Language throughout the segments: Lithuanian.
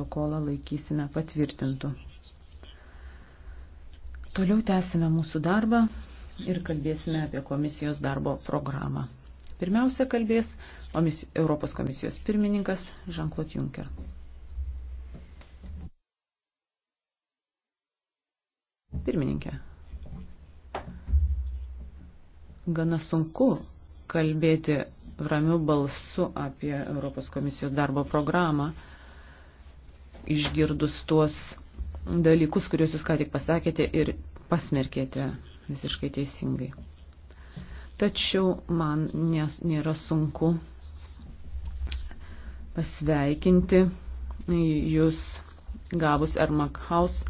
protokolą laikysime patvirtintų. Toliau tęsime mūsų darbą ir kalbėsime apie komisijos darbo programą. Pirmiausia kalbės Europos komisijos pirmininkas Jean-Claude Juncker. Pirmininkė, gana sunku kalbėti ramiu balsu apie Europos komisijos darbo programą, išgirdus tuos dalykus, kuriuos jūs ką tik pasakėte ir pasmerkėte visiškai teisingai. Tačiau man nes, nėra sunku pasveikinti jūs gavus Ermak House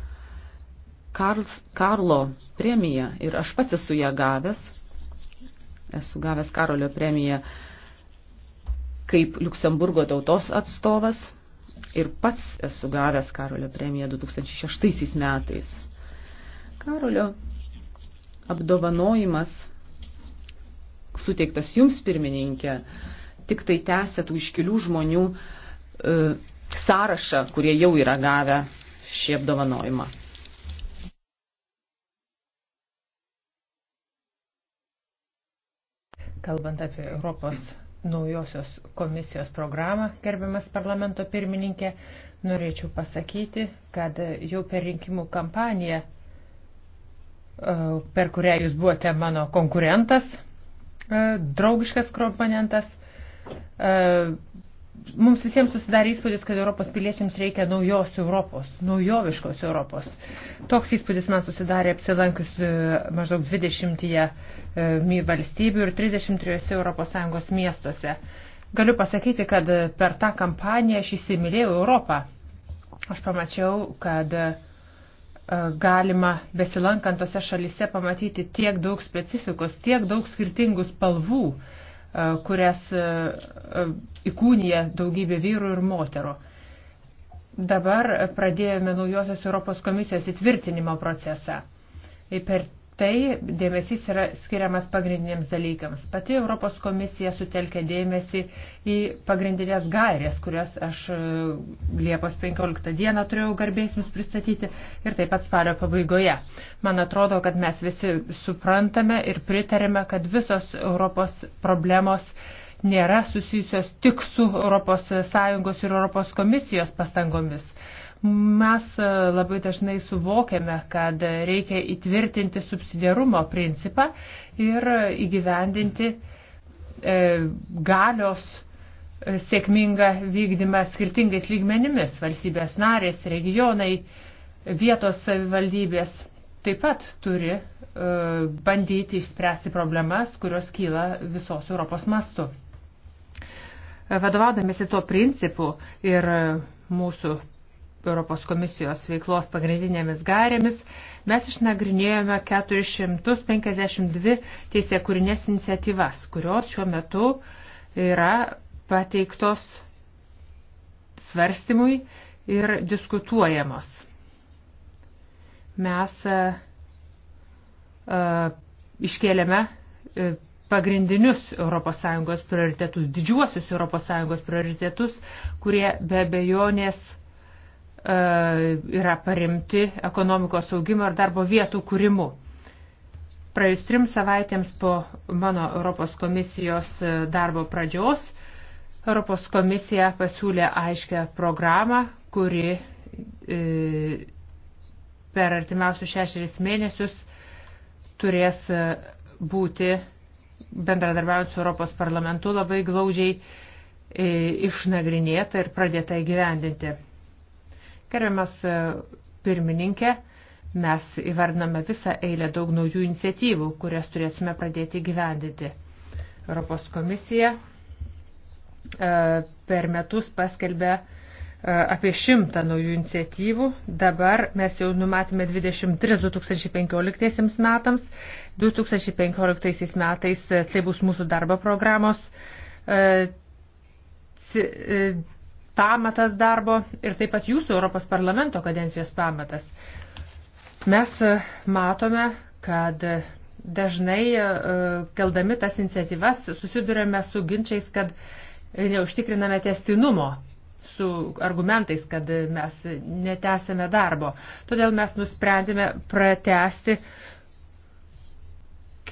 Karls, Karlo premiją ir aš pats esu ją gavęs. Esu gavęs Karolio premiją kaip Luksemburgo tautos atstovas ir pats esu gavęs Karolio premiją 2006 metais. Karolio apdovanojimas suteiktas jums pirmininkė, tik tai tęsia tų iškilių žmonių e, sąrašą, kurie jau yra gavę šį apdovanojimą. Kalbant apie Europos naujosios komisijos programą, gerbiamas parlamento pirmininkė, norėčiau pasakyti, kad jau per rinkimų kampaniją, e, per kurią jūs buvote mano konkurentas, e, draugiškas komponentas, e, mums visiems susidarė įspūdis, kad Europos piliečiams reikia naujos Europos, naujoviškos Europos. Toks įspūdis man susidarė apsilankius e, maždaug 20 e, valstybių ir 33 ES miestuose. Galiu pasakyti, kad e, per tą kampaniją aš įsimylėjau Europą. Aš pamačiau, kad galima besilankant tose šalise pamatyti tiek daug specifikos, tiek daug skirtingų spalvų. Uh, E, kurias e, e, įkūnija daugybė vyrų ir moterų. Dabar pradėjome naujosios Europos komisijos įtvirtinimo procesą. Per tai dėmesys yra skiriamas pagrindiniams dalykams. Pati Europos komisija sutelkia dėmesį į pagrindinės gairės, kurias aš e, Liepos 15 dieną turėjau garbės jums pristatyti ir taip pat spalio pabaigoje. Man atrodo, kad mes visi suprantame ir pritarėme, kad visos Europos problemos nėra susijusios tik su ES ir ES komisijos pastangomis Mes e, labai dažnai suvokiame, kad reikia įtvirtinti subsidiarumo principą ir įgyvendinti e, galios e, sėkmingą vykdymą skirtingais lygmenimis - valstybės narės, regionai, vietos savivaldybės taip pat turi bandyti išspręsti problemas, kurios kyla visos Europos mastu. Vadovaudamėsi tuo principu ir mūsų Europos komisijos veiklos pagrindinėmis garėmis, mes išnagrinėjome 452 teisė kūrinės iniciatyvas, kurios šiuo metu yra pateiktos svarstymui ir diskutuojamos. Mes uh, iškėlėme uh, pagrindinius ES prioritetus, didžiuosius ES prioritetus, kurie be bejonės uh, E, yra paremti ekonomikos augimo ir darbo vietų kūrimu. Praėjus trim savaitėms po mano Europos komisijos e, darbo pradžios, Europos komisija pasiūlė aiškę programą, kuri e, per artimiausius šešeris mėnesius turės būti bendradarbiaujant su Europos parlamentu labai glaudžiai išnagrinėta ir pradėta įgyvendinti. Gerbiamas e, pirmininkė, mes įvardiname visą eilę daug naujų iniciatyvų, kurias turėsime pradėti gyvendinti. Europos komisija e, per metus paskelbė e, apie šimtą naujų iniciatyvų. Dabar mes jau numatėme 23 2015 metams. 2015 metais tai bus mūsų darbo programos pamatas darbo ir taip pat jūsų Europos parlamento kadencijos pamatas. Mes e, matome, kad dažnai e, keldami tas iniciatyvas susidurėme su ginčiais, kad neužtikriname testinumo su argumentais, kad mes netesėme darbo. Todėl mes nusprendėme pratesti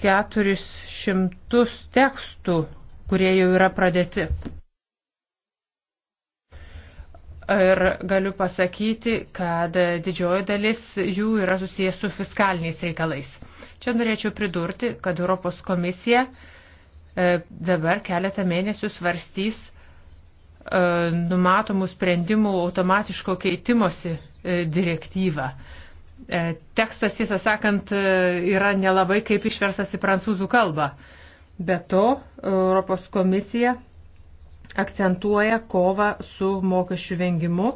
400 tekstų, kurie jau yra pradėti. Ir galiu pasakyti, kad didžioji dalis jų yra susijęs su fiskaliniais reikalais. Čia norėčiau pridurti, kad Europos komisija e, dabar keletą mėnesių svarstys e, numatomų sprendimų automatiško keitimosi e, direktyvą. Tekstas, tiesą sakant, yra nelabai kaip išversas į prancūzų kalbą. Be to, Europos komisija akcentuoja kovą su mokesčių vengimu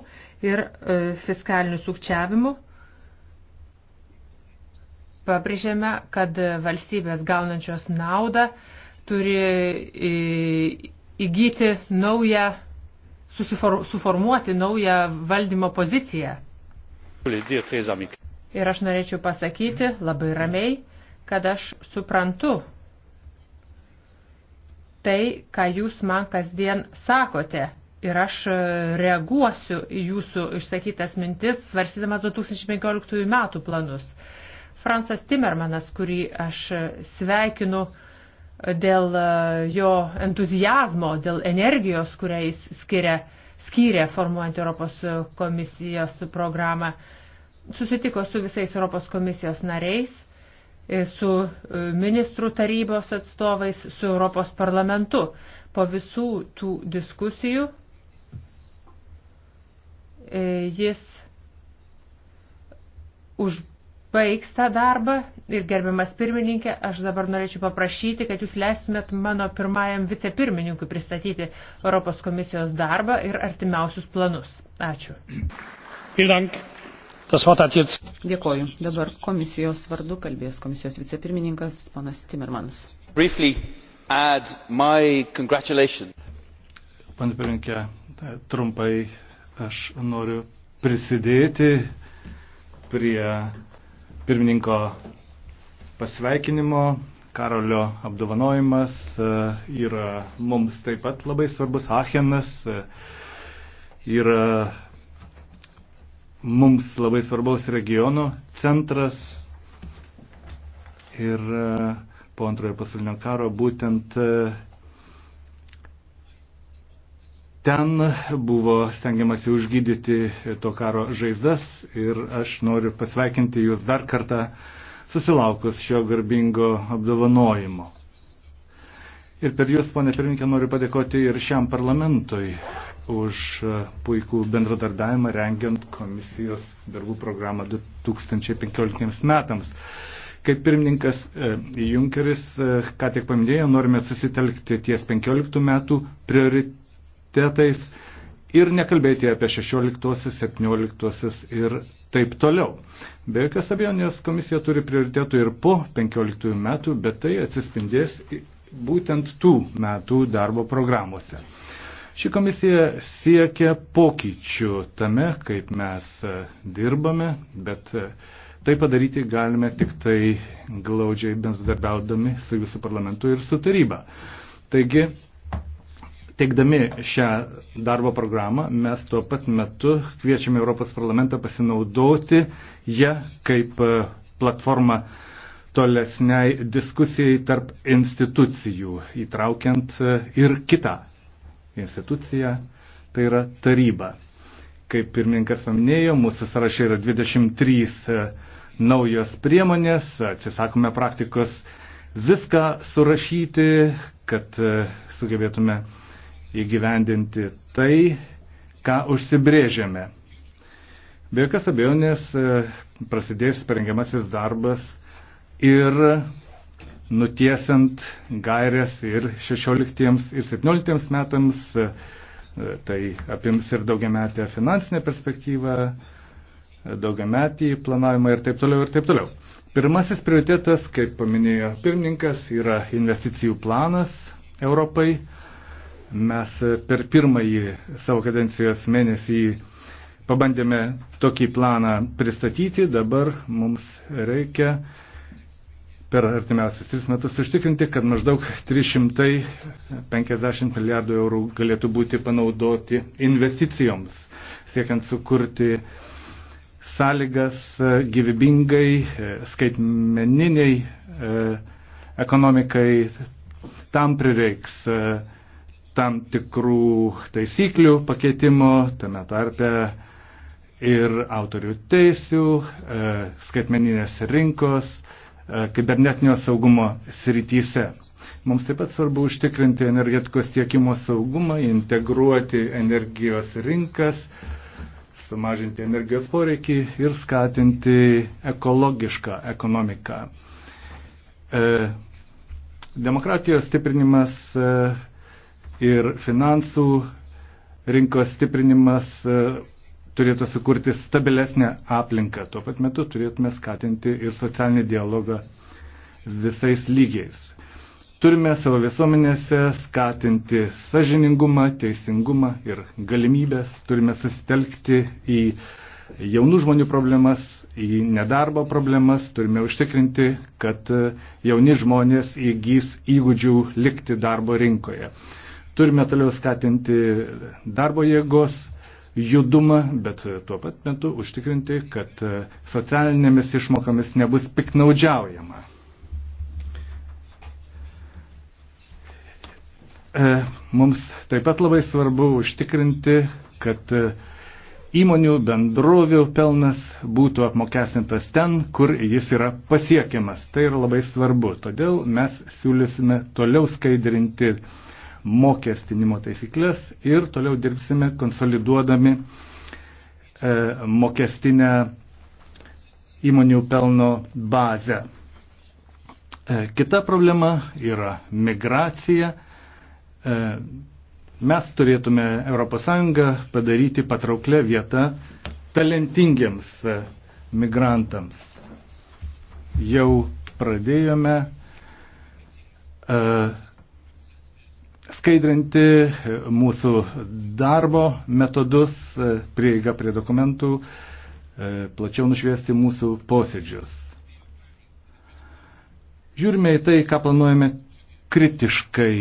ir e, fiskaliniu sukčiavimu. Pabrėžėme, kad valstybės gaunančios naudą turi e, įgyti naują, suformuoti naują valdymo poziciją. Ir aš norėčiau pasakyti labai ramiai, kad aš suprantu, tai, ką jūs man kasdien sakote. Ir aš e, reaguosiu į jūsų išsakytas mintis, svarstydamas 2015 metų planus. Fransas Timermanas, kurį aš e, sveikinu e, dėl jo entuzijazmo, dėl energijos, kurią jis skiria, skyrė formuojant Europos komisijos programą, susitiko su visais Europos komisijos nariais E, su e, ministrų tarybos atstovais, su Europos parlamentu. Po visų tų diskusijų e, jis užbaigs tą darbą ir gerbiamas pirmininkė, aš dabar norėčiau paprašyti, kad jūs leistumėt mano pirmajam vicepirmininkui pristatyti Europos komisijos darbą ir artimiausius planus. Ačiū. Vielen Dank. Dėkoju. Dabar komisijos vardu kalbės komisijos vicepirmininkas panas Timmermans. Pane pirmininkė, trumpai aš noriu prisidėti prie pirmininko pasveikinimo. Karolio apdovanojimas e, yra mums taip pat labai svarbus. Achenas e, yra mums labai svarbaus regiono centras ir e, po antrojo pasaulinio karo būtent e, ten buvo stengiamasi užgydyti to karo žaizdas ir aš noriu pasveikinti jūs dar kartą susilaukus šio garbingo apdovanojimo. Ir per jūs, ponė pirminkė, noriu padėkoti ir šiam parlamentui už e, puikų bendradarbiavimą rengiant komisijos darbų programą 2015 metams. Kaip pirmininkas e, Junkeris, e, ką tik paminėjo, norime susitelkti ties 15 metų prioritetais ir nekalbėti apie 16, 17 ir taip toliau. Be jokios abejonės komisija turi prioritetų ir po 15 metų, bet tai atsispindės būtent tų metų darbo programuose. Ši komisija siekia pokyčių tame, kaip mes e, dirbame, bet e, tai padaryti galime tik tai glaudžiai bendradarbiaudami su jūsų parlamentu ir su taryba. Taigi, teikdami šią darbo programą, mes tuo pat metu kviečiame Europos parlamentą pasinaudoti ją kaip e, platformą tolesniai diskusijai tarp institucijų, įtraukiant ir kitą institucija, tai yra taryba. Kaip pirmininkas paminėjo, mūsų sąrašai yra 23 e, naujos priemonės, atsisakome praktikos viską surašyti, kad e, sugebėtume įgyvendinti tai, ką užsibrėžėme. Be jokios abejonės e, prasidės parengiamasis darbas ir nutiesant gairias ir 16 ir 17 metams, e, tai apims ir daugiametę finansinę perspektyvą, e, daugiametį planavimą ir taip toliau ir taip toliau. Pirmasis prioritetas, kaip paminėjo pirmininkas, yra investicijų planas Europai. Mes e, per pirmąjį savo kadencijos mėnesį pabandėme tokį planą pristatyti, dabar mums reikia uh, per artimiausias tris metus užtikrinti, kad maždaug 350 milijardų eurų galėtų būti panaudoti investicijoms, siekiant sukurti sąlygas e, gyvybingai, e, skaitmeniniai e, ekonomikai. Tam prireiks tam tikrų taisyklių pakeitimo, tame tarpe ir autorių teisių, skaitmeninės rinkos E, kibernetinio saugumo srityse. Mums taip pat svarbu užtikrinti energetikos tiekimo saugumą, integruoti energijos rinkas, sumažinti energijos poreikį ir skatinti ekologišką ekonomiką. E, demokratijos stiprinimas e, ir finansų rinkos stiprinimas e, turėtų sukurti stabilesnę aplinką. Tuo pat metu turėtume skatinti ir socialinį dialogą visais lygiais. Turime savo visuomenėse skatinti sažiningumą, teisingumą ir galimybės. Turime susitelkti į jaunų žmonių problemas, į nedarbo problemas. Turime užtikrinti, kad jauni žmonės įgys įgūdžių likti darbo rinkoje. Turime toliau skatinti darbo jėgos judumą, bet tuo pat metu užtikrinti, kad socialinėmis išmokomis nebus piknaudžiaujama. E, mums taip pat labai svarbu užtikrinti, kad įmonių bendrovių pelnas būtų apmokestintas ten, kur jis yra pasiekiamas. Tai yra labai svarbu. Todėl mes siūlysime toliau skaidrinti apmokestinimo taisyklės ir toliau dirbsime konsoliduodami e, mokestinę įmonių pelno bazę. E, kita problema yra migracija. E, mes turėtume ES padaryti patrauklę vietą talentingiems migrantams. Jau pradėjome skaidrinti mūsų darbo metodus, e, prieigą prie dokumentų, e, plačiau nušviesti mūsų posėdžius. Žiūrime į tai, ką planuojame kritiškai.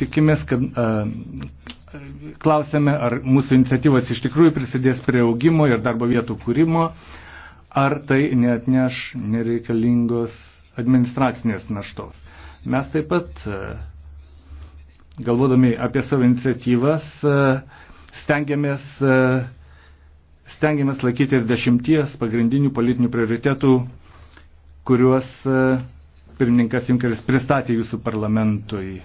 Tikimės, kad a, e, klausėme, ar mūsų iniciatyvas iš tikrųjų prisidės prie augimo ir darbo vietų kūrimo, ar tai neatneš nereikalingos administracinės naštos. Mes taip pat a, galvodami apie savo iniciatyvas, e, stengiamės, e, stengiamės laikytis dešimties pagrindinių politinių prioritetų, kuriuos e, pirmininkas Junkeris pristatė jūsų parlamentui.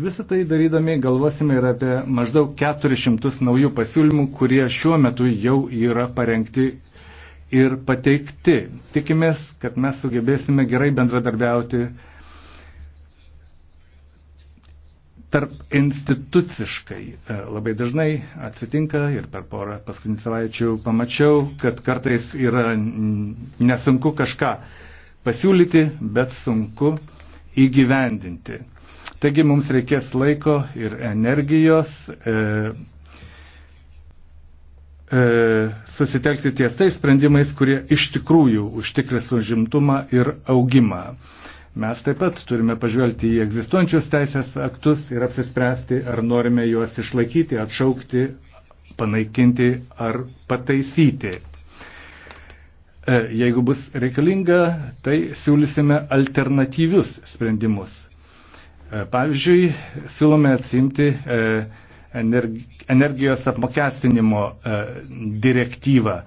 Visą tai darydami galvosime ir apie maždaug 400 naujų pasiūlymų, kurie šiuo metu jau yra parengti ir pateikti. Tikimės, kad mes sugebėsime gerai bendradarbiauti tarp instituciškai. E, labai dažnai atsitinka ir per porą paskutinių savaičių pamačiau, kad kartais yra nesunku kažką pasiūlyti, bet sunku įgyvendinti. Taigi mums reikės laiko ir energijos e, e, susitelkti ties tais sprendimais, kurie iš tikrųjų užtikris užimtumą ir augimą. Mes taip pat turime pažvelgti į egzistuojančius teisės aktus ir apsispręsti, ar norime juos išlaikyti, atšaukti, panaikinti ar pataisyti. E, jeigu bus reikalinga, tai siūlysime alternatyvius sprendimus. E, pavyzdžiui, siūlome atsimti e, energijos apmokestinimo direktyvą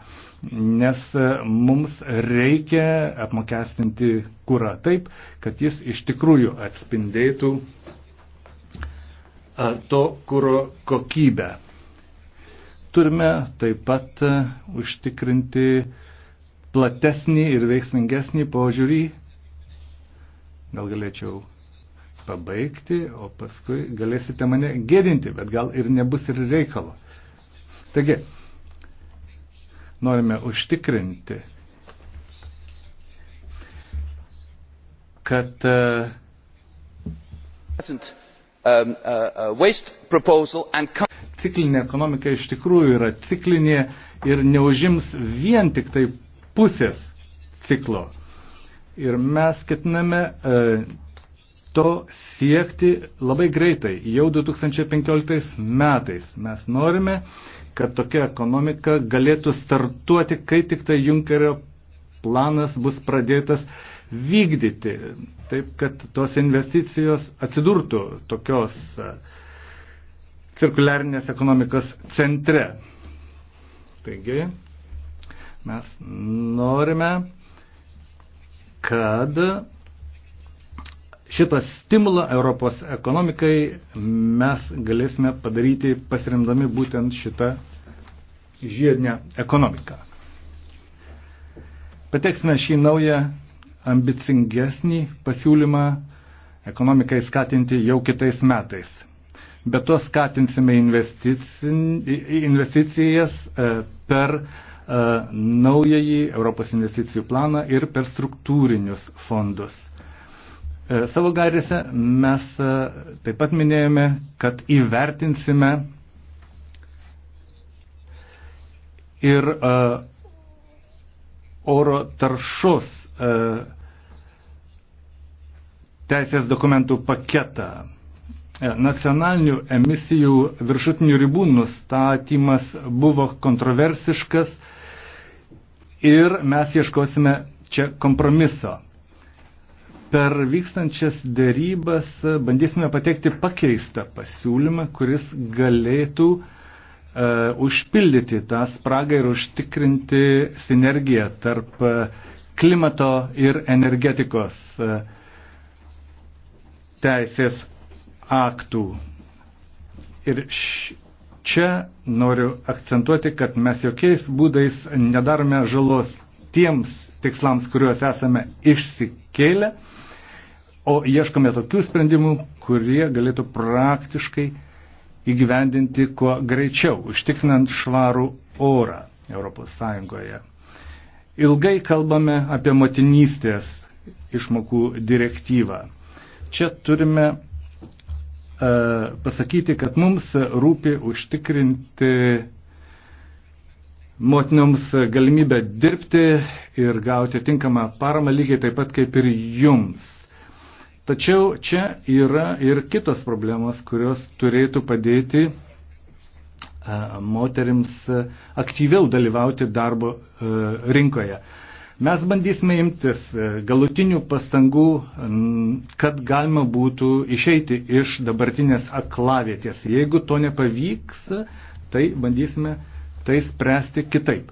nes e, mums reikia apmokestinti kūrą taip, kad jis iš tikrųjų atspindėtų e, to kūro kokybę. Turime taip pat e, užtikrinti platesnį ir veiksmingesnį požiūrį. Gal galėčiau pabaigti, o paskui galėsite mane gėdinti, bet gal ir nebus ir reikalo. Taigi, norime užtikrinti, kad e, um, uh, uh, ciklinė ekonomika iš tikrųjų yra ciklinė ir neužims vien tik tai pusės ciklo. Ir mes ketiname e, to siekti labai greitai, jau 2015 metais. Mes norime, kad tokia ekonomika galėtų startuoti, kai tik tai Junkerio planas bus pradėtas vykdyti, taip kad tos investicijos atsidurtų tokios e, cirkuliarinės ekonomikos centre. Taigi, mes norime, kad Šitą stimulą Europos ekonomikai mes galėsime padaryti pasiremdami būtent šitą žiedinę ekonomiką. Pateksime šį naują ambicingesnį pasiūlymą ekonomikai skatinti jau kitais metais. Be to skatinsime investicijas e, per e, naująjį Europos investicijų planą ir per struktūrinius fondus. E, savo gairėse mes e, taip pat minėjome, kad įvertinsime ir e, oro taršos teisės dokumentų paketą. Nacionalinių emisijų viršutinių ribų nustatymas buvo kontroversiškas ir mes ieškosime čia kompromiso per vykstančias dėrybas bandysime pateikti pakeistą pasiūlymą, kuris galėtų uh, užpildyti tą spragą ir užtikrinti sinergiją tarp e, klimato ir energetikos uh, teisės aktų. Ir š... čia noriu akcentuoti, kad mes jokiais būdais nedarome žalos tiems tikslams, kuriuos esame išsikėlę, o ieškome tokių sprendimų, kurie galėtų praktiškai įgyvendinti kuo greičiau, užtikrinant švarų orą Europos Sąjungoje. Ilgai kalbame apie motinystės išmokų direktyvą. Čia turime e, pasakyti, kad mums rūpi užtikrinti motinoms galimybę dirbti ir gauti tinkamą paramą lygiai taip pat kaip ir jums. Tačiau čia yra ir kitos problemos, kurios turėtų padėti e, moterims aktyviau dalyvauti darbo e, rinkoje. Mes bandysime imtis e, galutinių pastangų, kad galima būtų išeiti iš dabartinės aklavietės. Jeigu to nepavyks, tai bandysime tai spręsti kitaip.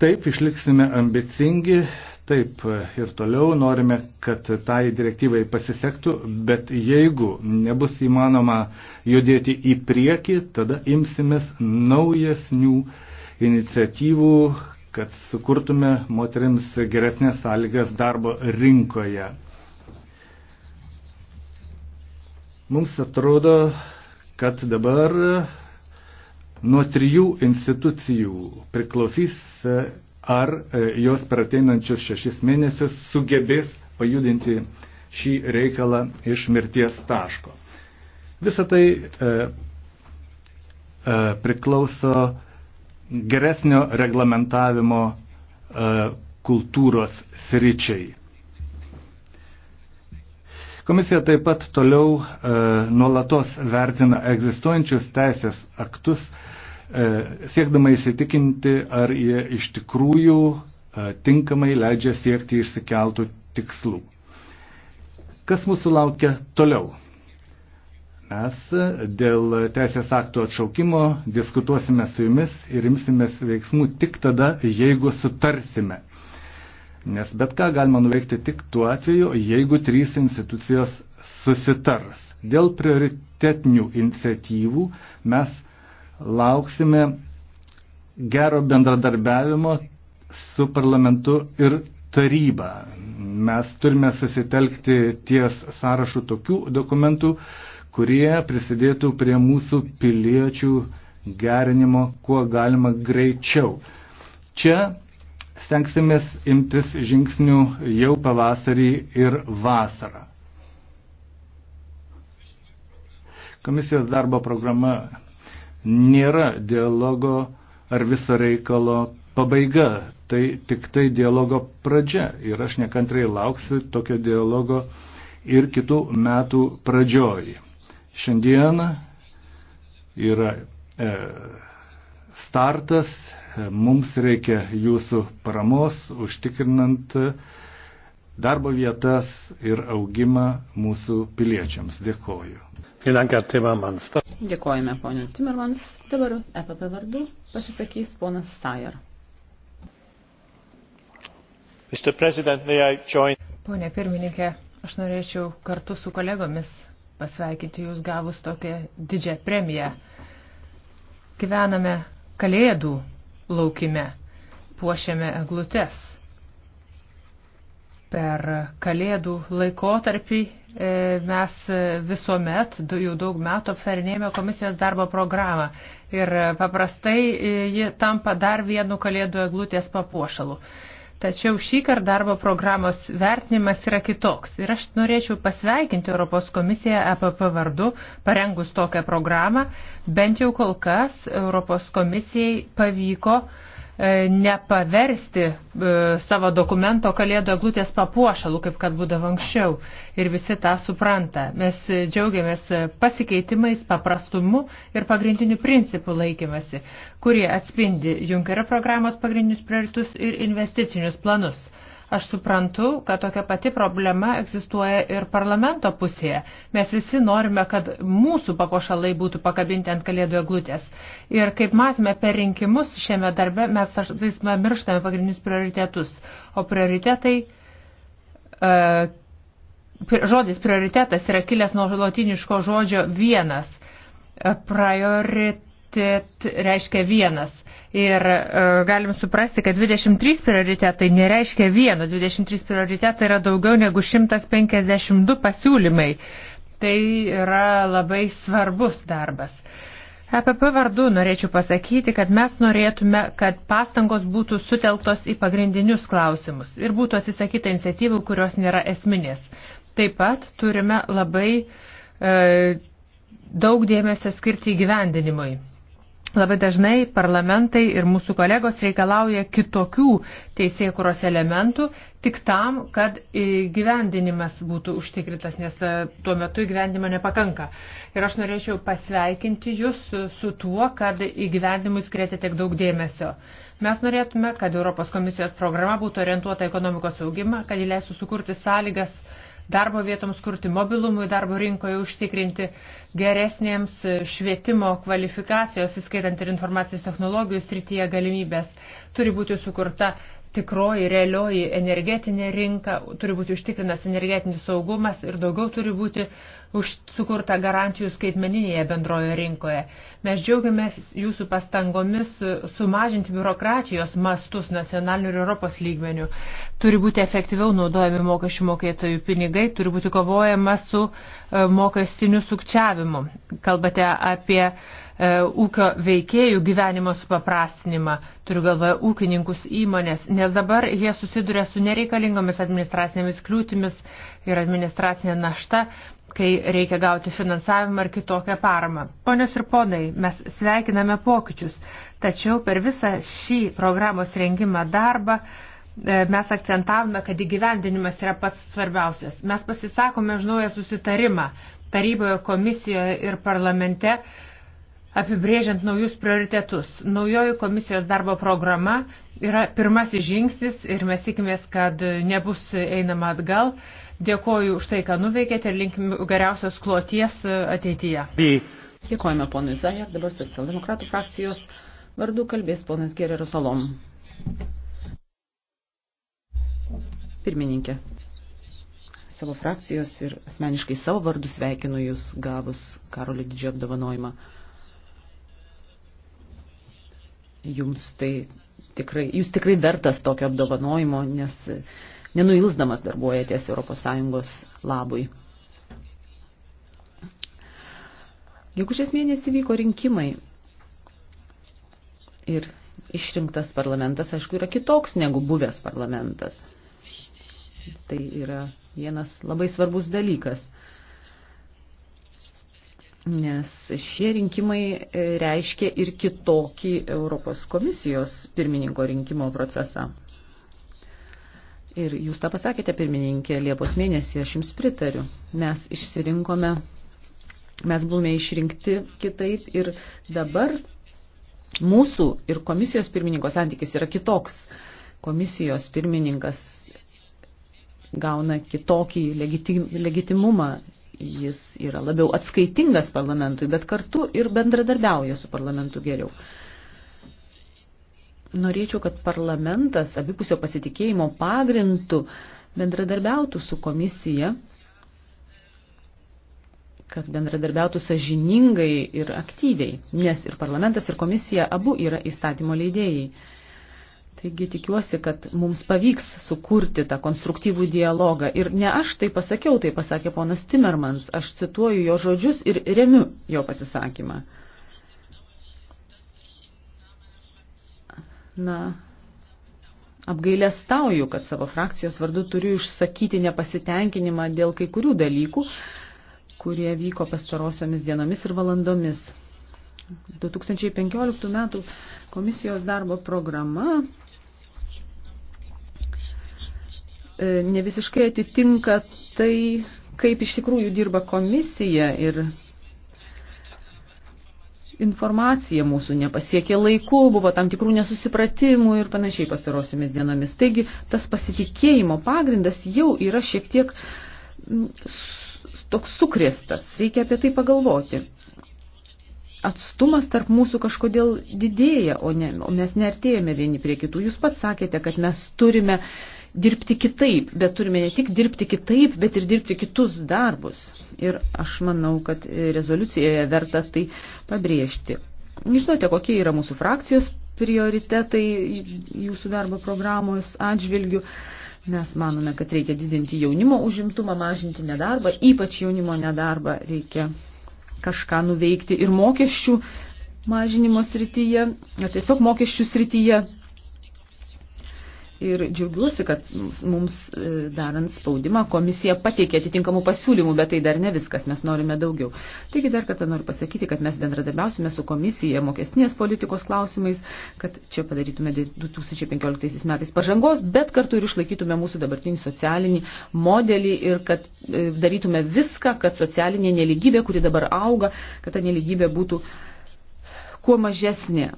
Taip, išliksime ambicingi, taip ir toliau norime, kad tai direktyvai pasisektų, bet jeigu nebus įmanoma judėti į priekį, tada imsimės naujesnių iniciatyvų, kad sukurtume moteriams geresnės sąlygas darbo rinkoje. Mums atrodo, kad dabar Nuo trijų institucijų priklausys, e, ar e, jos per ateinančius šešis mėnesius sugebės pajudinti šį reikalą iš mirties taško. Visą tai e, e, priklauso geresnio reglamentavimo e, kultūros sričiai. Komisija taip pat toliau e, nuolatos vertina egzistuojančius teisės aktus E, siekdama įsitikinti, ar jie iš tikrųjų e, tinkamai leidžia siekti išsikeltų tikslų. Kas mūsų laukia toliau? Mes e, dėl teisės aktų atšaukimo diskutuosime su jumis ir imsimės veiksmų tik tada, jeigu sutarsime. Nes bet ką galima nuveikti tik tuo atveju, jeigu trys institucijos susitars. Dėl prioritetinių iniciatyvų mes Lauksime gero bendradarbiavimo su parlamentu ir taryba. Mes turime susitelkti ties sąrašu tokių dokumentų, kurie prisidėtų prie mūsų piliečių gerinimo kuo galima greičiau. Čia stengsimės imtis žingsnių jau pavasarį ir vasarą. Komisijos darbo programa nėra dialogo ar viso reikalo pabaiga, tai tik tai dialogo pradžia. Ir aš nekantrai lauksiu tokio dialogo ir kitų metų pradžioj. Šiandieną yra e, startas, mums reikia jūsų paramos užtikrinant e, darbo vietas ir augimą mūsų piliečiams. Dėkoju. Dėkojame, ponio Timmermans. Dabar EPP vardu pasisakys ponas Sajer. Pone pirmininkė, aš norėčiau kartu su kolegomis pasveikinti jūs gavus tokią didžią premiją. Gyvename kalėdų laukime, puošiame eglutes Per kalėdų laikotarpį e, mes visuomet, jau daug metų aptarinėjame komisijos darbo programą ir paprastai e, ji tampa dar vienu kalėdų eglutės papuošalu. Tačiau šį kartą darbo programos vertinimas yra kitoks. Ir aš norėčiau pasveikinti Europos komisiją EPP vardu, parengus tokią programą. Bent jau kol kas Europos komisijai pavyko uh, E, nepaversti e, savo dokumento kalėdų eglutės papuošalų, kaip kad būdavo anksčiau. Ir visi tą supranta. Mes džiaugiamės pasikeitimais, paprastumu ir pagrindiniu principu laikymasi, kurie atspindi Junkerio programos pagrindinius prioritus ir investicinius planus. Aš suprantu, kad tokia pati problema egzistuoja ir parlamento pusėje. Mes visi norime, kad mūsų papuošalai būtų pakabinti ant kalėdų eglutės. Ir kaip matome, per rinkimus šiame darbe mes vis mirštame pagrindinius prioritetus. O prioritetai, e, žodis prioritetas yra kilęs nuo lotiniško žodžio vienas. E, prioritet reiškia vienas Ir e, galim suprasti, kad 23 prioritetai nereiškia vieno, 23 prioritetai yra daugiau negu 152 pasiūlymai. Tai yra labai svarbus darbas. EPP vardu norėčiau pasakyti, kad mes norėtume, kad pastangos būtų sutelktos į pagrindinius klausimus ir būtų atsisakyta iniciatyvų, kurios nėra esminės. Taip pat turime labai e, daug dėmesio skirti įgyvendinimui. Labai dažnai parlamentai ir mūsų kolegos reikalauja kitokių teisėkuros elementų tik tam, kad gyvendinimas būtų užtikrintas, nes e, tuo metu įgyvendimo nepakanka. Ir aš norėčiau pasveikinti Jūs su tuo, kad įgyvendimui skrėtė tiek daug dėmesio. Mes norėtume, kad Europos komisijos programa būtų orientuota ekonomikos augimą, kad įleistų sukurti sąlygas darbo vietoms kurti, mobilumui darbo rinkoje užtikrinti, geresnėms e, švietimo kvalifikacijos, įskaitant ir informacijos technologijų srityje galimybės, turi būti sukurta tikroji, realioji energetinė rinka, turi būti užtikrinas energetinis saugumas ir daugiau turi būti už sukurtą garantijų skaitmeninėje bendrojo rinkoje. Mes džiaugiamės jūsų pastangomis sumažinti biurokratijos mastus nacionalinių ir Europos lygmenių. Turi būti efektyviau naudojami mokesčių mokėtojų pinigai, turi būti kovojama su e, mokestiniu sukčiavimu. Kalbate apie e, ūkio veikėjų gyvenimo supaprastinimą, turiu galvoje ūkininkus įmonės, nes dabar jie susiduria su nereikalingomis administracinėmis kliūtimis ir administracinė našta, kai reikia gauti finansavimą ar kitokią paramą. Ponios ir ponai, mes sveikiname pokyčius, tačiau per visą šį programos rengimą darbą e, mes akcentavome, kad įgyvendinimas yra pats svarbiausias. Mes pasisakome už naują susitarimą taryboje, komisijoje ir parlamente apibrėžiant naujus prioritetus. Naujoji komisijos darbo programa yra pirmasis žingsnis ir mes tikimės, kad nebus einama atgal. Dėkoju už tai, ką nuveikėte ir linkim geriausios kloties e, ateityje. Dėkojame ponui Zajar, dabar socialdemokratų frakcijos vardu kalbės ponas Gerero Salom. Pirmininkė, savo frakcijos ir asmeniškai savo vardu sveikinu Jūs gavus Karolio didžio apdovanojimą. Jums tai tikrai, Jūs tikrai vertas tokio apdovanojimo, nes nenuilsdamas darbuojatės ES labui. Gegužės mėnesį vyko rinkimai ir išrinktas parlamentas, aišku, yra kitoks negu buvęs parlamentas. Tai yra vienas labai svarbus dalykas nes šie rinkimai e, reiškia ir kitokį Europos komisijos pirmininko rinkimo procesą. Ir jūs tą pasakėte, pirmininkė, Liepos mėnesį, aš jums pritariu. Mes išsirinkome, mes buvome išrinkti kitaip ir dabar mūsų ir komisijos pirmininko santykis yra kitoks. Komisijos pirmininkas gauna kitokį legitim, legitimumą, jis yra labiau atskaitingas parlamentui, bet kartu ir bendradarbiauja su parlamentu geriau norėčiau, kad parlamentas abipusio pasitikėjimo pagrindų bendradarbiautų su komisija, kad bendradarbiautų sažiningai ir aktyviai, nes ir parlamentas, ir komisija abu yra įstatymo leidėjai. Taigi tikiuosi, kad mums pavyks sukurti tą konstruktyvų dialogą. Ir ne aš tai pasakiau, tai pasakė ponas Timmermans. Aš cituoju jo žodžius ir remiu jo pasisakymą. na, apgailę stauju, kad savo frakcijos vardu turiu išsakyti nepasitenkinimą dėl kai kurių dalykų, kurie vyko pastarosiomis dienomis ir valandomis. 2015 m. komisijos darbo programa e, ne visiškai atitinka tai, kaip iš tikrųjų dirba komisija ir informacija mūsų nepasiekė laiku, buvo tam tikrų nesusipratimų ir panašiai pastarosiomis dienomis. Taigi tas pasitikėjimo pagrindas jau yra šiek tiek mm, toks sukrėstas, reikia apie tai pagalvoti. Atstumas tarp mūsų kažkodėl didėja, o, ne, o mes neartėjame vieni prie kitų. Jūs pats sakėte, kad mes turime uh, dirbti kitaip, bet turime ne tik dirbti kitaip, bet ir dirbti kitus darbus. Ir aš manau, kad rezoliucijoje verta tai pabrėžti. Žinote, kokie yra mūsų frakcijos prioritetai jūsų darbo programos atžvilgių. Mes manome, kad reikia didinti jaunimo užimtumą, mažinti nedarbą, ypač jaunimo nedarbą reikia kažką nuveikti ir mokesčių mažinimo srityje, tiesiog mokesčių srityje Ir džiaugiuosi, kad mums e, darant spaudimą komisija pateikė atitinkamų pasiūlymų, bet tai dar ne viskas, mes norime daugiau. Taigi dar kartą noriu pasakyti, kad mes bendradarbiausime su komisija mokestinės politikos klausimais, kad čia padarytume 2015 metais pažangos, bet kartu ir išlaikytume mūsų dabartinį socialinį modelį ir kad e, darytume viską, kad socialinė neligybė, kuri dabar auga, kad ta neligybė būtų kuo mažesnė.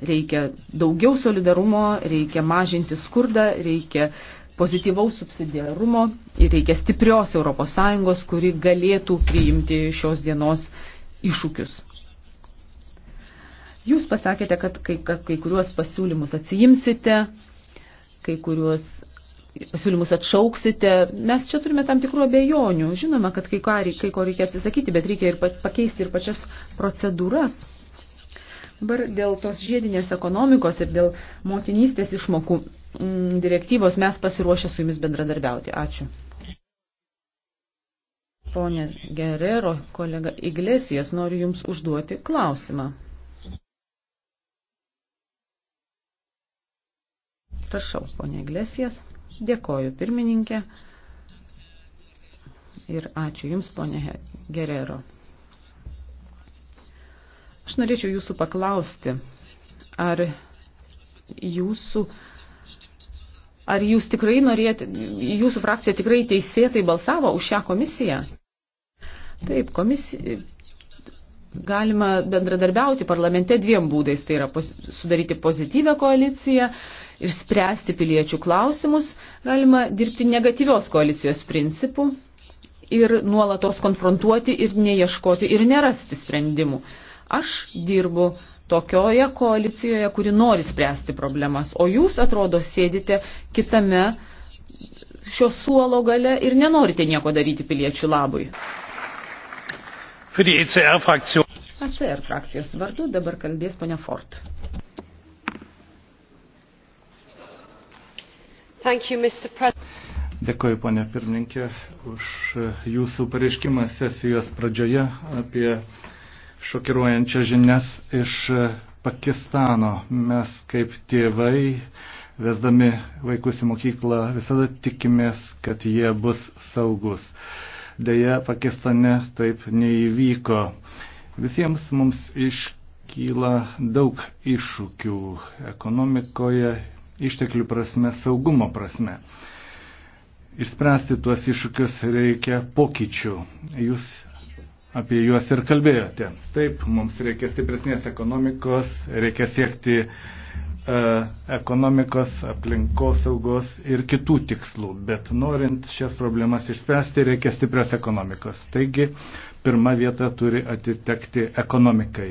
Reikia daugiau solidarumo, reikia mažinti skurdą, reikia pozityvaus subsidiarumo ir reikia stiprios ES, kuri galėtų priimti šios dienos iššūkius. Jūs pasakėte, kad kai, kai kuriuos pasiūlymus atsijimsite, kai kuriuos pasiūlymus atšauksite. Mes čia turime tam tikrų abejonių. Žinoma, kad kai, ką, kai ko reikia atsisakyti, bet reikia ir pakeisti ir pačias procedūras. Dabar dėl tos žiedinės ekonomikos ir dėl motinystės išmokų mm, direktyvos mes pasiruošę su jumis bendradarbiauti. Ačiū. Pone Gerero, kolega Iglesijas, noriu Jums užduoti klausimą. Prašau, ponė Iglesijas. Dėkoju, pirmininkė. Ir ačiū Jums, ponė Gerero. Aš norėčiau jūsų paklausti, ar jūsų, ar jūs tikrai norėjote, jūsų frakcija tikrai teisėtai balsavo už šią komisiją? Taip, komisija, galima bendradarbiauti parlamente dviem būdais, tai yra pos, sudaryti pozityvę koaliciją ir spręsti piliečių klausimus, galima dirbti negatyvios koalicijos principų ir nuolatos konfrontuoti ir neieškoti ir nerasti sprendimų. Aš dirbu tokioje koalicijoje, kuri nori spręsti problemas, o jūs, atrodo, sėdite kitame šio suolo gale ir nenorite nieko daryti piliečių labui. ECR e e frakcijos vardu dabar kalbės ponia Ford. Thank you, Mr. President. Dėkoju, ponė pirmininkė, už jūsų pareiškimą sesijos pradžioje apie šokiruojančias žinias iš e, Pakistano. Mes kaip tėvai, vesdami vaikus į mokyklą, visada tikimės, kad jie bus saugus. Deja, Pakistane taip neįvyko. Visiems mums iškyla daug iššūkių ekonomikoje, išteklių prasme, saugumo prasme. Išspręsti tuos iššūkius reikia pokyčių. Jūs apie juos ir kalbėjote. Taip, mums reikia stipresnės ekonomikos, reikia siekti e, ekonomikos, aplinkosaugos ir kitų tikslų. Bet norint šias problemas išspręsti, reikia stiprios ekonomikos. Taigi, pirma vieta turi atitekti ekonomikai.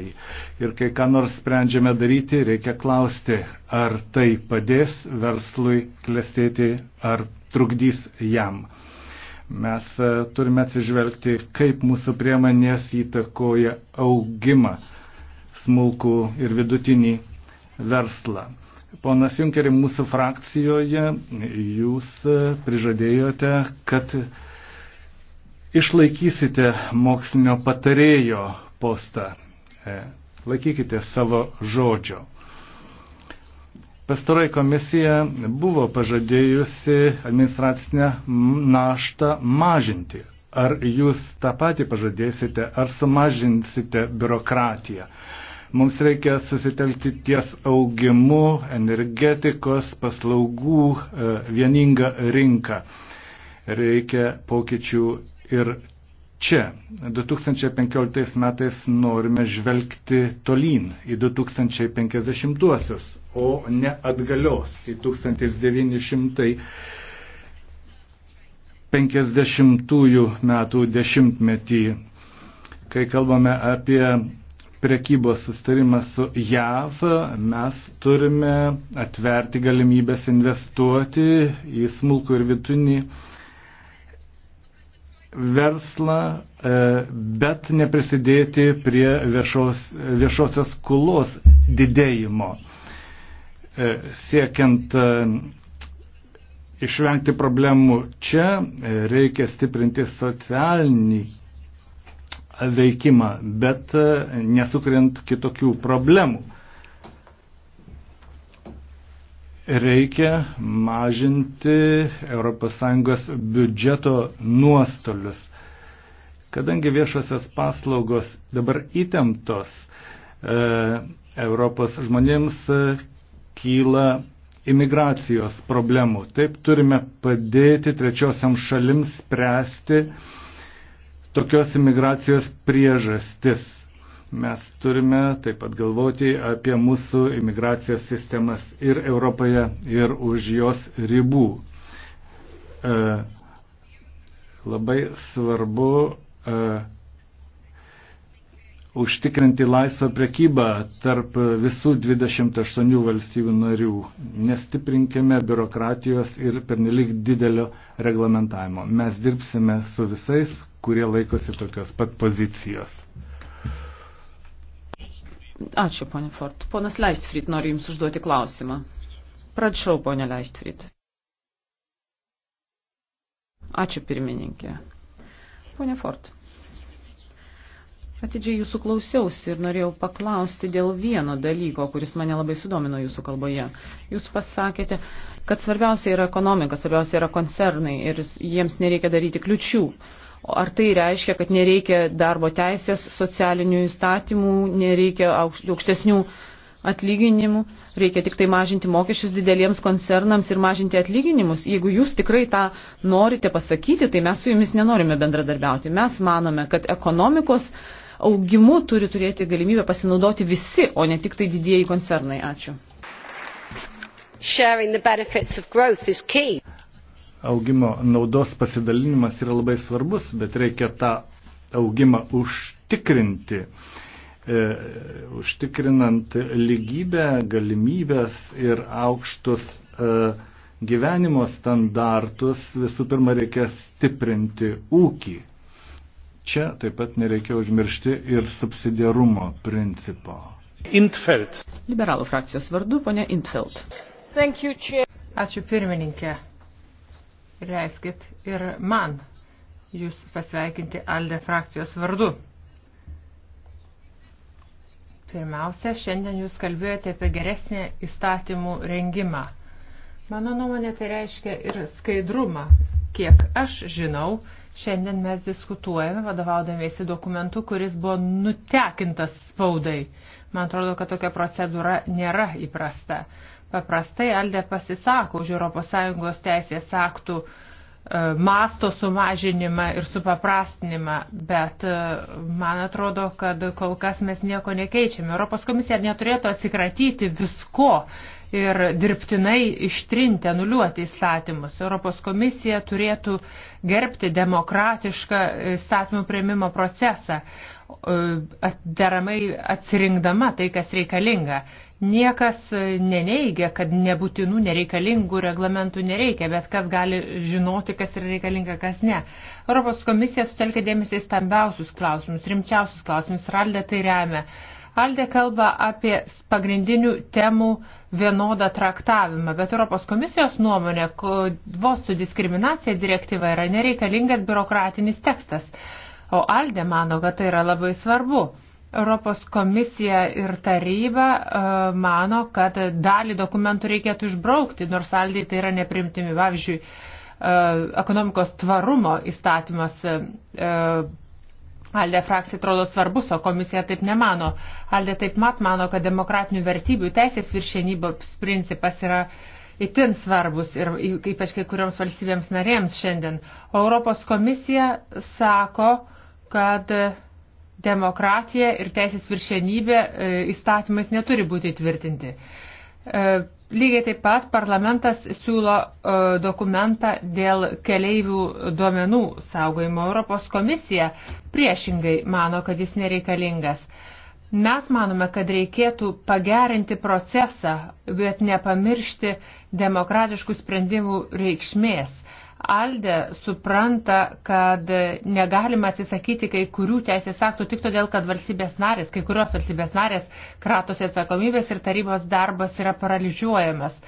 Ir kai ką nors sprendžiame daryti, reikia klausti, ar tai padės verslui klestėti, ar trukdys jam. Mes e, turime atsižvelgti, kaip mūsų priemonės įtakoja augimą smulkų ir vidutinį verslą. Ponas Junkeri, mūsų frakcijoje jūs e, prižadėjote, kad išlaikysite mokslinio patarėjo postą. E, laikykite savo žodžio. Pastarai komisija buvo pažadėjusi administracinę naštą mažinti. Ar jūs tą patį pažadėsite, ar sumažinsite biurokratiją? Mums reikia susitelkti ties augimu, energetikos, paslaugų, e, vieningą rinką. Reikia pokyčių ir čia. 2015 metais norime žvelgti tolyn į 2050-uosius o ne atgalios į tai 1950 metų dešimtmetį. Kai kalbame apie prekybos sustarimą su JAV, mes turime atverti galimybės investuoti į smulkų ir vidutinį verslą, e, bet neprisidėti prie viešos, viešosios kulos didėjimo. E, siekiant e, išvengti problemų čia, e, reikia stiprinti socialinį veikimą, bet nesukuriant kitokių problemų. Reikia mažinti ES biudžeto nuostolius. Kadangi viešasios paslaugos dabar įtemptos, Europos žmonėms kyla imigracijos problemų. Taip turime padėti trečiosiam šalims spręsti tokios imigracijos priežastis. Mes turime taip pat galvoti apie mūsų imigracijos sistemas ir Europoje, ir už jos ribų. E, labai svarbu e, užtikrinti laisvą prekybą tarp visų 28 valstybių narių. Nestiprinkime biurokratijos ir pernelik didelio reglamentavimo. Mes dirbsime su visais, kurie laikosi tokios pat pozicijos. Ačiū, ponė Fort. Ponas Leistfried nori Jums užduoti klausimą. Prašau, ponė Leistfried. Ačiū, pirmininkė. Ponė Fort. Atidžiai jūsų klausiausi ir norėjau paklausti dėl vieno dalyko, kuris mane labai sudomino jūsų kalboje. Jūs pasakėte, kad svarbiausia yra ekonomika, svarbiausia yra koncernai ir jiems nereikia daryti kliučių. Ar tai reiškia, kad nereikia darbo teisės, socialinių įstatymų, nereikia aukštesnių atlyginimų, reikia tik tai mažinti mokesčius dideliems koncernams ir mažinti atlyginimus. Jeigu jūs tikrai tą norite pasakyti, tai mes su jumis nenorime bendradarbiauti. Mes manome, kad ekonomikos uh, augimu turi turėti galimybę pasinaudoti visi, o ne tik tai didieji koncernai. Ačiū. Augimo naudos pasidalinimas yra labai svarbus, bet reikia tą augimą užtikrinti. E, užtikrinant lygybę, galimybės ir aukštus e, gyvenimo standartus, visų pirma reikia stiprinti ūkį. Čia taip pat nereikia užmiršti ir subsidiarumo principo. Intfeld. Liberalų frakcijos vardu, ponia Intfeld. Thank you, chair. Ačiū pirmininkė. Leiskit ir man jūs pasveikinti Alde frakcijos vardu. Pirmiausia, šiandien jūs kalbėjote apie geresnį įstatymų rengimą. Mano nuomonė tai reiškia ir skaidrumą. Kiek aš žinau, Šiandien mes diskutuojame vadovaudamėsi dokumentu, kuris buvo nutekintas spaudai. Man atrodo, kad tokia procedūra nėra įprasta. Paprastai Aldė pasisako už ES teisės aktų uh, E, masto sumažinimą ir supaprastinimą, bet e, man atrodo, kad kol kas mes nieko nekeičiame. Europos komisija neturėtų atsikratyti visko ir dirbtinai ištrinti, anuliuoti įstatymus. Europos komisija turėtų gerbti demokratišką įstatymų prieimimo procesą, e, deramai atsirinkdama tai, kas reikalinga. Niekas e, neneigia, kad nebūtinų nereikalingų reglamentų nereikia, bet kas gali žinoti, kas yra reikalinga, kas ne. Europos komisija sutelkia dėmesį į stambiausius klausimus, rimčiausius klausimus ir Aldė tai remia. Aldė kalba apie pagrindinių temų vienodą traktavimą, bet Europos komisijos nuomonė, vos su diskriminacija direktyva yra nereikalingas biurokratinis tekstas, o Aldė mano, kad tai yra labai svarbu. Europos komisija ir taryba e, mano, kad dalį dokumentų reikėtų išbraukti, nors saldiai tai yra neprimtimi. Pavyzdžiui, e, ekonomikos tvarumo įstatymas e, Aldė frakcija atrodo svarbus, o komisija taip nemano. Aldė taip mat mano, kad demokratinių vertybių teisės viršienybos principas yra itin svarbus ir ypač kai kurioms valstybėms narėms šiandien. O Europos komisija sako, kad demokratija ir teisės viršenybė e, įstatymais neturi būti įtvirtinti. E, lygiai taip pat parlamentas siūlo e, dokumentą dėl keleivių duomenų saugojimo. Europos komisija priešingai mano, kad jis nereikalingas. Mes manome, kad reikėtų pagerinti procesą, bet nepamiršti demokratiškų sprendimų reikšmės Alde supranta, kad negalima atsisakyti kai kurių teisės aktų tik todėl, kad valstybės narės, kai kurios valstybės narės kratosi atsakomybės ir tarybos darbas yra paralyžiuojamas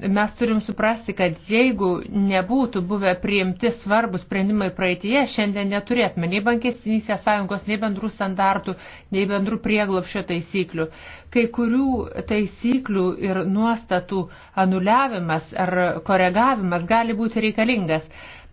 mes turim suprasti, kad jeigu nebūtų buvę priimti svarbus sprendimai praeitie, šiandien neturėtume nei bankėsinysės sąjungos, nei bendrų standartų, nei bendrų prieglopšio taisyklių. Kai kurių taisyklių ir nuostatų anuliavimas ar koregavimas gali būti reikalingas.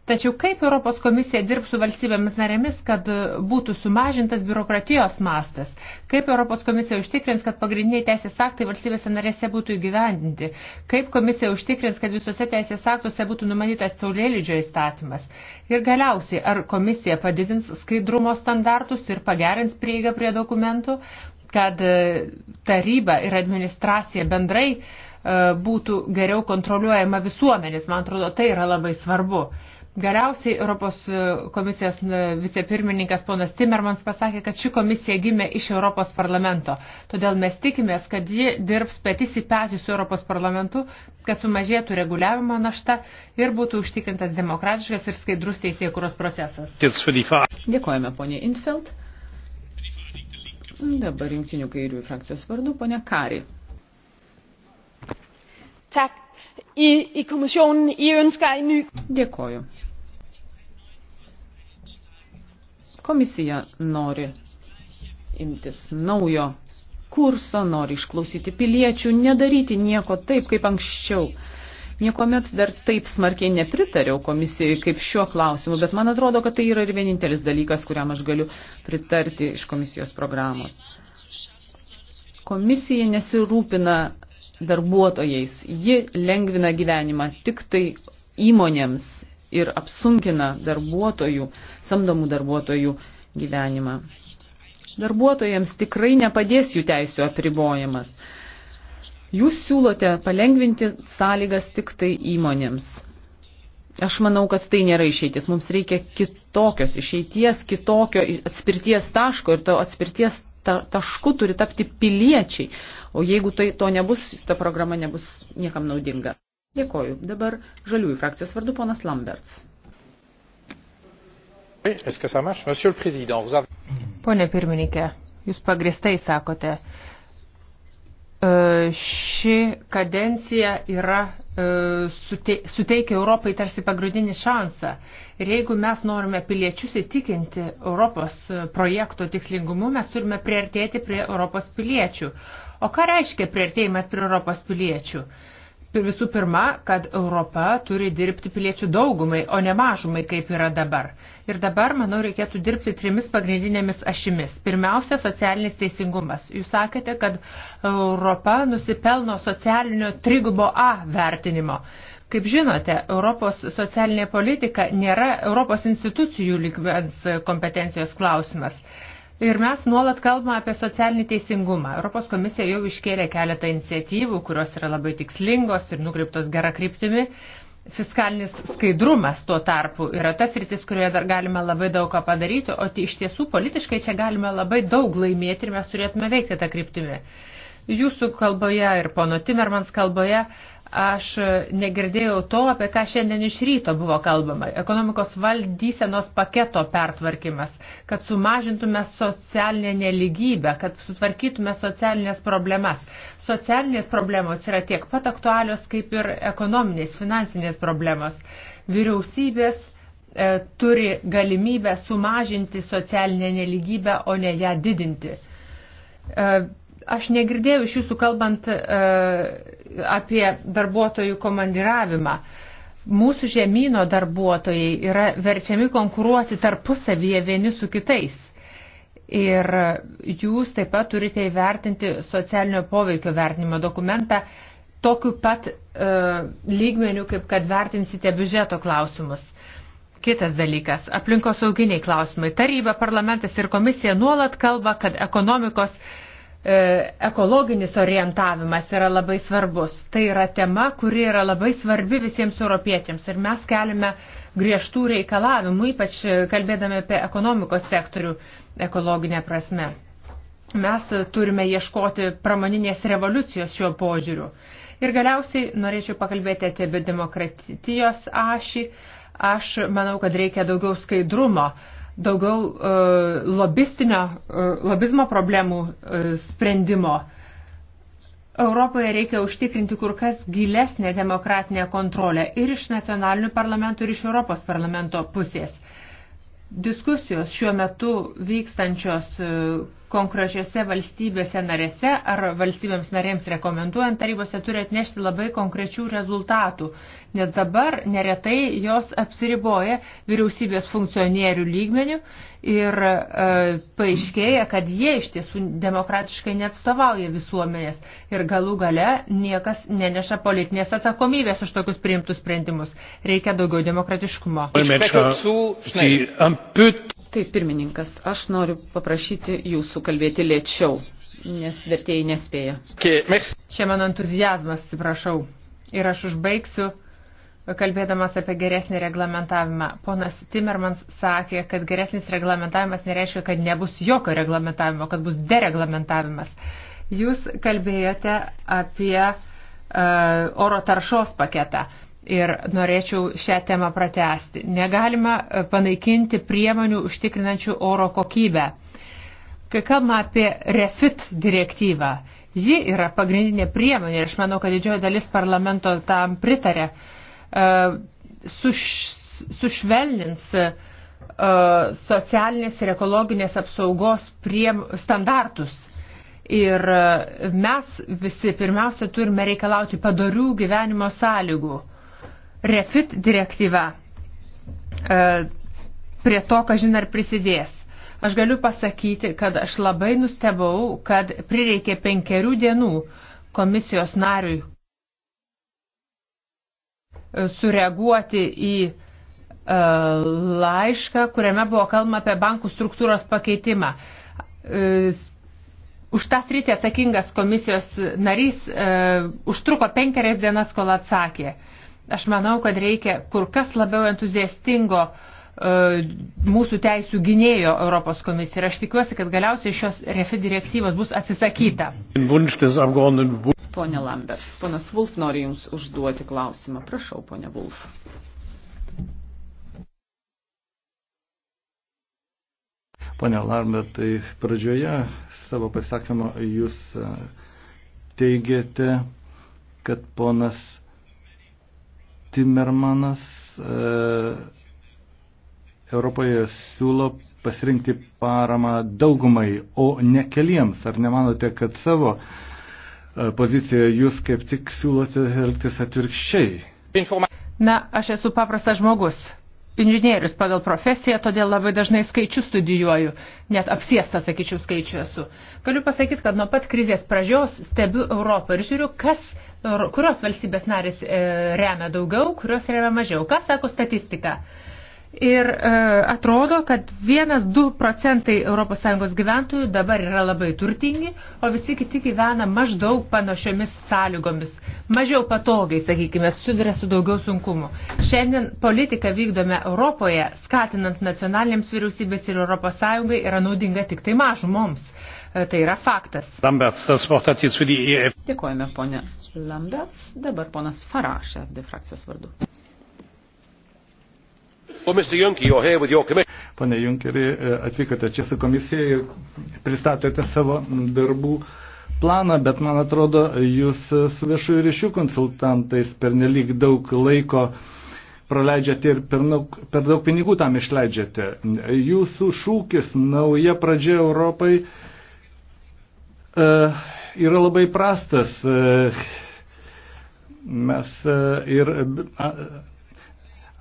Tačiau kaip Europos komisija dirbs su valstybėmis narėmis, kad būtų sumažintas biurokratijos mastas? Kaip Europos komisija užtikrins, kad pagrindiniai teisės aktai valstybėse narėse būtų įgyvendinti? Kaip komisija užtikrins, kad visose teisės aktuose būtų numatytas saulėlydžio įstatymas? Ir galiausiai, ar komisija padidins skaidrumo standartus ir pagerins prieigą prie dokumentų, kad e, taryba ir administracija bendrai e, būtų geriau kontroliuojama visuomenės? Man atrodo, tai yra labai svarbu. Galiausiai Europos e, komisijos e, vicepirmininkas ponas Timmermans pasakė, kad ši komisija gimė iš Europos parlamento. Todėl mes tikimės, kad ji dirbs petys į petį su Europos parlamentu, kad sumažėtų reguliavimo našta ir būtų užtikrintas demokratiškas ir skaidrus teisėkuros procesas. Dėkojame, ponė Infeld. Dabar jungtinių kairių frakcijos vardu, ponė Kari. Tak. I, i kommissionen, I ønsker en ny... Dėkoju. Komisija nori imtis naujo kurso, nori išklausyti piliečių, nedaryti nieko taip, kaip anksčiau. Niekuomet dar taip smarkiai nepritariau komisijai kaip šiuo klausimu, bet man atrodo, kad tai yra ir vienintelis dalykas, kuriam aš galiu pritarti iš komisijos programos. Komisija nesirūpina darbuotojais, ji lengvina gyvenimą tik tai įmonėms, ir apsunkina darbuotojų, samdomų darbuotojų gyvenimą. Darbuotojams tikrai nepadės jų teisų apribojimas. Jūs siūlote palengvinti sąlygas tik tai įmonėms. Aš manau, kad tai nėra išeitis. Mums reikia kitokios išeities, kitokio atspirties taško ir to atspirties ta, tašku turi tapti piliečiai. O jeigu tai, to nebus, ta programa nebus niekam naudinga. Dėkoju. Dabar žaliųjų frakcijos vardu ponas Lamberts. Pone pirmininkė, jūs pagristai sakote, e, ši kadencija yra e, suteikia Europai tarsi pagrindinį šansą. Ir jeigu mes norime piliečius įtikinti Europos projekto tikslingumu, mes turime priartėti prie Europos piliečių. O ką reiškia priartėjimas prie Europos piliečių? Uh, visų pirma, kad Europa turi dirbti piliečių daugumai, o ne mažumai, kaip yra dabar. Ir dabar, manau, reikėtų dirbti trimis pagrindinėmis ašimis. Pirmiausia, socialinis teisingumas. Jūs sakėte, kad Europa nusipelno socialinio trigubo A vertinimo. Kaip žinote, Europos socialinė politika nėra Europos institucijų lygmens kompetencijos klausimas Ir mes nuolat kalbame apie socialinį teisingumą. Europos komisija jau iškėlė keletą iniciatyvų, kurios yra labai tikslingos ir nukreiptos gerą kryptimi. Fiskalinis skaidrumas tuo tarpu yra tas rytis, kurioje dar galime labai daug ką padaryti, o iš tiesų politiškai čia galime labai daug laimėti ir mes turėtume veikti tą kryptimį jūsų kalboje ir pono Timermans kalboje aš negirdėjau to, apie ką šiandien iš ryto buvo kalbama. Ekonomikos valdysenos paketo pertvarkymas, kad sumažintume socialinę neligybę, kad sutvarkytume socialinės problemas. Socialinės problemos yra tiek pat aktualios, kaip ir ekonominės, finansinės problemos. Vyriausybės e, turi galimybę sumažinti socialinę neligybę, o ne ją didinti. E, Aš negirdėjau iš jūsų kalbant e, apie darbuotojų komandiravimą. Mūsų žemynų darbuotojai yra verčiami konkuruoti tarpusavyje vieni su kitais. Ir jūs taip pat turite įvertinti socialinio poveikio vertinimo dokumentą tokiu pat e, lygmeniu, kaip kad vertinsite biudžeto klausimus. Kitas dalykas - aplinkosauginiai klausimai. Taryba, parlamentas ir komisija nuolat kalba, kad ekonomikos E, ekologinis orientavimas yra labai svarbus. Tai yra tema, kuri yra labai svarbi visiems europiečiams ir mes keliame griežtų reikalavimų, ypač kalbėdami apie ekonomikos sektorių ekologinę prasme. Mes turime ieškoti pramoninės revoliucijos šiuo požiūriu. Ir galiausiai norėčiau pakalbėti apie demokratijos ašį. Aš manau, kad reikia daugiau skaidrumo daugiau uh, lobistinio, uh, lobizmo problemų uh, sprendimo. Europoje reikia užtikrinti kur kas gilesnę demokratinę kontrolę ir iš nacionalinių parlamentų, ir iš Europos parlamento pusės. Diskusijos šiuo metu vykstančios uh, konkrečiose valstybėse narėse ar valstybėms narėms rekomenduojant tarybose turi atnešti labai konkrečių rezultatų, nes dabar neretai jos apsiriboja vyriausybės funkcionierių lygmenių ir e, paaiškėja, kad jie iš tiesų demokratiškai neatstovauja visuomenės ir galų gale niekas neneša politinės atsakomybės už tokius priimtus sprendimus. Reikia daugiau demokratiškumo. Taip, pirmininkas, aš noriu paprašyti jūsų kalbėti lėčiau, nes vertėjai nespėja. Čia mano entuzijazmas, atsiprašau. Ir aš užbaigsiu, kalbėdamas apie geresnį reglamentavimą. Ponas Timmermans sakė, kad geresnis reglamentavimas nereiškia, kad nebus jokio reglamentavimo, kad bus dereglamentavimas. Jūs kalbėjote apie uh, oro taršos paketą ir norėčiau šią temą pratesti. Negalima e, panaikinti priemonių užtikrinančių oro kokybę. Kai kalbame apie refit direktyvą, ji yra pagrindinė priemonė ir aš manau, kad didžioji dalis parlamento tam pritarė, e, suš, sušvelnins e, socialinės ir ekologinės apsaugos priem, standartus. Ir mes visi pirmiausia turime reikalauti padarių gyvenimo sąlygų Refit direktyva e, prie to, ką žin ar prisidės. Aš galiu pasakyti, kad aš labai nustebau, kad prireikė penkerių dienų komisijos nariui e, sureaguoti į e, laišką, kuriame buvo kalbama apie bankų struktūros pakeitimą. Už tą sritį atsakingas komisijos narys užtruko penkerias dienas, kol atsakė. Uh, Aš manau, kad reikia kur kas labiau entuziastingo e, mūsų teisų gynėjo Europos komisija. Ir aš tikiuosi, kad galiausiai šios refi direktyvos bus atsisakyta. Pone Lambers, ponas Vulf nori Jums užduoti klausimą. Prašau, ponė Vulf. Pone Lambert, tai pradžioje savo pasakymo Jūs e, teigėte, kad ponas Timmermanas e, Europoje siūlo pasirinkti paramą daugumai, o ne keliems. Ar nemanote, kad savo e, poziciją jūs kaip tik siūlote elgtis atvirkščiai? Na, aš esu paprastas žmogus. Inžinierius pagal profesiją, todėl labai dažnai skaičių studijuoju, net apsiestą, sakyčiau, skaičių esu. Galiu pasakyti, kad nuo pat krizės pradžios stebiu Europą ir žiūriu, kas kurios valstybės narės e, remia daugiau, kurios remia mažiau. Ką sako statistika? Ir e, atrodo, kad 1-2 procentai ES gyventojų dabar yra labai turtingi, o visi kiti gyvena maždaug panašiomis sąlygomis, mažiau patogiai, sakykime, suduria su daugiau sunkumu. Šiandien politiką vykdome Europoje, skatinant nacionalinėms vyriausybės ir ES yra naudinga tik tai mažumoms. E, tai yra faktas. Lamberts, tas vortas jis für die EF. Dėkojame, ponė Lamberts. Dabar ponas Faraš, FD frakcijos vardu. Pane Junkeri, e, atvykote čia su komisija ir pristatote savo darbų planą, bet man atrodo, jūs su viešųjų ryšių konsultantais per nelik daug laiko praleidžiate ir per daug, per daug pinigų tam išleidžiate. Jūsų šūkis nauja pradžia Europai E, yra labai prastas. E, mes e, ir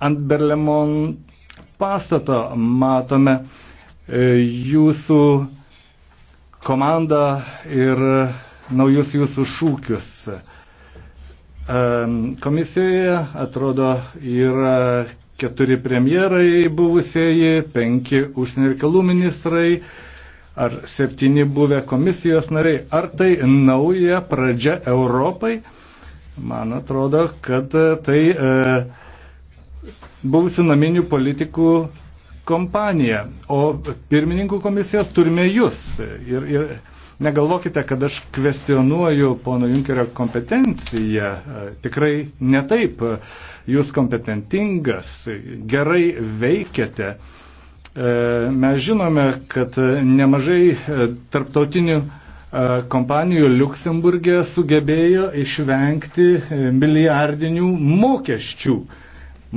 ant Berlemon pastato matome jūsų komandą ir naujus jūsų šūkius. Komisijoje atrodo yra keturi premjerai buvusieji, penki užsienio reikalų ministrai, ar septyni buvę komisijos nariai. Ar tai nauja pradžia Europai? Man atrodo, kad e, tai e, buvusių naminių politikų kompanija. O pirmininkų komisijas turime jūs. Ir, ir negalvokite, kad aš kvestionuoju pono Junkerio kompetenciją. E, tikrai netaip. Jūs kompetentingas, gerai veikiate. E, mes žinome, kad nemažai e, tarptautinių e, kompanijų Luksemburgė sugebėjo išvengti milijardinių mokesčių,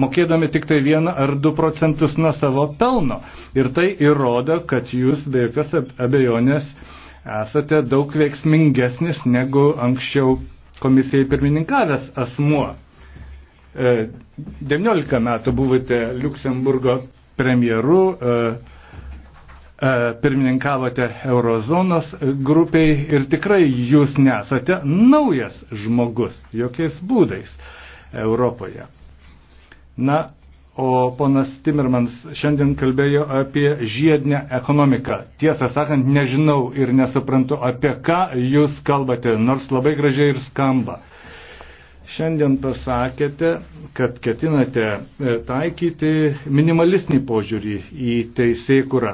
mokėdami tik tai 1 ar 2 procentus nuo savo pelno. Ir tai įrodo, kad jūs be jokios abejonės esate daug veiksmingesnis negu anksčiau komisijai pirmininkavęs asmuo. 19 metų buvote Luksemburgo premjeru, e, e, pirmininkavote eurozonos grupiai ir tikrai jūs nesate naujas žmogus, jokiais būdais Europoje. Na, o ponas Timmermans šiandien kalbėjo apie žiedinę ekonomiką. Tiesą sakant, nežinau ir nesuprantu, apie ką jūs kalbate, nors labai gražiai ir skamba. Šiandien pasakėte, kad ketinate e, taikyti minimalistinį požiūrį į teisėkurą.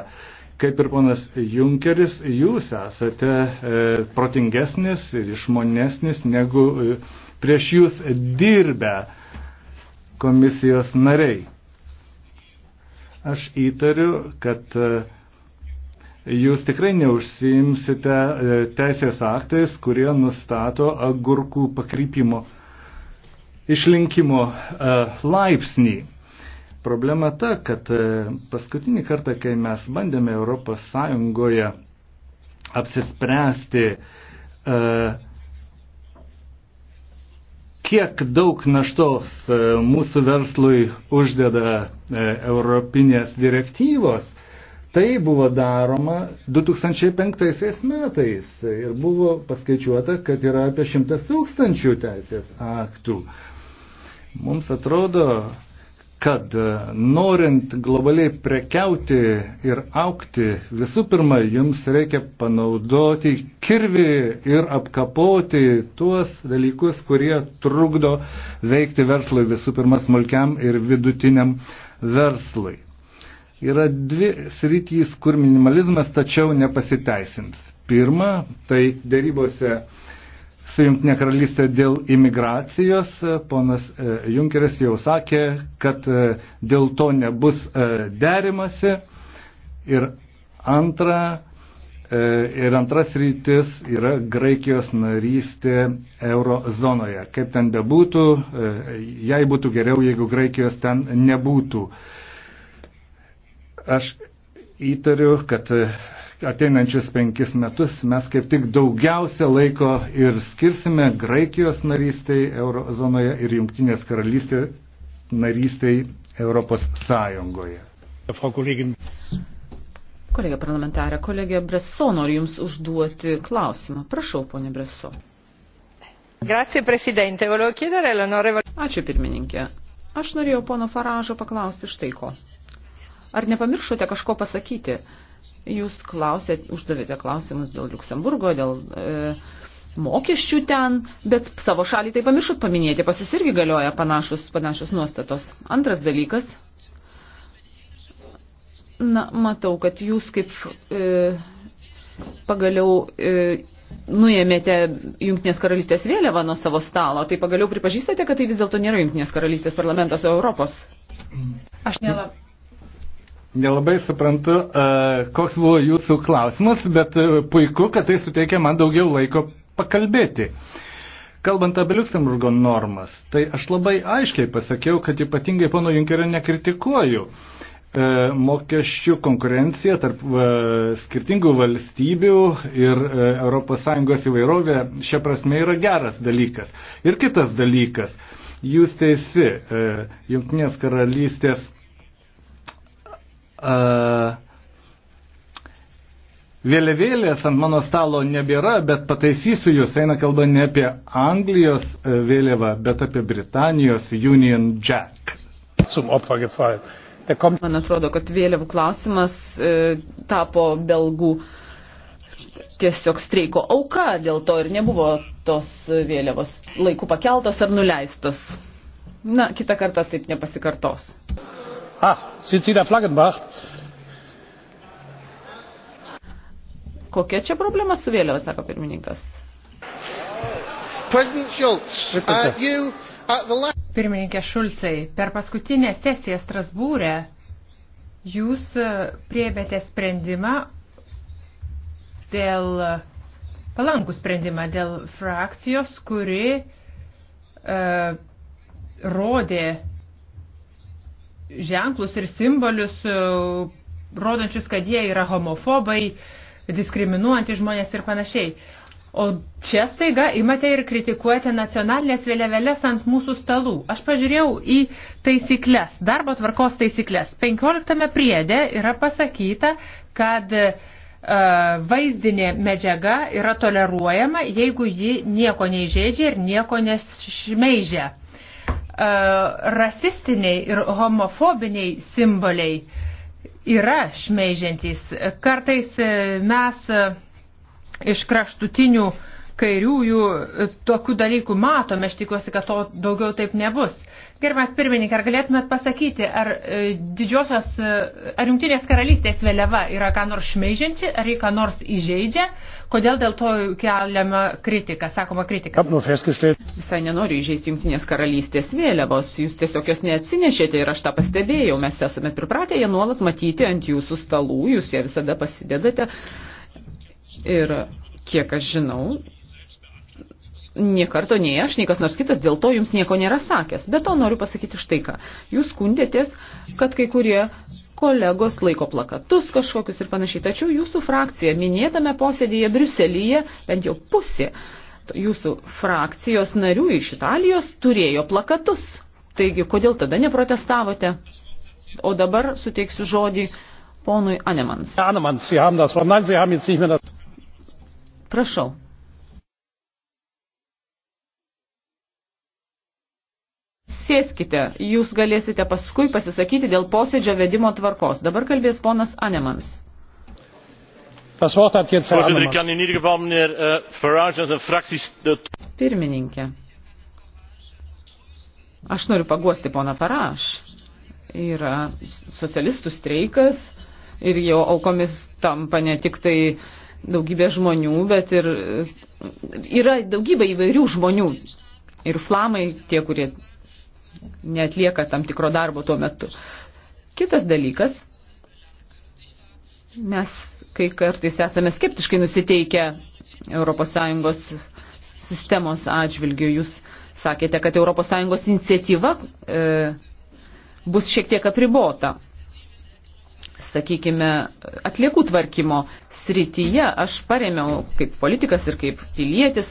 Kaip ir ponas Junkeris, jūs esate e, protingesnis ir išmonesnis negu e, prieš jūs dirbę komisijos nariai. Aš įtariu, kad e, jūs tikrai neužsiimsite e, teisės aktais, kurie nustato agurkų pakrypimo išlinkimo e, laipsnį. Problema ta, kad e, paskutinį kartą, kai mes bandėme Europos Sąjungoje apsispręsti, e, kiek daug naštos mūsų verslui uždeda europinės direktyvos, tai buvo daroma 2005 metais ir buvo paskaičiuota, kad yra apie 100 tūkstančių teisės aktų. Mums atrodo, kad e, norint globaliai prekiauti ir aukti, visų pirma, jums reikia panaudoti kirvi ir apkapoti tuos dalykus, kurie trukdo veikti verslui, visų pirma, smulkiam ir vidutiniam verslui. Yra dvi srityjs, kur minimalizmas tačiau nepasiteisins. Pirma, tai dėrybose su Junktinė karalystė dėl imigracijos. E, ponas e, Junkeris jau sakė, kad e, dėl to nebus derimasi. Ir antra, ir antras rytis yra Graikijos narystė eurozonoje. Kaip ten bebūtų, jai būtų geriau, jeigu Graikijos ten nebūtų. Aš įtariu, kad ateinančius penkis metus mes kaip tik daugiausia laiko ir skirsime Graikijos narystiai Eurozonoje ir Junktinės karalystė narystiai Europos Sąjungoje. Kolegė parlamentarė, kolegė Bresso nori Jums užduoti klausimą. Prašau, ponė Bresso. Grazie, prezidente. Volevo chiedere all'onorevole. Ačiū, pirmininkė. Aš norėjau pono Faražo paklausti štai ko. Ar nepamiršote kažko pasakyti? Jūs klausėt, uždavėte klausimus dėl Luksemburgo, dėl e, mokesčių ten, bet savo šalį tai pamiršot paminėti, pas jūs irgi galioja panašus, panašios nuostatos. Antras dalykas. Na, matau, kad jūs kaip e, pagaliau e, nuėmėte Junktinės karalystės vėliavą nuo savo stalo, tai pagaliau pripažįstate, kad tai vis dėlto nėra Junktinės karalystės parlamentas, o Europos. Aš nelab... Nelabai suprantu, e, koks buvo jūsų klausimas, bet e, puiku, kad tai suteikia man daugiau laiko pakalbėti. Kalbant apie Luxemburgo normas, tai aš labai aiškiai pasakiau, kad ypatingai pono Junkerio nekritikuoju. E, mokesčių konkurencija tarp e, skirtingų valstybių ir e, ES įvairovė šia prasme yra geras dalykas. Ir kitas dalykas, jūs teisi, e, Junktinės karalystės vėliavėlės ant mano stalo nebėra, bet pataisysiu jūs, eina kalba ne apie Anglijos e, vėliavą, bet apie Britanijos Union Jack. Man atrodo, kad vėliavų klausimas e, tapo belgų tiesiog streiko auka, dėl to ir nebuvo tos vėliavos laiku pakeltos ar nuleistos. Na, kitą kartą taip nepasikartos. Ah, sind Sie der Flaggenbach? Kokia čia problema su vėliava, sako pirmininkas. Schultz, uh, you, uh, the... Pirmininkė Šulcai, per paskutinę sesiją Strasbūrę jūs e, priebėte sprendimą dėl palankų sprendimą dėl frakcijos, kuri uh, rodė ženklus ir simbolius, e, rodančius, kad jie yra homofobai, diskriminuojantys žmonės ir panašiai. O čia staiga imate ir kritikuojate nacionalinės vėliavėlės ant mūsų stalų. Aš pažiūrėjau į taisyklės, darbo tvarkos taisyklės. 15 priedė yra pasakyta, kad uh, vaizdinė medžiaga yra toleruojama, jeigu ji nieko neižeidžia ir nieko nešmeižia. E, rasistiniai ir homofobiniai simboliai yra šmeižiantys. Kartais e, mes e, iš kraštutinių kairiųjų tokių dalykų matome, aš tikiuosi, kad to daugiau taip nebus. Gerbiamas pirmininkai, ar galėtumėt pasakyti, ar e, didžiosios, e, ar jungtinės karalystės vėliava yra ką nors šmeižianti, ar ji ką nors įžeidžia, kodėl dėl to keliama kritika, sakoma kritika? Visai nenoriu įžeisti jungtinės karalystės vėliavos, jūs tiesiog jos neatsinešėte ir aš tą pastebėjau, mes esame pripratę ją nuolat matyti ant jūsų stalų, jūs ją visada pasidedate. Ir kiek aš žinau, niekarto nei aš, nei kas nors kitas dėl to jums nieko nėra sakęs. Bet to noriu pasakyti štai ką. Jūs skundėtės, kad kai kurie kolegos laiko plakatus kažkokius ir panašiai. Tačiau jūsų frakcija minėtame posėdėje Briuselyje bent jau pusė jūsų frakcijos narių iš Italijos turėjo plakatus. Taigi, kodėl tada neprotestavote? O dabar suteiksiu žodį ponui Anemans. Anemans, Prašau, sėskite, jūs galėsite paskui pasisakyti dėl posėdžio vedimo tvarkos. Dabar kalbės ponas Anemans. Eh, Pirmininkė. Aš noriu paguosti poną Faraž. Yra socialistų streikas ir jo aukomis tampa ne tik tai daugybė žmonių, bet ir yra daugybė įvairių žmonių. Ir flamai, tie, kurie netlieka tam tikro darbo tuo metu. Kitas dalykas, mes kai kartais esame skeptiškai nusiteikę ES sistemos atžvilgių. Jūs sakėte, kad ES iniciatyva e, bus šiek tiek apribota. Sakykime, atliekų tvarkymo srityje aš paremiau kaip politikas ir kaip pilietis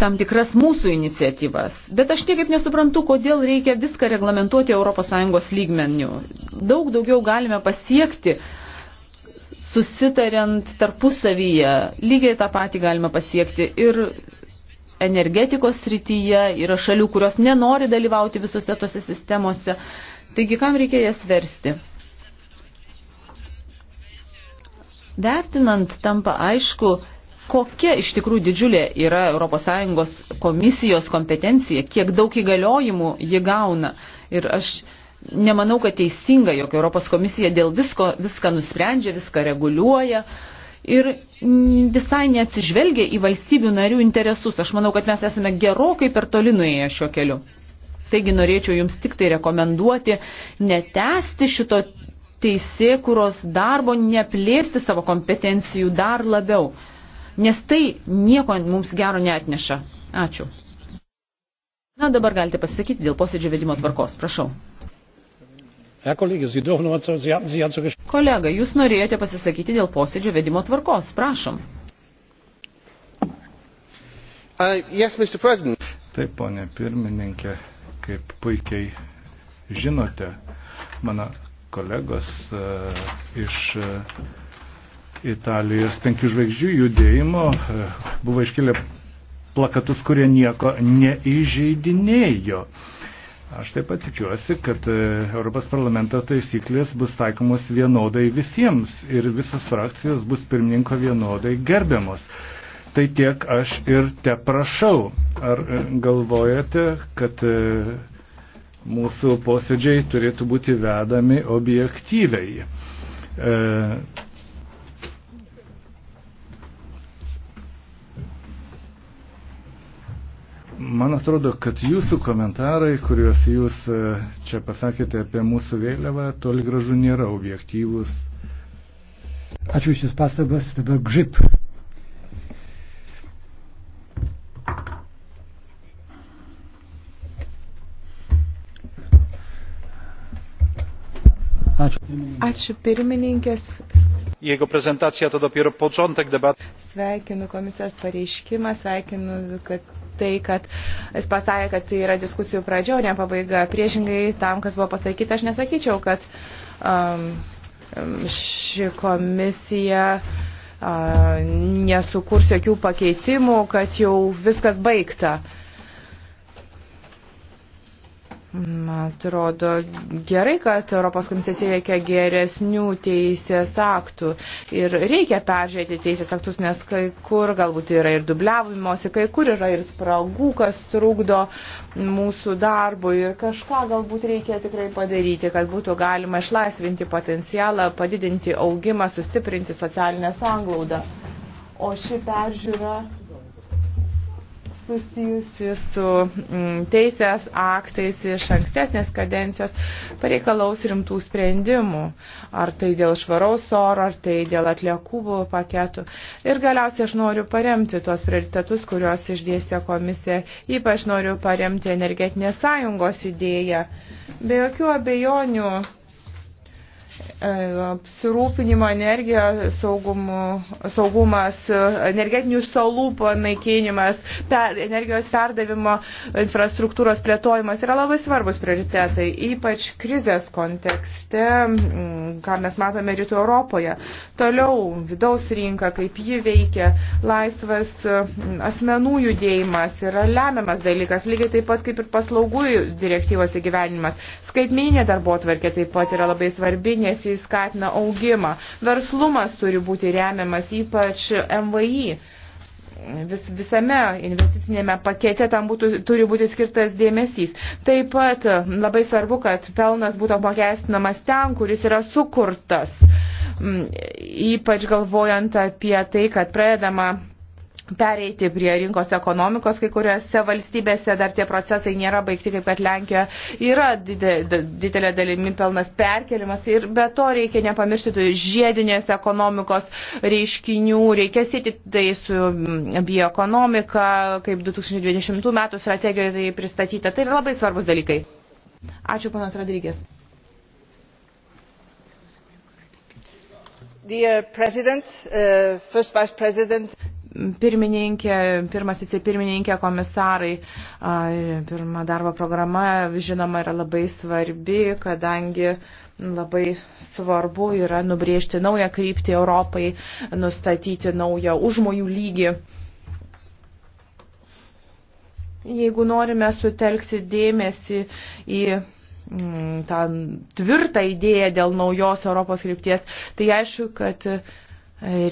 tam tikras mūsų iniciatyvas. Bet aš niekaip nesuprantu, kodėl reikia viską reglamentuoti ES lygmenių. Daug daugiau galime pasiekti susitariant tarpusavyje. Lygiai tą patį galime pasiekti ir energetikos srityje, yra šalių, kurios nenori dalyvauti visose tose sistemose. Taigi, kam reikia jas versti? Vertinant tampa aišku, kokia iš tikrųjų didžiulė yra ES komisijos kompetencija, kiek daug įgaliojimų ji gauna. Ir aš nemanau, kad teisinga, jog Europos komisija dėl visko viską nusprendžia, viską reguliuoja. Ir visai neatsižvelgia į valstybių narių interesus. Aš manau, kad mes esame gerokai per toli nuėję šiuo keliu. Taigi norėčiau jums tik tai rekomenduoti netesti šito teisėkuros darbo, neplėsti savo kompetencijų dar labiau nes tai nieko mums gero neatneša. Ačiū. Na, dabar galite pasisakyti dėl posėdžio vedimo tvarkos. Prašau. Kolega, jūs norėjote pasisakyti dėl posėdžio vedimo tvarkos. Prašom. Uh, yes, Taip, ponė pirmininkė, kaip puikiai žinote, mano kolegos uh, iš uh, Italijos penkių žvaigždžių judėjimo e, buvo iškilę plakatus, kurie nieko neįžeidinėjo. Aš taip pat tikiuosi, kad e, Europos parlamento taisyklės bus taikomos vienodai visiems ir visos frakcijos bus pirmininko vienodai gerbiamos. Tai tiek aš ir te prašau. Ar e, galvojate, kad mūsų posėdžiai turėtų būti vedami objektyviai? Man atrodo, kad jūsų komentarai, kuriuos jūs e, čia pasakėte apie mūsų vėliavą, toli gražu nėra objektyvus. Ačiū iš jūs pastabas, dabar gžip. Ačiū. Ačiū pirmininkės. Jego prezentacija to dopiero początek debatų. Sveikinu komisijos pareiškimą, sveikinu, kad tai, kad jis pasakė, kad tai yra diskusijų pradžia, o ne pabaiga. Priešingai tam, kas buvo pasakyta, aš nesakyčiau, kad um, ši komisija uh, nesukurs jokių pakeitimų, kad jau viskas baigta. Uh, Man atrodo gerai, kad Europos komisija siekia geresnių teisės aktų ir reikia peržiūrėti teisės aktus, nes kai kur galbūt yra ir dubliavimosi, kai kur yra ir spragų, kas trukdo mūsų darbui ir kažką galbūt reikia tikrai padaryti, kad būtų galima išlaisvinti potencialą, padidinti augimą, sustiprinti socialinę sanglaudą. O ši peržiūra susijusi su mm, teisės aktais iš ankstesnės kadencijos pareikalaus rimtų sprendimų, ar tai dėl švaraus oro, ar tai dėl atliekų paketų. Ir galiausiai aš noriu paremti tuos prioritetus, kuriuos išdėstė komisija, ypač noriu paremti energetinės sąjungos idėją. Be jokių abejonių E, apsirūpinimo energijos saugumu, saugumas, e, energetinių salų panaikinimas, per, energijos perdavimo infrastruktūros plėtojimas yra labai svarbus prioritetai, ypač krizės kontekste, ką mes matome rytų Europoje. Toliau vidaus rinka, kaip ji veikia, laisvas e, asmenų judėjimas yra lemiamas dalykas, lygiai taip pat kaip ir paslaugų direktyvos įgyvenimas. Skaitmeninė darbo tvarkė taip pat yra labai svarbi nes jis skatina augimą. Verslumas turi būti remiamas, ypač MVI. Vis, visame investicinėme pakete tam būtų, turi būti skirtas dėmesys. Taip pat labai svarbu, kad pelnas būtų apmokestinamas ten, kuris yra sukurtas. Mm, ypač galvojant apie tai, kad pradedama pereiti prie rinkos ekonomikos, kai kuriuose valstybėse dar tie procesai nėra baigti, kaip kad Lenkijoje yra didelė dalimi pelnas perkelimas ir be to reikia nepamiršti tų žiedinės ekonomikos reiškinių, reikia sėti tai su mm, bioekonomika, kaip 2020 metų strategijoje tai pristatyta, tai yra labai svarbus dalykai. Ačiū, panas Rodrygės. Dear President, uh, First Vice President, pirmininkė, pirmas vicepirmininkė, komisarai. Pirma darbo programa, žinoma, yra labai svarbi, kadangi labai svarbu yra nubriežti naują kryptį Europai, nustatyti naują užmojų lygį. Jeigu norime sutelkti dėmesį į mm, tą tvirtą idėją dėl naujos Europos krypties, tai aišku, kad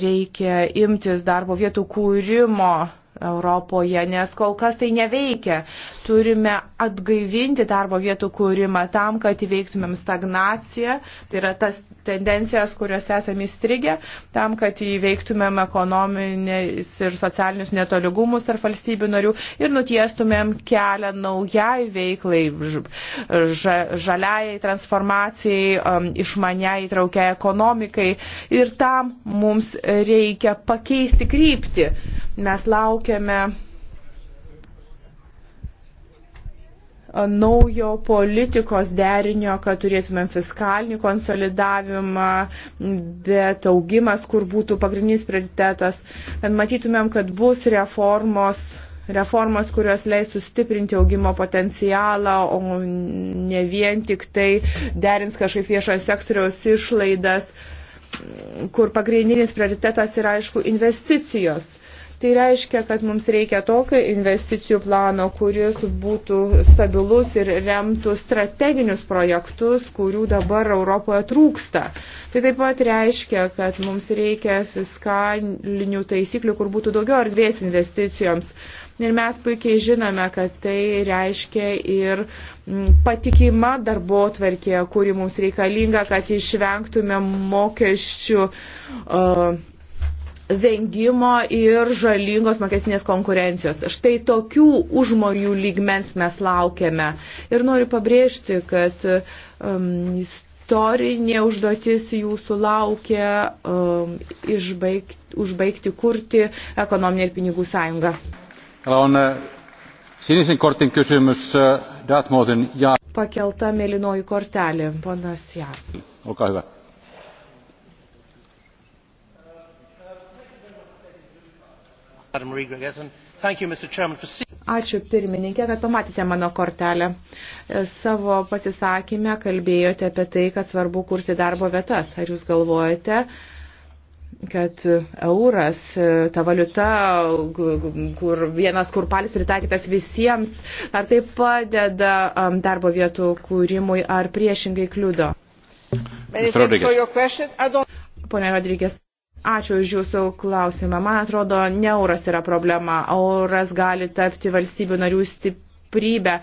Reikia imtis darbo vietų kūrimo Europoje, nes kol kas tai neveikia. Turime atgaivinti darbo vietų kūrimą tam, kad įveiktumėm stagnaciją, tai yra tas tendencijas, kuriuose esame įstrigę, tam, kad įveiktumėm ekonominės ir socialinius netoligumus tarp valstybių narių ir nutiestumėm kelią naujai veiklai, žaliai transformacijai, um, išmaniai įtraukiai ekonomikai ir tam mums reikia pakeisti kryptį. Mes laukime laukiame naujo politikos derinio, kad turėtumėm fiskalinį konsolidavimą, bet augimas, kur būtų pagrindinis prioritetas, kad matytumėm, kad bus reformos reformas, kurios leis sustiprinti augimo potencialą, o ne vien tik tai derins kažkaip viešojo sektoriaus išlaidas, kur pagrindinis prioritetas yra, aišku, investicijos Tai reiškia, kad mums reikia tokio investicijų plano, kuris būtų stabilus ir remtų strateginius projektus, kurių dabar Europoje trūksta. Tai taip pat reiškia, kad mums reikia fiskalinių taisyklių, kur būtų daugiau erdvės investicijoms. Ir mes puikiai žinome, kad tai reiškia ir mm, patikima darbo tvarkė, kuri mums reikalinga, kad išvengtume mokesčių uh, vengimo ir žalingos mokestinės konkurencijos. Štai tokių užmojų lygmens mes laukiame. Ir noriu pabrėžti, kad um, istorinė užduotis jūsų laukia um, išbaigti, užbaigti kurti ekonominę ir pinigų sąjungą. On, uh, sinisen kortin kysymys uh, Dartmouthin ja. Pakelta mėlynoji kortelė, ponas Jar. Olkaa hyvä. Ačiū pirmininkė, kad pamatėte mano kortelę. Savo pasisakymę kalbėjote apie tai, kad svarbu kurti darbo vietas. Ar jūs galvojate, kad euras, ta valiuta, kur vienas kurpalis pritaikytas visiems, ar tai padeda um, darbo vietų kūrimui, ar priešingai kliudo? Pone Rodrygės. Ačiū už Jūsų klausimą. Man atrodo, ne euras yra problema. Euras gali tapti valstybių narių stiprybę.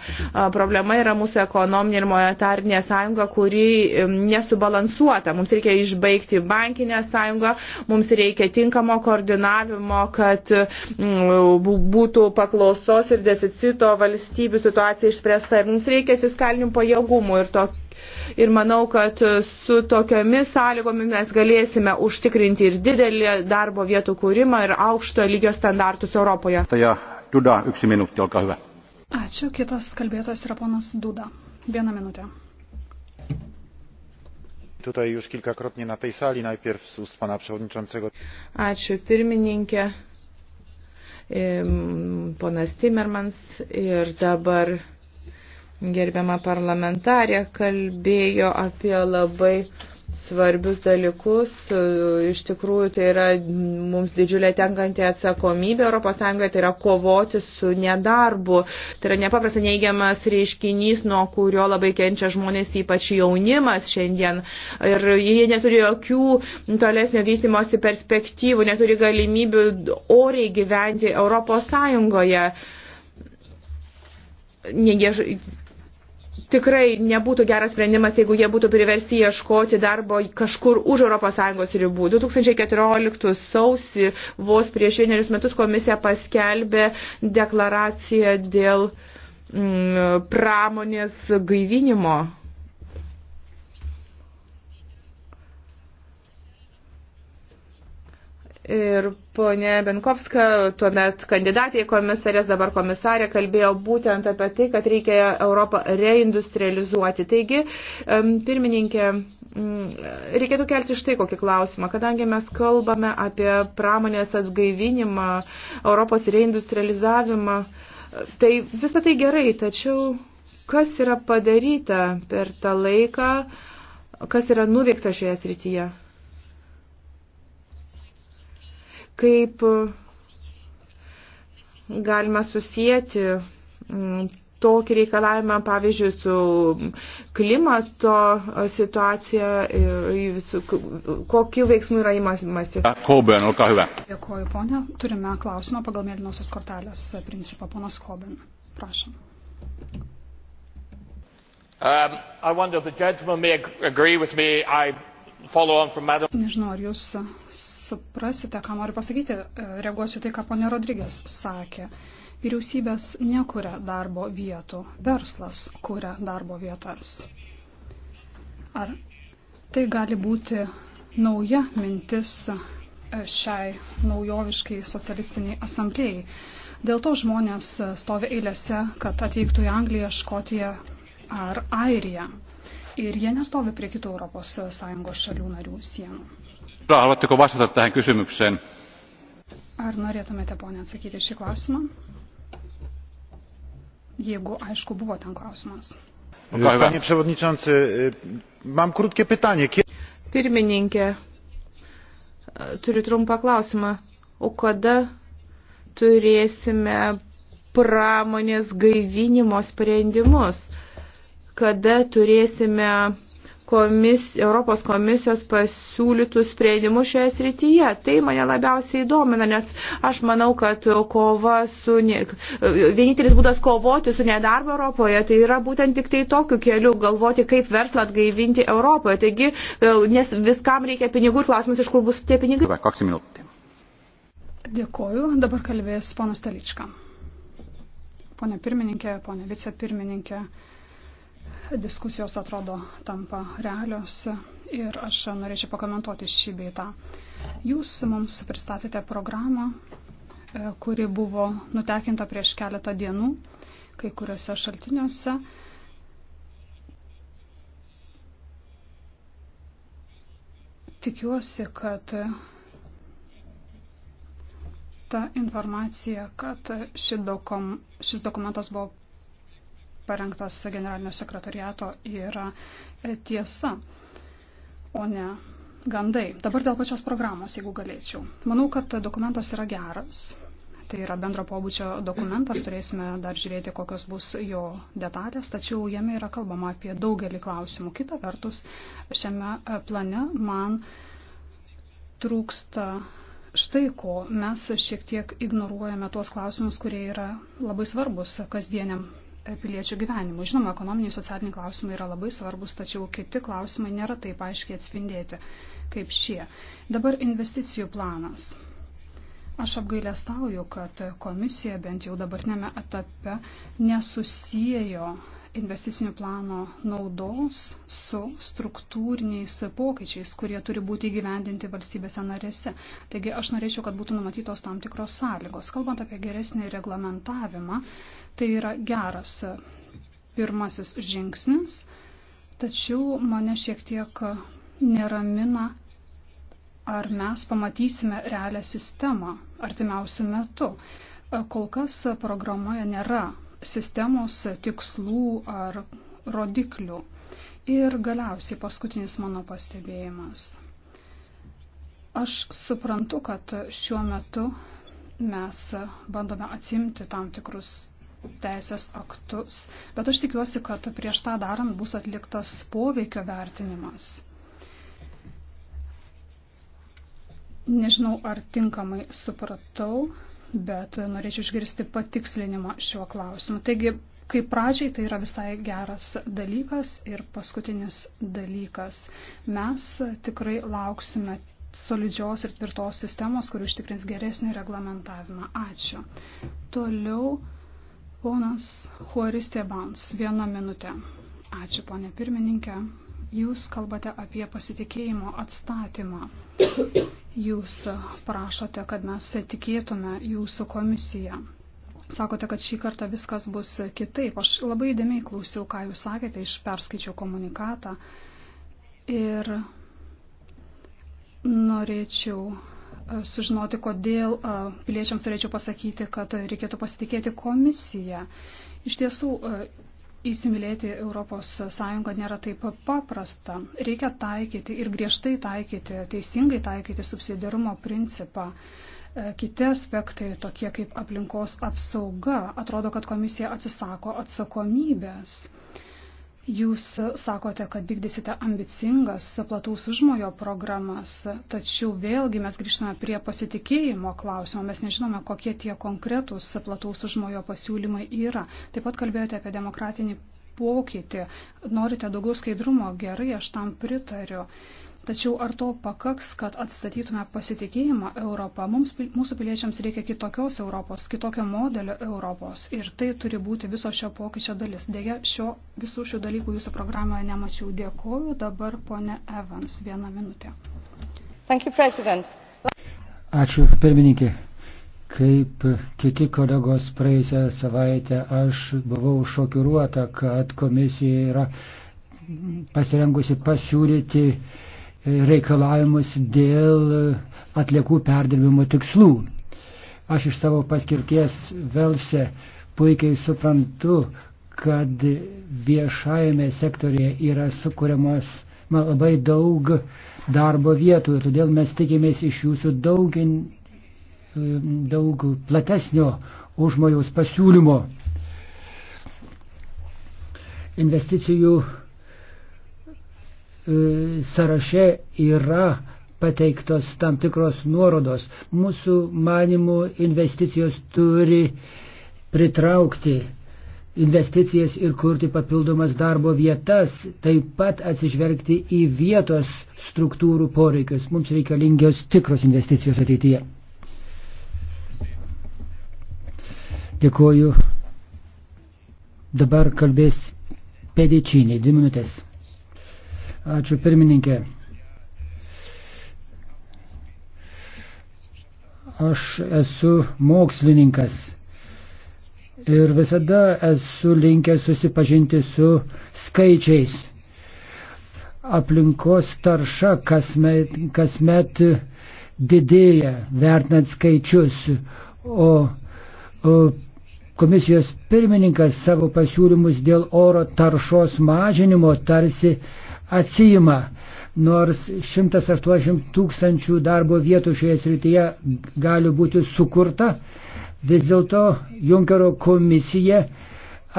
Problema yra mūsų ekonominė ir monetarinė sąjunga, kuri nesubalansuota. Mums reikia išbaigti bankinę sąjungą, mums reikia tinkamo koordinavimo, kad būtų paklausos ir deficito valstybių situacija išspręsta. Ir mums reikia fiskalinių pajėgumų ir tokių ir manau, kad su tokiomis sąlygomis mes galėsime užtikrinti ir didelį darbo vietų kūrimą ir aukšto lygio standartus Europoje. Taja, Duda, yksi minuutti, olkaa hyvä. Ačiū, kitas kalbėtojas yra ponas Duda. Vieną minutę. Tutaj już kilkakrotnie na tej sali, najpierw z ust pana przewodniczącego. Ačiū, pirmininkė, ponas Timmermans ir dabar gerbiama parlamentarė kalbėjo apie labai svarbius dalykus. Iš tikrųjų, tai yra mums didžiulė tenkanti atsakomybė ES, tai yra kovoti su nedarbu. Tai yra nepaprastai neigiamas reiškinys, nuo kurio labai kenčia žmonės, ypač jaunimas šiandien. Ir jie neturi jokių tolesnio vystimosi perspektyvų, neturi galimybių oriai gyventi ES. Jie tikrai nebūtų geras sprendimas, jeigu jie būtų priversti ieškoti darbo kažkur už ES ribų. 2014 sausi vos prieš vienerius metus komisija paskelbė deklaraciją dėl mm, pramonės gaivinimo Ir ponė Benkovska, tuomet kandidatė į komisarės, dabar komisarė, kalbėjo būtent apie tai, kad reikia Europą reindustrializuoti. Taigi, pirmininkė, mm, reikėtų kelti štai kokį klausimą, kadangi mes kalbame apie pramonės atgaivinimą, Europos reindustrializavimą, tai visą tai gerai, tačiau kas yra padaryta per tą laiką, kas yra nuveikta šioje srityje? kaip e, galima susijęti tokį reikalavimą, pavyzdžiui, su klimato e, situacija ir visų, kokiu veiksmu yra įmasi. Koben, olkaa hyvä. Dėkuoju, ponia. Turime klausimą pagal mėlynosios kortelės principą. Ponas Koben, prašom. Um, I wonder if the gentleman may agree with me. I Nežinau, ar jūs suprasite, ką noriu pasakyti. E, reaguosiu tai, ką ponė Rodrygės sakė. Vyriausybės nekuria darbo vietų, verslas kuria darbo vietas. Ar tai gali būti nauja mintis e, šiai naujoviškai socialistiniai asamblėjai? Dėl to žmonės stovi eilėse, kad atvyktų į Angliją, Škotiją ar Airiją ir jie nestovi prie kitų ES šalių narių sienų. Haluatteko vastata tähän kysymykseen? Ar norėtumėte, ponė, atsakyti šį klausimą? Jeigu, aišku, buvo ten klausimas. Panie przewodniczący, mam krótkie pytanie. Pirmininkė, turiu trumpą klausimą. O kada turėsime pramonės gaivinimo sprendimus? kada turėsime komis, Europos komisijos pasiūlytų sprendimų šioje srityje. Tai mane labiausiai įdomina, nes aš manau, kad kova su, ne, vienintelis būdas kovoti su nedarbo Europoje, tai yra būtent tik tai tokiu keliu galvoti, kaip verslą atgaivinti Europoje. Taigi, nes viskam reikia pinigų ir klausimas, iš kur bus tie pinigai. Dėkoju. Dabar kalbės ponas Telička. Pone pirmininkė, pone vicepirmininkė. pirmininkė diskusijos atrodo tampa realios ir aš norėčiau pakomentuoti šį beitą. Jūs mums pristatėte programą, e, kuri buvo nutekinta prieš keletą dienų kai kuriuose šaltiniuose. Tikiuosi, kad ta informacija, kad ši dokum, šis dokumentas buvo parengtas generalinio sekretariato yra e, tiesa, o ne gandai. Dabar dėl pačios programos, jeigu galėčiau. Manau, kad dokumentas yra geras. Tai yra bendro pobūdžio dokumentas, turėsime dar žiūrėti, kokios bus jo detalės, tačiau jame yra kalbama apie daugelį klausimų. Kita vertus, šiame e, plane man trūksta štai ko. Mes šiek tiek ignoruojame tuos klausimus, kurie yra labai svarbus kasdieniam piliečių gyvenimui. Žinoma, ekonominiai ir socialiniai klausimai yra labai svarbus, tačiau kiti klausimai nėra taip aiškiai atspindėti kaip šie. Dabar investicijų planas. Aš apgailestauju, kad komisija bent jau dabartinėme etape nesusijo investicinio plano naudos su struktūriniais pokyčiais, kurie turi būti įgyvendinti valstybėse narėse. Taigi aš norėčiau, kad būtų numatytos tam tikros sąlygos. Kalbant apie geresnį reglamentavimą, tai yra geras pirmasis žingsnis, tačiau mane šiek tiek neramina, ar mes pamatysime realią sistemą artimiausių metų. Kol kas programoje nėra sistemos tikslų ar rodiklių. Ir galiausiai paskutinis mano pastebėjimas. Aš suprantu, kad šiuo metu mes bandome atsimti tam tikrus teisės aktus, bet aš tikiuosi, kad prieš tą darant bus atliktas poveikio vertinimas. Nežinau, ar tinkamai supratau, bet norėčiau išgirsti patikslinimą šiuo klausimu. Taigi, kaip pradžiai, tai yra visai geras dalykas ir paskutinis dalykas. Mes tikrai lauksime solidžios ir tvirtos sistemos, kuri užtikrins geresnį reglamentavimą. Ačiū. Toliau ponas Huaristė Bans. Vieną minutę. Ačiū, ponė pirmininkė. Jūs kalbate apie pasitikėjimo atstatymą. Jūs prašote, kad mes tikėtume jūsų komisiją. Sakote, kad šį kartą viskas bus kitaip. Aš labai įdėmiai klausiau, ką jūs sakėte, iš perskaičiau komunikatą. Ir norėčiau e, sužinoti, kodėl e, piliečiams turėčiau pasakyti, kad reikėtų pasitikėti komisiją. Iš tiesų, e, Įsimylėti ES nėra taip paprasta. Reikia taikyti ir griežtai taikyti, teisingai taikyti subsidiarumo principą. E, kiti aspektai, tokie kaip aplinkos apsauga, atrodo, kad komisija atsisako atsakomybės. Jūs sakote, kad vykdysite ambicingas plataus užmojo programas, tačiau vėlgi mes grįžtame prie pasitikėjimo klausimo. Mes nežinome, kokie tie konkretūs plataus užmojo pasiūlymai yra. Taip pat kalbėjote apie demokratinį pokytį. Norite daugiau skaidrumo? Gerai, aš tam pritariu. Tačiau ar to pakaks, kad atstatytume pasitikėjimą Europą? Mums, mūsų piliečiams reikia kitokios Europos, kitokio modelio Europos. Ir tai turi būti viso šio pokyčio dalis. Deja, šio, visų šių dalykų jūsų programoje nemačiau. Dėkuoju. Dabar ponė Evans. Vieną minutę. Thank you, President. Ačiū, pirmininkė. Kaip kiti kolegos praėjusią savaitę aš buvau šokiruota, kad komisija yra pasirengusi pasiūlyti reikalavimus dėl atliekų perdirbimo tikslų. Aš iš savo paskirties Velse puikiai suprantu, kad viešajame sektorėje yra sukūriamos labai daug darbo vietų ir todėl mes tikimės iš jūsų daug, daug platesnio užmojaus pasiūlymo. Investicijų E, sąraše yra pateiktos tam tikros nuorodos. Mūsų manimų investicijos turi pritraukti investicijas ir kurti papildomas darbo vietas, taip pat atsižvelgti į vietos struktūrų poreikius. Mums reikalingios tikros investicijos ateityje. Dėkuoju. Dabar kalbės pedičinė, dvi minutės. Ačiū pirmininkė. Aš esu mokslininkas ir visada esu linkęs susipažinti su skaičiais. Aplinkos tarša kasmet, kasmet didėja, vertinant skaičius, o, o komisijos pirmininkas savo pasiūlymus dėl oro taršos mažinimo tarsi atsijima, nors 180 tūkstančių darbo vietų šioje srityje gali būti sukurta, vis dėlto Junkero komisija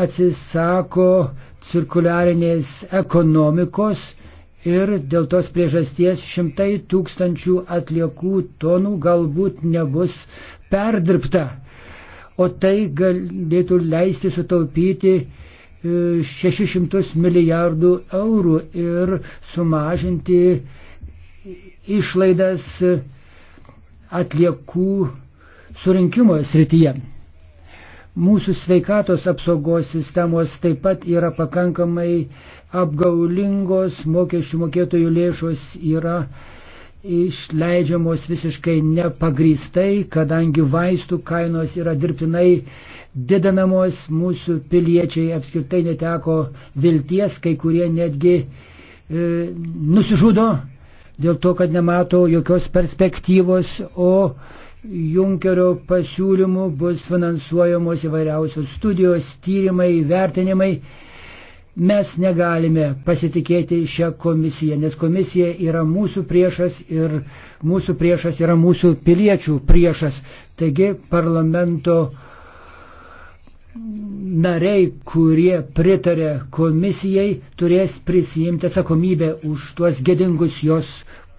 atsisako cirkuliarinės ekonomikos ir dėl tos priežasties šimtai tūkstančių atliekų tonų galbūt nebus perdirbta. O tai galėtų leisti sutaupyti 600 milijardų eurų ir sumažinti išlaidas atliekų surinkimo srityje. Mūsų sveikatos apsaugos sistemos taip pat yra pakankamai apgaulingos, mokesčių mokėtojų lėšos yra uh, išleidžiamos visiškai nepagrystai, kadangi vaistų kainos yra dirbtinai didinamos, mūsų piliečiai apskritai neteko vilties, kai kurie netgi e, nusižudo dėl to, kad nemato jokios perspektyvos, o Junkerio pasiūlymų bus finansuojamos įvairiausios studijos, tyrimai, vertinimai. Mes negalime pasitikėti šią komisiją, nes komisija yra mūsų priešas ir mūsų priešas yra mūsų piliečių priešas. Taigi parlamento nariai, kurie pritarė komisijai, turės prisijimti atsakomybę už tuos gedingus jos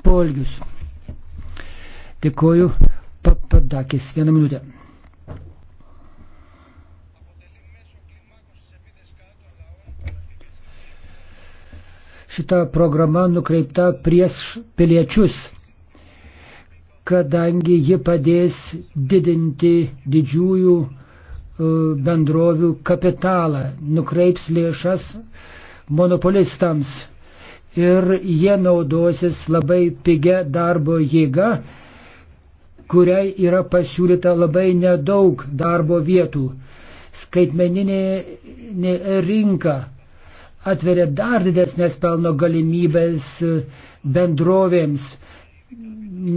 polgius. Dėkuoju, papadakis, vieną minutę. šita programa nukreipta prieš piliečius, kadangi ji padės didinti didžiųjų e, bendrovių kapitalą, nukreips lėšas monopolistams ir jie naudosis labai pigia darbo jėga, kuriai yra pasiūlyta labai nedaug darbo vietų. Skaitmeninė rinka atveria dar didesnės pelno galimybės e, bendrovėms.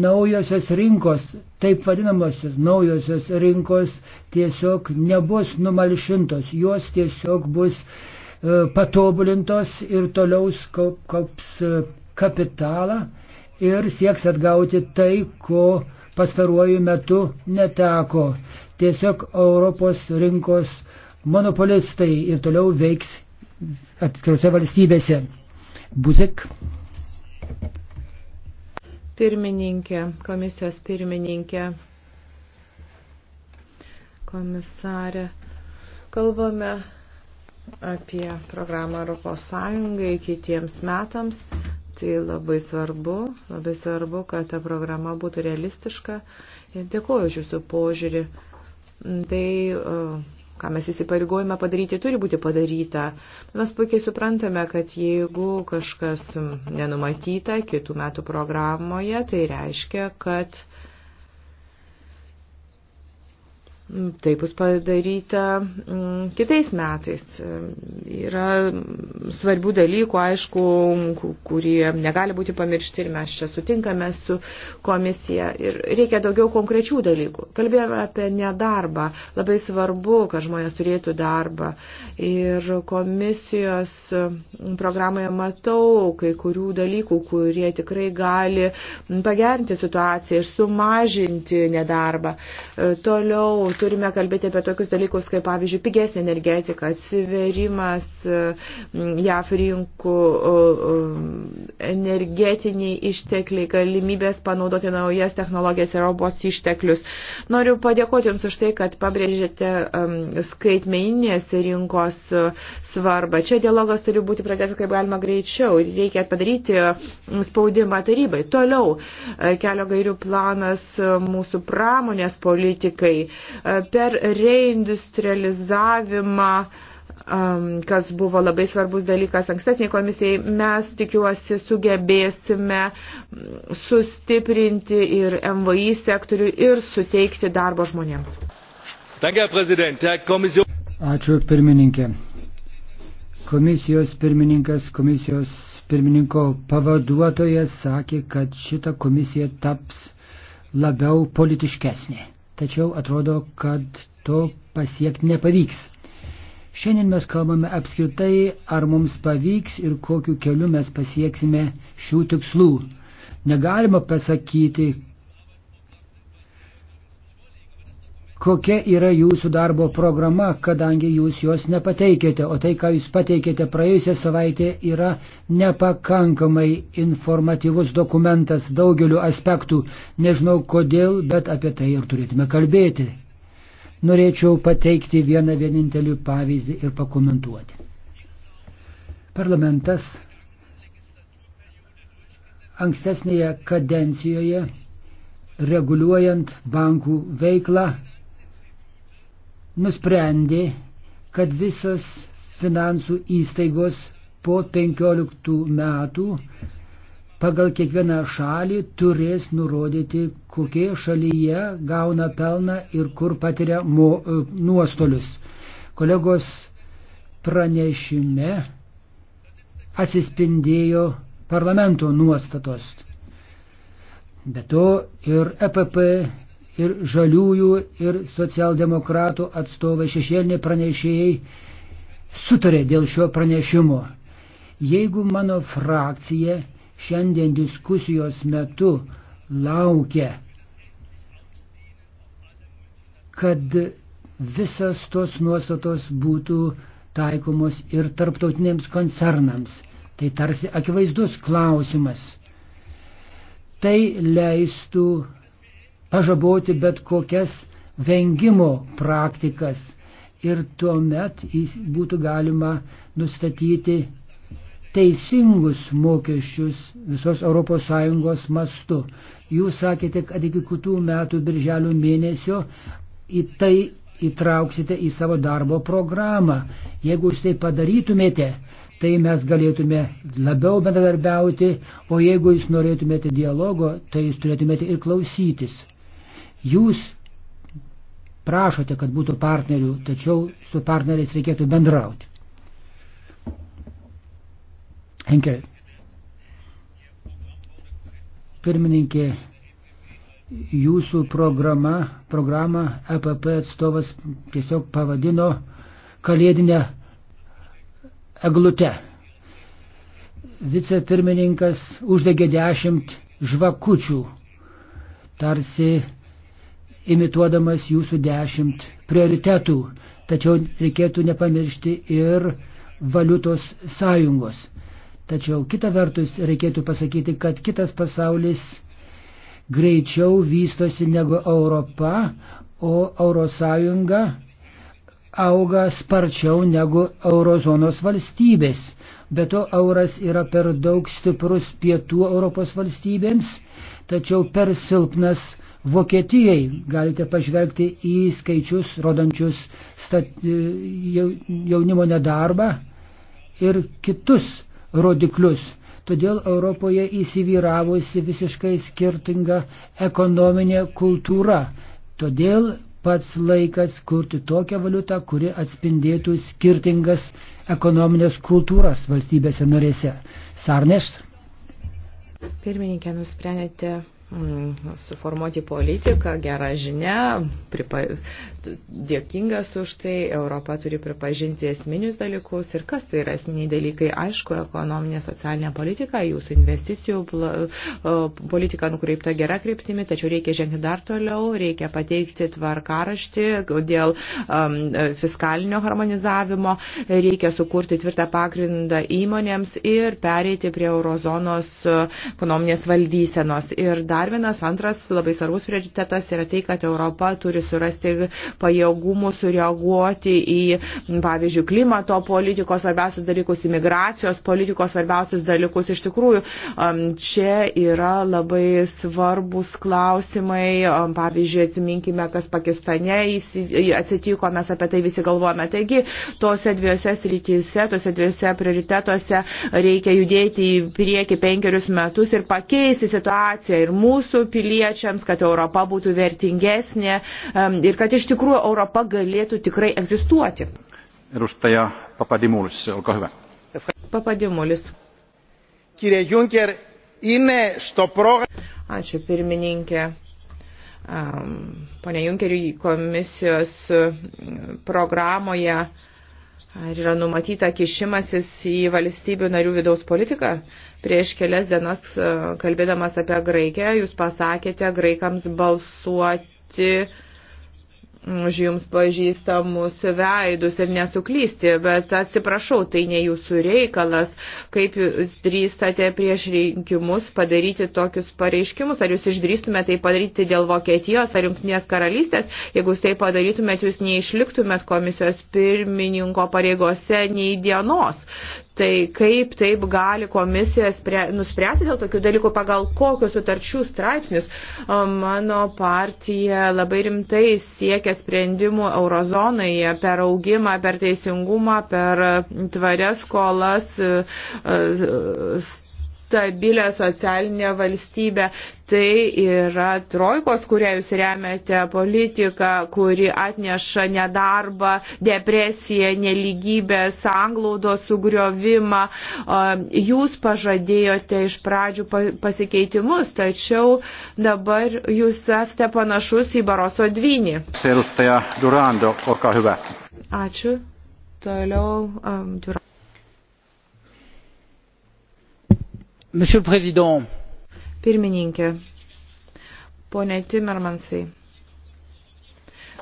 Naujosios rinkos, taip vadinamosios naujosios rinkos tiesiog nebus numalšintos, jos tiesiog bus e, patobulintos ir toliau kaups e, kapitalą ir sieks atgauti tai, ko pastaruoju metu neteko. Tiesiog Europos rinkos monopolistai ir toliau veiks atskirose valstybėse. Buzik. Pirmininkė, komisijos pirmininkė, komisarė, kalbame apie programą Europos Sąjungai kitiems metams. Tai labai svarbu, labai svarbu, kad ta programa būtų realistiška. Ir dėkuoju už jūsų požiūrį. Tai uh, ką mes įsipareigojame padaryti, turi būti padaryta. Mes puikiai suprantame, kad jeigu kažkas nenumatyta kitų metų programoje, tai reiškia, kad Tai bus padaryta mm, kitais metais. Yra svarbių dalykų, aišku, kurie negali būti pamiršti ir mes čia sutinkame su komisija. Ir reikia daugiau konkrečių dalykų. Kalbėjome apie nedarbą. Labai svarbu, kad žmonės turėtų darbą. Ir komisijos programoje matau kai kurių dalykų, kurie tikrai gali pagerinti situaciją ir sumažinti nedarbą. Toliau turime kalbėti apie tokius dalykus, kaip pavyzdžiui, pigesnė energetika, atsiverimas mm, JAF rinkų, energetiniai ištekliai, galimybės panaudoti naujas technologijas ir robos išteklius. Noriu padėkoti Jums už tai, kad pabrėžėte mm, skaitmeninės rinkos svarbą. Čia dialogas turi būti pradėtas kaip galima greičiau. Reikia padaryti mm, spaudimą tarybai. Toliau e, kelio gairių planas e, mūsų pramonės politikai per reindustrializavimą um, kas buvo labai svarbus dalykas ankstesniai komisijai, mes tikiuosi sugebėsime sustiprinti ir MVI sektorių ir suteikti darbo žmonėms. Ačiū pirmininkė. Komisijos pirmininkas, komisijos pirmininko pavaduotojas sakė, kad šita komisija taps labiau politiškesnė tačiau atrodo, kad to pasiekti nepavyks. Šiandien mes kalbame apskritai, ar mums pavyks ir kokiu keliu mes pasieksime šių tikslų. Negalima pasakyti, kokia yra jūsų darbo programa, kadangi jūs jos nepateikėte, o tai, ką jūs pateikėte praėjusią savaitę, yra nepakankamai informatyvus dokumentas daugeliu aspektų. Nežinau kodėl, bet apie tai ir turėtume kalbėti. Norėčiau pateikti vieną vienintelį pavyzdį ir pakomentuoti. Parlamentas ankstesnėje kadencijoje reguliuojant bankų veiklą nusprendė, kad visos finansų įstaigos po 15 metų pagal kiekvieną šalį turės nurodyti, kokie šalyje gauna pelną ir kur patiria mo, e, nuostolius. Kolegos pranešime atsispindėjo parlamento nuostatos. Be to ir EPP ir žaliųjų, ir socialdemokratų atstovai šešėlinė pranešėjai sutarė dėl šio pranešimo. Jeigu mano frakcija šiandien diskusijos metu laukia, kad visas tos nuostatos būtų taikomos ir tarptautiniams koncernams, tai tarsi akivaizdus klausimas. Tai leistų pažaboti bet kokias vengimo praktikas ir tuomet būtų galima nustatyti teisingus mokesčius visos ES mastu. Jūs sakėte, kad iki kitų metų birželio mėnesio į tai įtrauksite į savo darbo programą. Jeigu jūs tai padarytumėte, tai mes galėtume labiau bendradarbiauti, o jeigu jūs norėtumėte dialogo, tai jūs turėtumėte ir klausytis. Jūs prašote, kad būtų partnerių, tačiau su partneriais reikėtų bendrauti. Henkel. Pirmininkė, jūsų programa, programą EPP atstovas tiesiog pavadino kalėdinę eglutę. Vicepirmininkas uždegė dešimt žvakučių, tarsi imituodamas jūsų dešimt prioritetų. Tačiau reikėtų nepamiršti ir valiutos sąjungos. Tačiau kita vertus reikėtų pasakyti, kad kitas pasaulis greičiau vystosi negu Europa, o Eurosąjunga auga sparčiau negu eurozonos valstybės. Be to euras yra per daug stiprus pietų Europos valstybėms, tačiau per silpnas Vokietijai galite pažvelgti į skaičius, rodančius stat, jaunimo nedarbą ir kitus rodiklius. Todėl Europoje įsivyravusi visiškai skirtinga ekonominė kultūra. Todėl pats laikas kurti tokią valiutą, kuri atspindėtų skirtingas ekonominės kultūras valstybėse norėse. Sarneš? Pirmininkė, nusprendėte Mm, suformuoti politiką, gera žinia, pripa, dėkingas už tai, Europa turi pripažinti esminius dalykus ir kas tai yra esminiai dalykai, aišku, ekonominė, socialinė politika, jūsų investicijų politika nukreipta gera kryptimi, tačiau reikia žengti dar toliau, reikia pateikti tvarkaraštį dėl um, fiskalinio harmonizavimo, reikia sukurti tvirtą pagrindą įmonėms ir pereiti prie eurozonos ekonominės valdysenos. Ir dar Dar vienas antras labai svarbus prioritetas yra tai, kad Europa turi surasti pajėgumų sureaguoti į, pavyzdžiui, klimato politikos svarbiausius dalykus, imigracijos politikos svarbiausius dalykus. Iš tikrųjų, čia yra labai svarbus klausimai. Pavyzdžiui, atsiminkime, kas Pakistane atsitiko, mes apie tai visi galvojame. Taigi, tose dviejose srityse, tose dviejose prioritetuose reikia judėti į priekį penkerius metus ir pakeisti situaciją ir mūsų mūsų piliečiams, kad Europa būtų vertingesnė ir kad iš tikrųjų Europa galėtų tikrai egzistuoti. Edustaja Papadimulis, olkaa hyvä. Papadimulis. Kirje Juncker, είναι στο πρόγραμμα. Ačiū pirmininkė. Pone Junkeriui komisijos programoje Ar yra numatyta kišimasis į valstybių narių vidaus politiką? Prieš kelias dienas, e, kalbėdamas apie Graikiją, jūs pasakėte graikams balsuoti už jums pažįstamus veidus ir nesuklysti, bet atsiprašau, tai ne jūsų reikalas, kaip jūs drįstate prieš rinkimus padaryti tokius pareiškimus, ar jūs išdrįstumėte tai padaryti dėl Vokietijos ar Junktinės karalystės, jeigu jūs tai padarytumėt, jūs neišliktumėt komisijos pirmininko pareigose nei dienos tai kaip taip gali komisija spre, nuspręsti dėl tokių dalykų, pagal kokius sutarčių straipsnius. Mano partija labai rimtai siekia sprendimų eurozonoje per augimą, per teisingumą, per tvarias skolas, e, e, stabilę socialinę valstybę. Tai yra trojkos, kurią jūs remiate, politika, kuri atneša nedarbą, depresiją, neligybę, sanglaudo sugriovimą. Jūs pažadėjote iš pradžių pasikeitimus, tačiau dabar jūs esate panašus į Baroso dvinį. Ačiū. Toliau um, Durando. Monsieur le Président. Pirmininkė, ponė Timermansai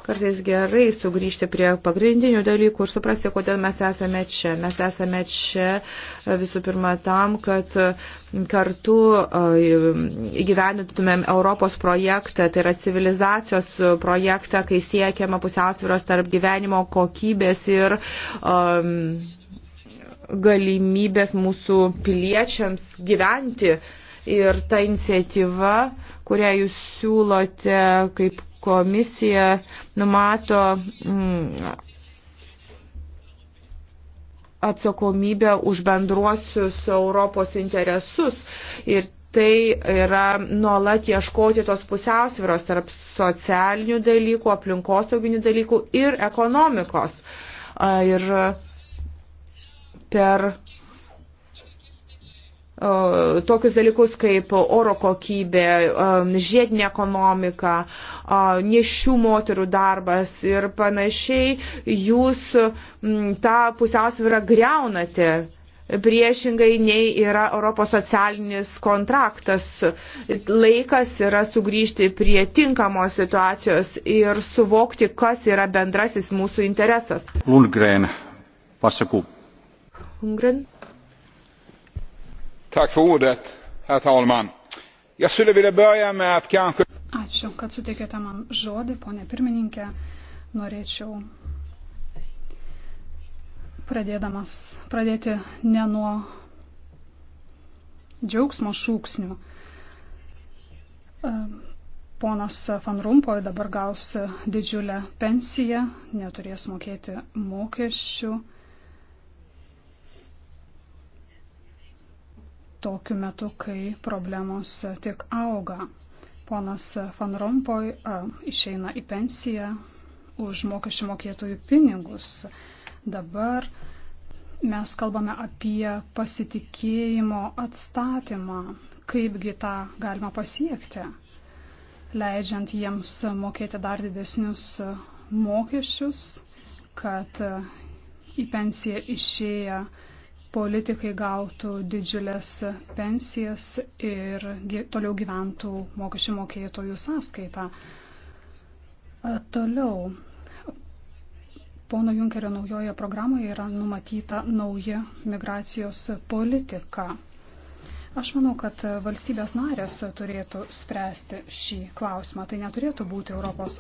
kartais gerai sugrįžti prie pagrindinių dalykų ir suprasti, kodėl mes esame čia. Mes esame čia e, visų pirma tam, kad kartu e, įgyvendintumėm Europos projektą, tai yra civilizacijos projektą, kai siekiama pusiausvyros tarp gyvenimo kokybės ir um, galimybės mūsų piliečiams gyventi. Ir ta iniciatyva, kurią jūs siūlote kaip komisija, numato mm, atsakomybę už bendruosius Europos interesus. Ir tai yra nuolat ieškoti tos pusiausviros tarp socialinių dalykų, aplinkosauginių dalykų ir ekonomikos. Ir per tokius dalykus kaip oro kokybė, žiedinė ekonomika, nešių moterų darbas ir panašiai, jūs tą pusiausvyrą greunate priešingai nei yra Europos socialinis kontraktas. Laikas yra sugrįžti prie tinkamos situacijos ir suvokti, kas yra bendrasis mūsų interesas. Lundgren, pasakau. Holmgren. Tack för ordet, herr talman. Jag skulle vilja börja med att kanske... Ačiū, kad suteikėte man žodį, ponė pirmininkė. Norėčiau pradėdamas pradėti ne nuo džiaugsmo šūksnių. Ponas Van Rumpoj dabar gaus didžiulę pensiją, neturės mokėti mokesčių. tokiu metu, kai problemos tik auga. Ponas Van Rompoj išeina į pensiją už mokesčių mokėtojų pinigus. Dabar mes kalbame apie pasitikėjimo atstatymą, kaipgi tą galima pasiekti, leidžiant jiems mokėti dar didesnius mokesčius, kad į pensiją išėję politikai gautų didžiulės pensijas ir toliau gyventų mokesčių mokėtojų sąskaitą. Toliau, pono Junkerio naujoje programoje yra numatyta nauja migracijos politika. Aš manau, kad valstybės narės turėtų spręsti šį klausimą. Tai neturėtų būti ES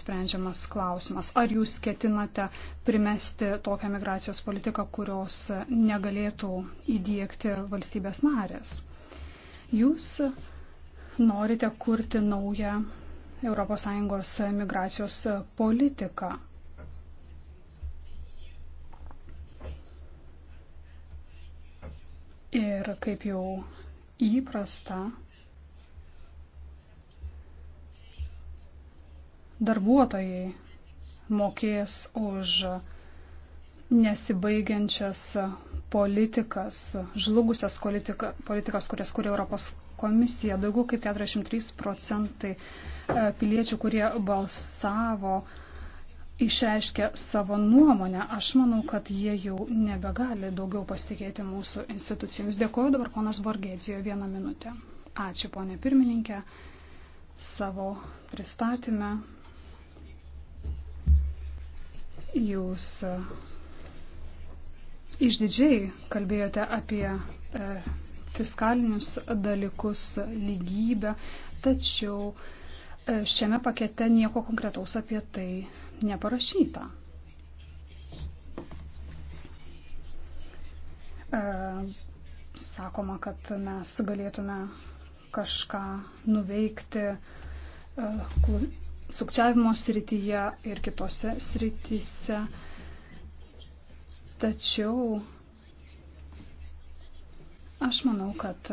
sprendžiamas klausimas. Ar jūs ketinate primesti tokią migracijos politiką, kurios negalėtų įdėkti valstybės narės? Jūs norite kurti naują ES migracijos politiką. Ir kaip jau įprasta, darbuotojai mokės už nesibaigiančias politikas, žlugusias politika, politikas, kurias kuria Europos komisija. Daugiau kaip 43 procentai e, piliečių, kurie balsavo, išreiškia savo nuomonę, aš manau, kad jie jau nebegali daugiau pasitikėti mūsų institucijomis. Dėkuoju dabar ponas Borgėdzijo vieną minutę. Ačiū ponė pirmininkė savo pristatymę. Jūs e, išdidžiai kalbėjote apie e, fiskalinius dalykus, lygybę, tačiau e, šiame pakete nieko konkretaus apie tai neparašyta. E, sakoma, kad mes galėtume kažką nuveikti e, sukčiavimo srityje ir kitose srityse. Tačiau aš manau, kad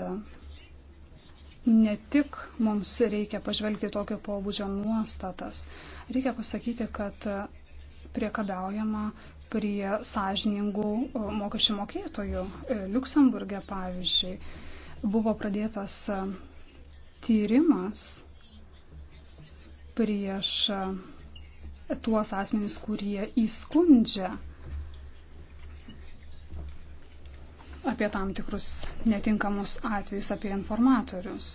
ne tik mums reikia pažvelgti tokio pobūdžio nuostatas, reikia pasakyti, kad priekabiaujama prie sąžiningų mokesčių mokėtojų. E, Luksemburgė, pavyzdžiui, buvo pradėtas e, tyrimas prieš e, tuos asmenys, kurie įskundžia apie tam tikrus netinkamus atvejus, apie informatorius.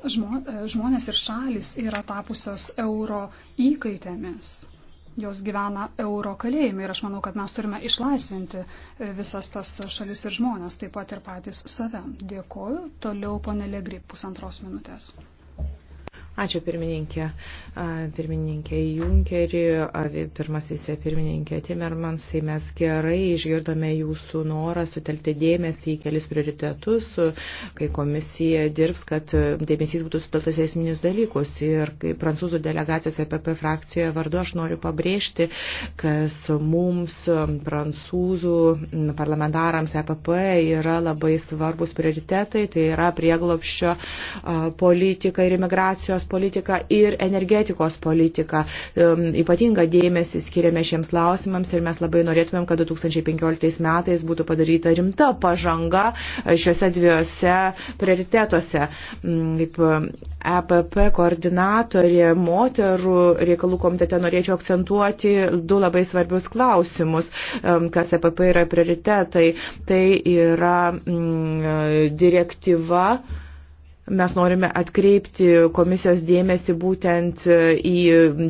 E, žmonės ir šalis yra tapusios euro įkaitėmis. Jos gyvena euro kalėjime ir aš manau, kad mes turime išlaisvinti e, visas tas šalis ir žmonės, taip pat ir patys save. Dėkoju. Toliau ponelė Grip pusantros minutės. Ačiū pirmininkė. Pirmininkė Junkerį, pirmasis pirmininkė Timermansai, mes gerai išgirdome jūsų norą sutelkti dėmesį į kelis prioritetus, kai komisija dirbs, kad dėmesys būtų sutelktas į esminius dalykus. Ir kaip prancūzų delegacijos EPP frakcijoje vardu aš noriu pabrėžti, kas mums, prancūzų parlamentarams EPP, yra labai svarbus prioritetai, tai yra prieglopščio politika ir imigracijos politiką ir energetikos politiką. Ypatinga dėmesį skiriame šiems klausimams ir mes labai norėtumėm, kad 2015 metais būtų padaryta rimta pažanga e, šiuose dviejose prioritetuose. Mm, kaip EPP e koordinatorė moterų reikalų komitete norėčiau akcentuoti du labai svarbius klausimus, kas EPP yra prioritetai. Tai yra mm, e, direktyva Mes norime atkreipti komisijos dėmesį būtent į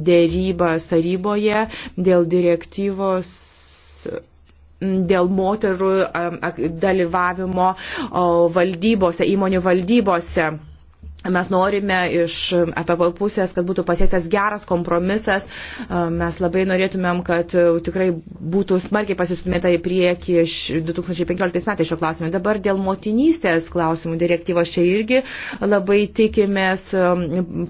dėrybą taryboje dėl direktyvos dėl moterų dalyvavimo valdybose, įmonių valdybose. Mes norime iš EPP pusės, kad būtų pasiektas geras kompromisas. Mes labai norėtumėm, kad tikrai būtų smarkiai pasistumėta į priekį 2015 metais šio klausimo. Dabar dėl motinystės klausimų direktyvos čia irgi labai tikimės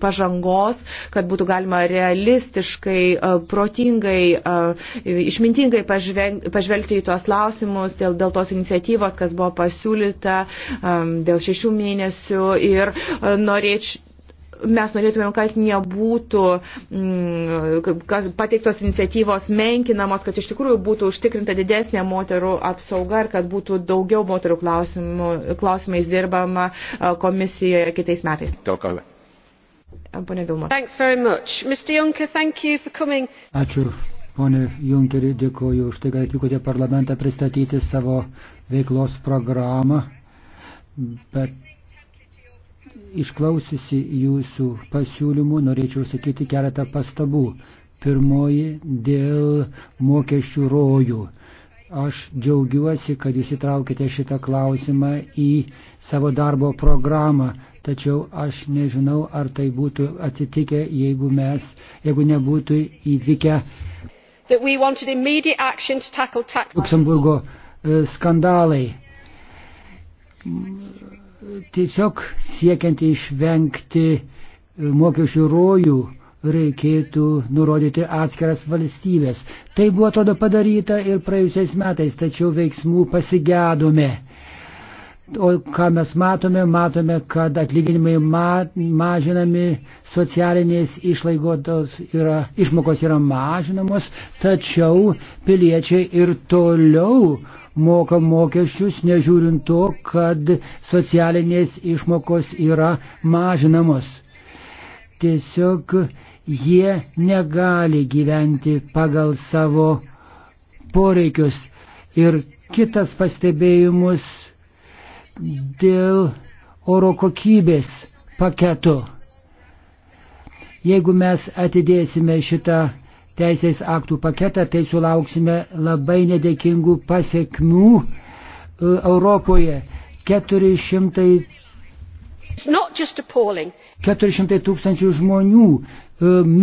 pažangos, kad būtų galima realistiškai, protingai, išmintingai pažvelgti į tuos klausimus dėl, dėl tos iniciatyvos, kas buvo pasiūlyta dėl šešių mėnesių. Ir norėčiau mes norėtumėm, kad nebūtų mm, kad pateiktos iniciatyvos menkinamos, kad iš tikrųjų būtų užtikrinta didesnė moterų apsauga ir kad būtų daugiau moterų klausimų, klausimais dirbama komisijoje kitais metais. Pone Vilma. Ačiū, ponė Junkeri, dėkuoju už tai, kad atvykote parlamentą pristatyti savo veiklos programą. Bet Išklausiusi jūsų pasiūlymų, norėčiau sakyti keletą pastabų. Pirmoji dėl mokesčių rojų. Aš džiaugiuosi, kad jūs įtraukite šitą klausimą į savo darbo programą, tačiau aš nežinau, ar tai būtų atsitikę, jeigu mes, jeigu nebūtų įvykę Luksemburgo e, skandalai tiesiog siekiant išvengti mokesčių rojų reikėtų nurodyti atskiras valstybės. Tai buvo tada padaryta ir praėjusiais metais, tačiau veiksmų pasigėdome. O ką mes matome, matome, kad atlyginimai ma mažinami, socialinės yra, išmokos yra mažinamos, tačiau piliečiai ir toliau moka mokesčius, nežiūrint to, kad socialinės išmokos yra mažinamos. Tiesiog jie negali gyventi pagal savo poreikius. Ir kitas pastebėjimus dėl oro kokybės paketo. Jeigu mes atidėsime šitą teisės aktų paketą, tai sulauksime labai nedėkingų pasiekmių e, Europoje. 400, 400 tūkstančių žmonių e,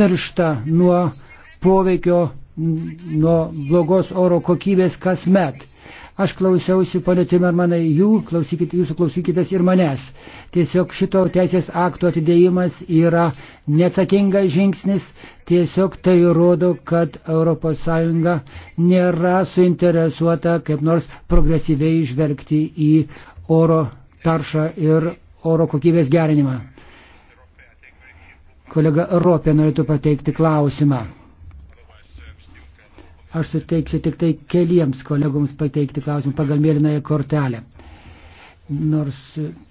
miršta nuo poveikio, nuo blogos oro kokybės kasmet. Aš klausiausi, ponė Timermanai, jų, klausykite, jūsų klausykitės ir manęs. Tiesiog šito teisės akto atidėjimas yra neatsakingas žingsnis, tiesiog tai rodo, kad ES nėra suinteresuota kaip nors progresyviai žvelgti į oro taršą ir oro kokybės gerinimą. Kolega Ropė norėtų pateikti klausimą. Aš suteiksiu tik tai keliems kolegoms pateikti klausimą pagal mėlynąją kortelę. Nors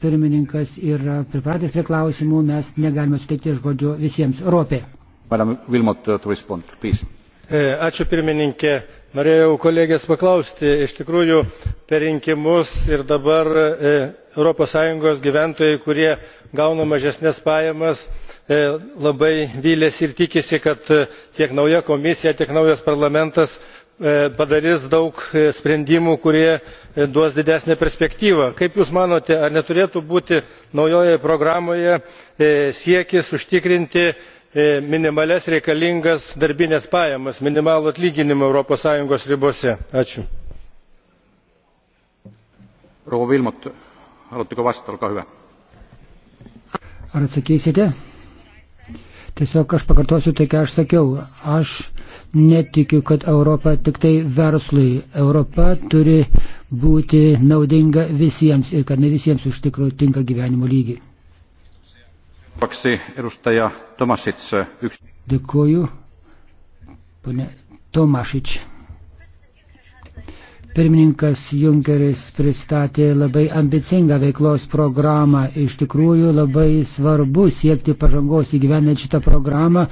pirmininkas yra pripratęs prie klausimų, mes negalime suteikti žodžio visiems. Europė. Wilmot, uh, respond, e, Ačiū pirmininkė. Norėjau kolegės paklausti, iš tikrųjų per rinkimus ir dabar e, europos sąjungos gyventojai kurie gauna mažesnes pajamas E, labai viliasi ir tikisi kad e, tiek nauja komisija tiek naujas parlamentas e, padarys daug sprendimų kurie duos didesnę perspektyvą. kaip jūs manote ar neturėtų būti naujoje programoje siekis užtikrinti minimalias reikalingas darbines pajamas minimalų atlyginimą europos sąjungos ribose? ar atsakysite? Tiesiog aš pakartosiu tai, ką aš sakiau. Aš netikiu, kad Europa tik tai verslui. Europa turi būti naudinga visiems ir kad ne visiems už tikrųjų tinka gyvenimo lygį. Dėkuoju, ponė Tomašič. Pirmininkas Junkeris pristatė labai ambicingą veiklos programą. Iš tikrųjų labai svarbu siekti pažangos įgyvenant šitą programą.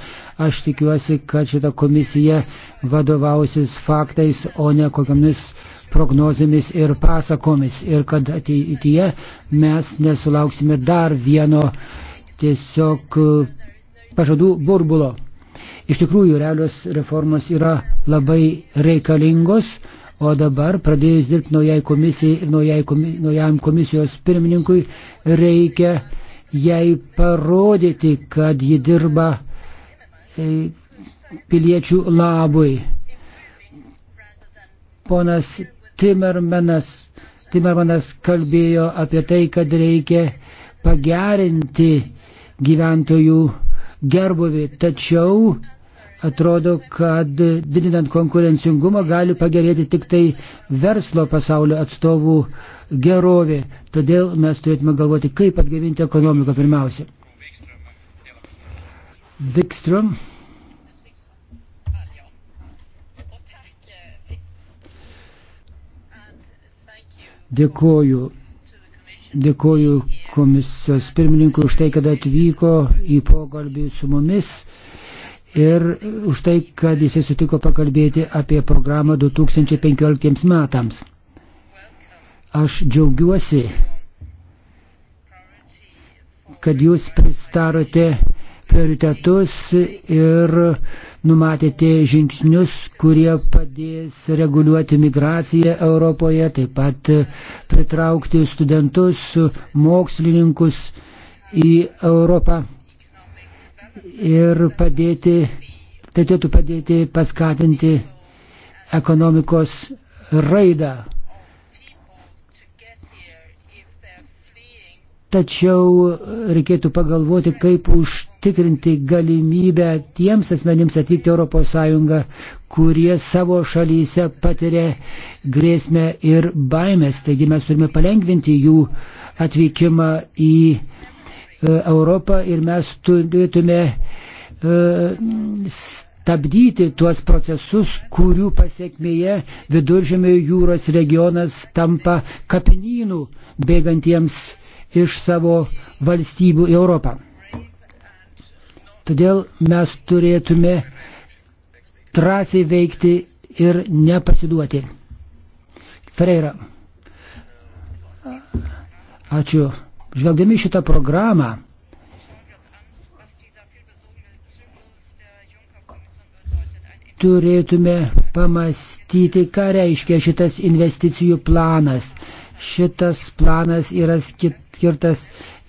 Aš tikiuosi, kad šita komisija vadovausis faktais, o ne kokiamis prognozėmis ir pasakomis. Ir kad ateityje mes nesulauksime dar vieno tiesiog e, pažadų burbulo. Iš tikrųjų, realios reformos yra labai reikalingos O dabar pradėjus dirbti naujai komisijai ir naujai komi, naujam komisijos pirmininkui reikia jai parodyti, kad ji dirba e, piliečių labui. Ponas Timermanas, Timermanas kalbėjo apie tai, kad reikia pagerinti gyventojų gerbuvį, tačiau atrodo, kad didinant konkurencingumą gali pagerėti tik tai verslo pasaulio atstovų gerovė. Todėl mes turėtume galvoti, kaip atgaivinti ekonomiką pirmiausia. Vikstrom. Dėkoju. Dėkoju komisijos pirmininkui už tai, kad atvyko į pokalbį su mumis ir už tai, kad jisai sutiko pakalbėti apie programą 2015 metams. Aš džiaugiuosi, kad jūs pristarote prioritetus ir numatėte žingsnius, kurie padės reguliuoti migraciją Europoje, taip pat pritraukti studentus, mokslininkus į Europą ir padėti, tai turėtų padėti paskatinti ekonomikos raidą. Tačiau reikėtų pagalvoti, kaip užtikrinti galimybę tiems asmenims atvykti ES, kurie savo šalyse patiria grėsmę ir baimės. Taigi mes turime palengvinti jų atvykimą į E, Europą ir mes turėtume e, stabdyti tuos procesus, kurių pasiekmėje viduržėmio jūros regionas tampa kapinynų bėgantiems iš savo valstybių į Europą. Todėl mes turėtume drąsiai veikti ir nepasiduoti. Ferreira. Ačiū. Žvelgdami šitą programą, turėtume pamastyti, ką reiškia šitas investicijų planas. Šitas planas yra skirtas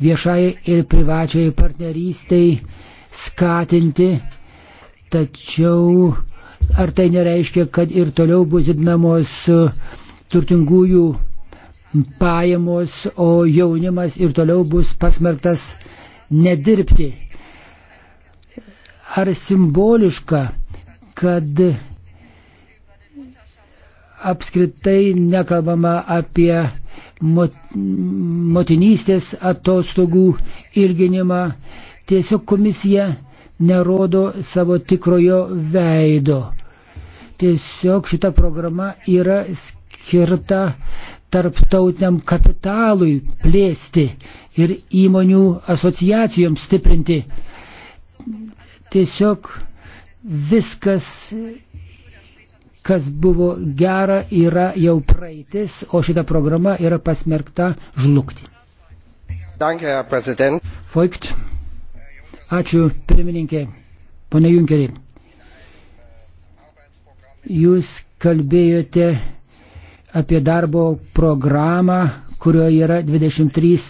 viešai ir privačiai partnerystiai skatinti, tačiau ar tai nereiškia, kad ir toliau bus didinamos turtingųjų pajamos, o jaunimas ir toliau bus pasmerktas nedirbti. Ar simboliška, kad apskritai nekalbama apie mot, motinystės atostogų ilginimą, tiesiog komisija nerodo savo tikrojo veido. Tiesiog šita programa yra skirta tarptautiniam kapitalui plėsti ir įmonių asociacijoms stiprinti. Tiesiog viskas, kas buvo gera, yra jau praeitis, o šita programa yra pasmerkta žlugti. Danke, Herr Präsident. Voigt. Ačiū, pirmininkė. Pone Junkeri, jūs kalbėjote apie darbo programą, kurioje yra 23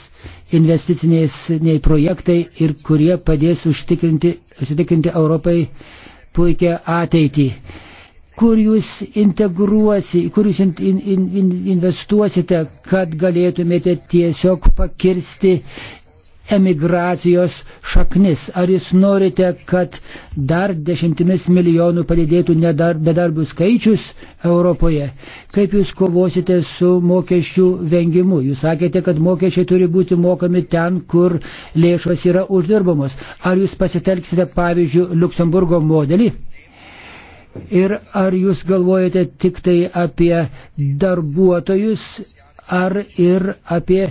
investiciniai projektai ir kurie padės užtikrinti, užtikrinti Europai puikią ateitį. Kur jūs integruosi, kur jūs in, in, in, investuosite, kad galėtumėte tiesiog pakirsti emigracijos šaknis. Ar jūs norite, kad dar dešimtimis milijonų padidėtų bedarbių skaičius Europoje? Kaip jūs kovosite su mokesčių vengimu? Jūs sakėte, kad mokesčiai turi būti mokami ten, kur lėšos yra uždirbamos. Ar jūs pasitelksite, pavyzdžiui, Luksemburgo modelį? Ir ar jūs galvojate tik tai apie darbuotojus, ar ir apie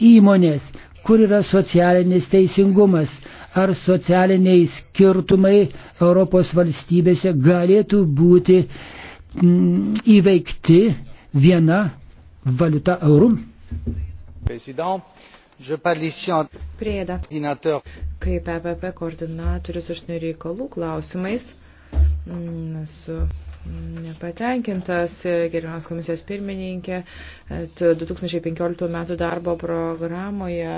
įmonės? Kur yra socialinis teisingumas? Ar socialiniai skirtumai Europos valstybėse galėtų būti m, mm, įveikti viena valiuta eurų? Prieda. Kaip EPP koordinatorius užsienio reikalų klausimais mm, su nepatenkintas, gerbiamas komisijos pirmininkė, 2015 metų darbo programoje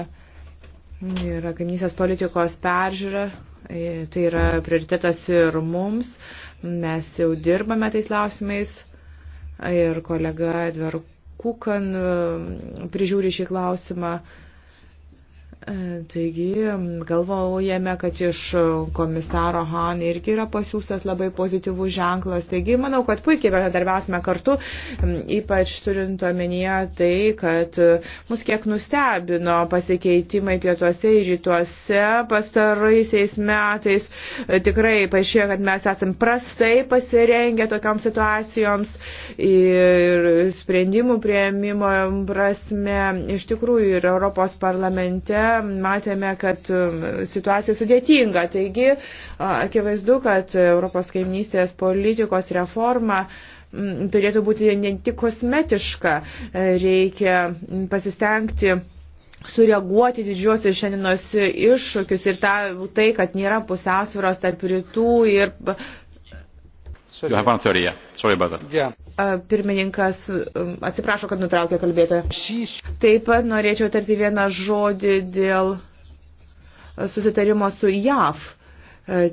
yra kaimynysės politikos peržiūra, e, tai yra prioritetas ir mums, mes jau dirbame tais klausimais ir kolega Edver Kukan e, prižiūri šį klausimą. E, taigi, galvojame, kad iš komisaro Han irgi yra pasiūstas labai pozityvus ženklas. Taigi, manau, kad puikiai bendradarbiausime kartu, ypač turint omenyje tai, kad mus kiek nustebino pasikeitimai pietuose ir rytuose pastaraisiais metais. E, tikrai paaiškėjo, kad mes esame prastai pasirengę tokioms situacijoms ir sprendimų prieimimo prasme. Iš tikrųjų, ir Europos parlamente matėme, kad um, situacija sudėtinga. Taigi, akivaizdu, kad Europos kaimynystės politikos reforma turėtų būti ne tik kosmetiška, reikia pasistengti sureaguoti didžiuosius šiandienos iššūkius ir ta, tai, kad nėra pusiausvėros tarp rytų ir. Sorry. You have one theory, yeah. Sorry about that. Yeah. Pirmininkas um, atsiprašo, kad nutraukė kalbėtoją. Taip pat norėčiau tarti vieną žodį dėl susitarimo su JAV.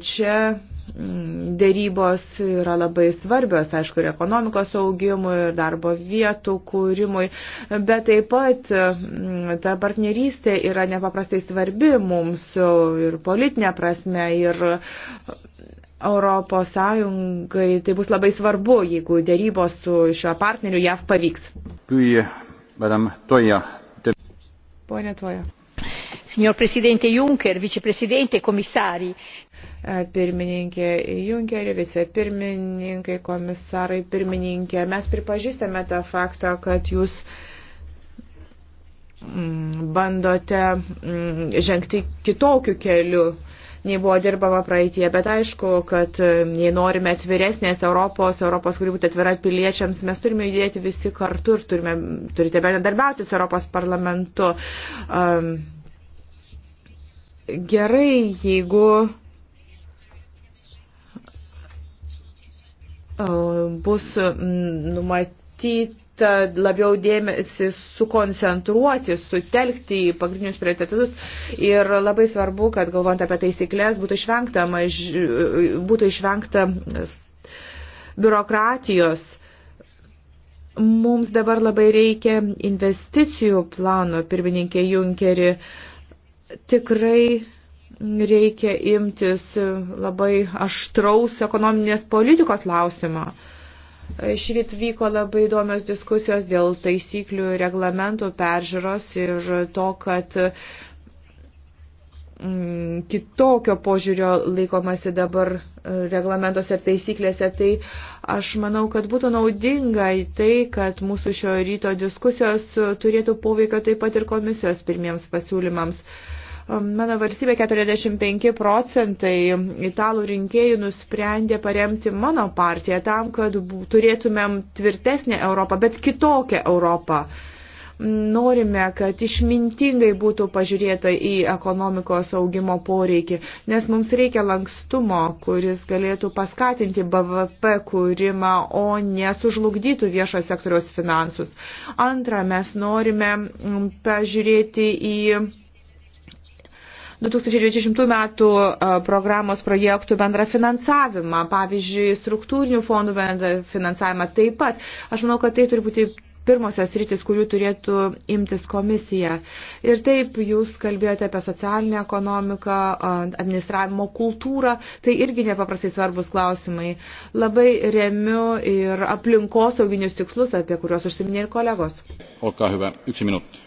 Čia mm, dėrybos yra labai svarbios, aišku, ir ekonomikos augimui, ir darbo vietų kūrimui, bet taip pat mm, ta partnerystė yra nepaprastai svarbi mums ir politinė prasme, ir Europos Sąjungai tai bus labai svarbu, jeigu dėrybos su šiuo partneriu JAV pavyks. Pone Toja. Signor Presidente Juncker, Viceprezidente, Komisari. Pirmininkė Junkerį, vicepirmininkai, komisarai, pirmininkė. Mes pripažįstame tą faktą, kad jūs mm, bandote mm, žengti kitokiu keliu nei buvo dirbama praeitie. Bet aišku, kad e, jei norime atviresnės Europos, Europos, kuri būtų atvira piliečiams, mes turime judėti visi kartu ir turime, turite bendradarbiauti su Europos parlamentu. Um, gerai, jeigu e, bus numatyti siekta labiau dėmesį sukoncentruoti, sutelkti į pagrindinius prioritetus ir labai svarbu, kad galvojant apie taisyklės būtų išvengta, maž... būtų išvengta biurokratijos. Mums dabar labai reikia investicijų plano, pirmininkė Junkeri. Tikrai reikia imtis labai aštraus ekonominės politikos klausimą. Šįryt vyko labai įdomios diskusijos dėl taisyklių ir reglamentų peržiūros ir to, kad mm, kitokio požiūrio laikomasi dabar e, reglamentuose ir taisyklėse, tai aš manau, kad būtų naudinga į tai, kad mūsų šio ryto diskusijos turėtų poveikio taip pat ir komisijos pirmiems pasiūlymams. Uh, Mano valstybė 45 procentai italų rinkėjų nusprendė paremti mano partiją tam, kad turėtumėm tvirtesnę Europą, bet kitokią Europą. Norime, kad išmintingai būtų pažiūrėta į ekonomikos augimo poreikį, nes mums reikia lankstumo, kuris galėtų paskatinti BVP kūrimą, o nesužlugdytų viešo sektoriaus finansus. Antra, mes norime pažiūrėti į 2020 metų e, programos projektų bendrafinansavimą, pavyzdžiui, struktūrinių fondų bendrafinansavimą taip pat. Aš manau, kad tai turi būti pirmosios rytis, kurių turėtų imtis komisija. Ir taip jūs kalbėjote apie socialinę ekonomiką, administravimo kultūrą, tai irgi nepaprastai svarbus klausimai. Labai remiu ir aplinkosauginius tikslus, apie kuriuos užsiminė ir kolegos. Olkaa hyvä, yksi minuutti.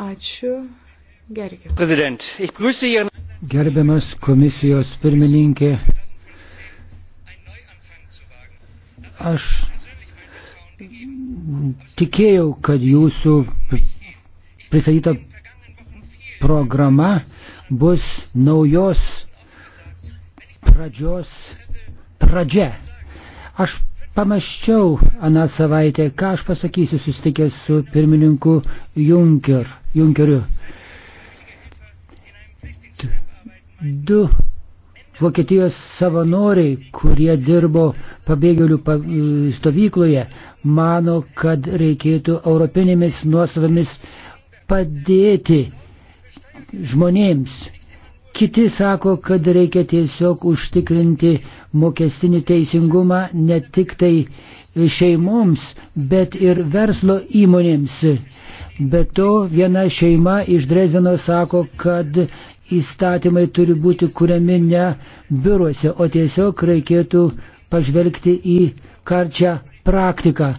Ačiū. Gerkė. Gerbiamas komisijos pirmininkė, aš tikėjau, kad jūsų pristatyta programa bus naujos pradžios pradžia. Aš pamaščiau aną savaitę, ką aš pasakysiu susitikęs su pirmininku Junker, Junkeriu. du Vokietijos savanoriai, kurie dirbo pabėgėlių stovykloje, mano, kad reikėtų europinėmis nuostatomis padėti žmonėms. Kiti sako, kad reikia tiesiog užtikrinti mokestinį teisingumą ne tik tai šeimoms, bet ir verslo įmonėms. Be to viena šeima iš Drezeno sako, kad įstatymai turi būti kuriami ne biuruose, o tiesiog reikėtų pažvelgti į karčią praktiką.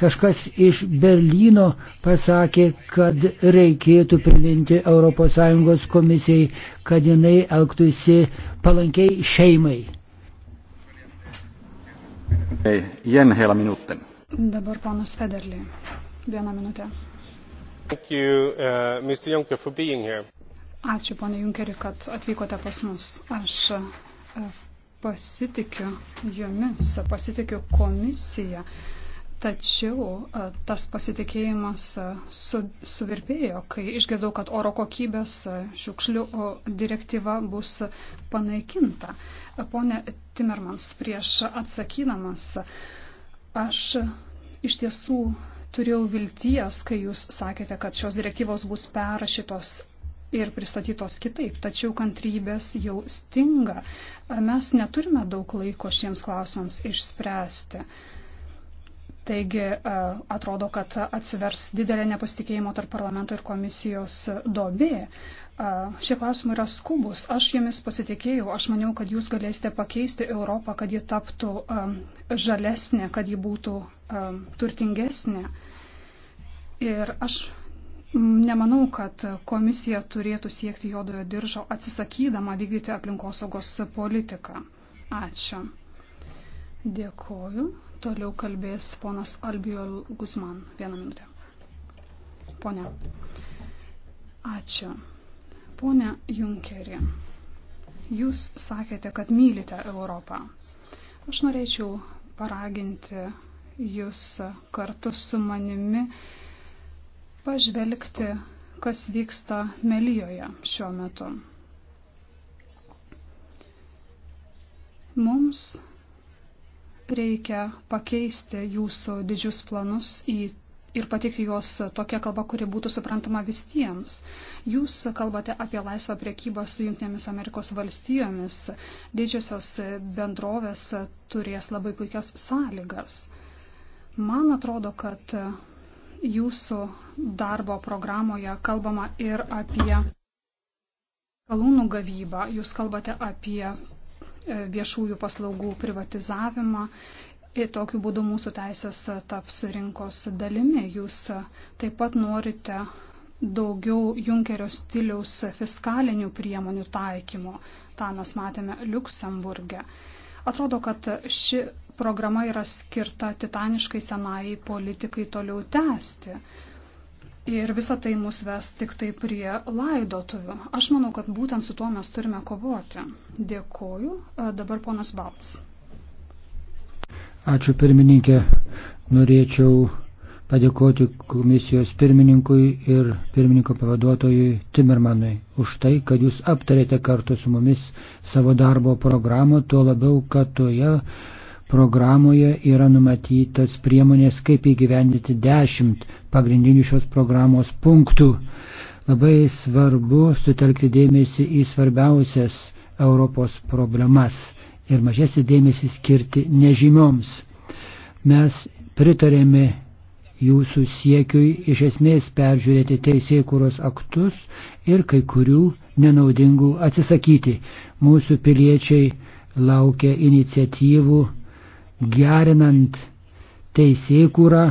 Kažkas iš Berlyno pasakė, kad reikėtų priminti ES komisijai, kad jinai elgtųsi palankiai šeimai. Jen Hela minutė. Dabar ponas Federlį. Vieną minutę. Thank you, uh, Mr. Juncker, for being here. Ačiū, ponė Junkeri, kad atvykote pas mus. Aš e, pasitikiu jumis, pasitikiu komisiją, tačiau e, tas pasitikėjimas e, su, suvirpėjo, kai išgirdau, kad oro kokybės šiukšlių direktyva bus panaikinta. Pone Timermans, prieš atsakydamas, aš iš tiesų turėjau vilties, kai jūs sakėte, kad šios direktyvos bus perrašytos ir pristatytos kitaip, tačiau kantrybės jau stinga. Mes neturime daug laiko šiems klausimams išspręsti. Taigi e, atrodo, kad atsivers didelė nepasitikėjimo tarp parlamento ir komisijos dobė. E, šie klausimai yra skubus. Aš jomis pasitikėjau. Aš maniau, kad jūs galėsite pakeisti Europą, kad ji taptų e, žalesnė, kad ji būtų turtingesnė. Ir aš Nemanau, kad komisija turėtų siekti juodojo diržo atsisakydama vykdyti aplinkosaugos politiką. Ačiū. Dėkoju. Toliau kalbės ponas Albiol Guzman. Vieną minutę. Pone. Ačiū. Pone Junkerį, jūs sakėte, kad mylite Europą. Aš norėčiau paraginti jūs kartu su manimi pažvelgti, kas vyksta Melijoje šiuo metu. Mums reikia pakeisti jūsų didžius planus į, ir patikti juos tokia kalba, kuri būtų suprantama visiems. Jūs kalbate apie laisvą priekybą su Junktinėmis Amerikos valstijomis. Didžiosios bendrovės turės labai puikias sąlygas. Man atrodo, kad jūsų darbo programoje kalbama ir apie kalūnų gavybą. Jūs kalbate apie e, viešųjų paslaugų privatizavimą. Ir tokiu būdu mūsų teisės taps rinkos dalimi. Jūs taip pat norite daugiau Junkerio stiliaus fiskalinių priemonių taikymo. Ta mes matėme Luksemburgė. Atrodo, kad ši programa yra skirta titaniškai senai politikai toliau tęsti. Ir visa tai mus ves tik tai prie laidotuvių. Aš manau, kad būtent su tuo mes turime kovoti. Dėkoju. E, dabar ponas Balts. Ačiū pirmininkė. Norėčiau padėkoti komisijos pirmininkui ir pirmininko pavaduotojui Timermanui už tai, kad jūs aptarėte kartu su mumis savo darbo programą, tuo labiau, kad toje. Ja programoje yra numatytas priemonės, kaip įgyvendinti dešimt pagrindinių šios programos punktų. Labai svarbu sutelkti dėmesį į svarbiausias Europos problemas ir mažesnį dėmesį skirti nežymioms. Mes pritarėme jūsų siekiui iš esmės peržiūrėti teisėkūros aktus ir kai kurių nenaudingų atsisakyti. Mūsų piliečiai laukia iniciatyvų gerinant teisėkūrą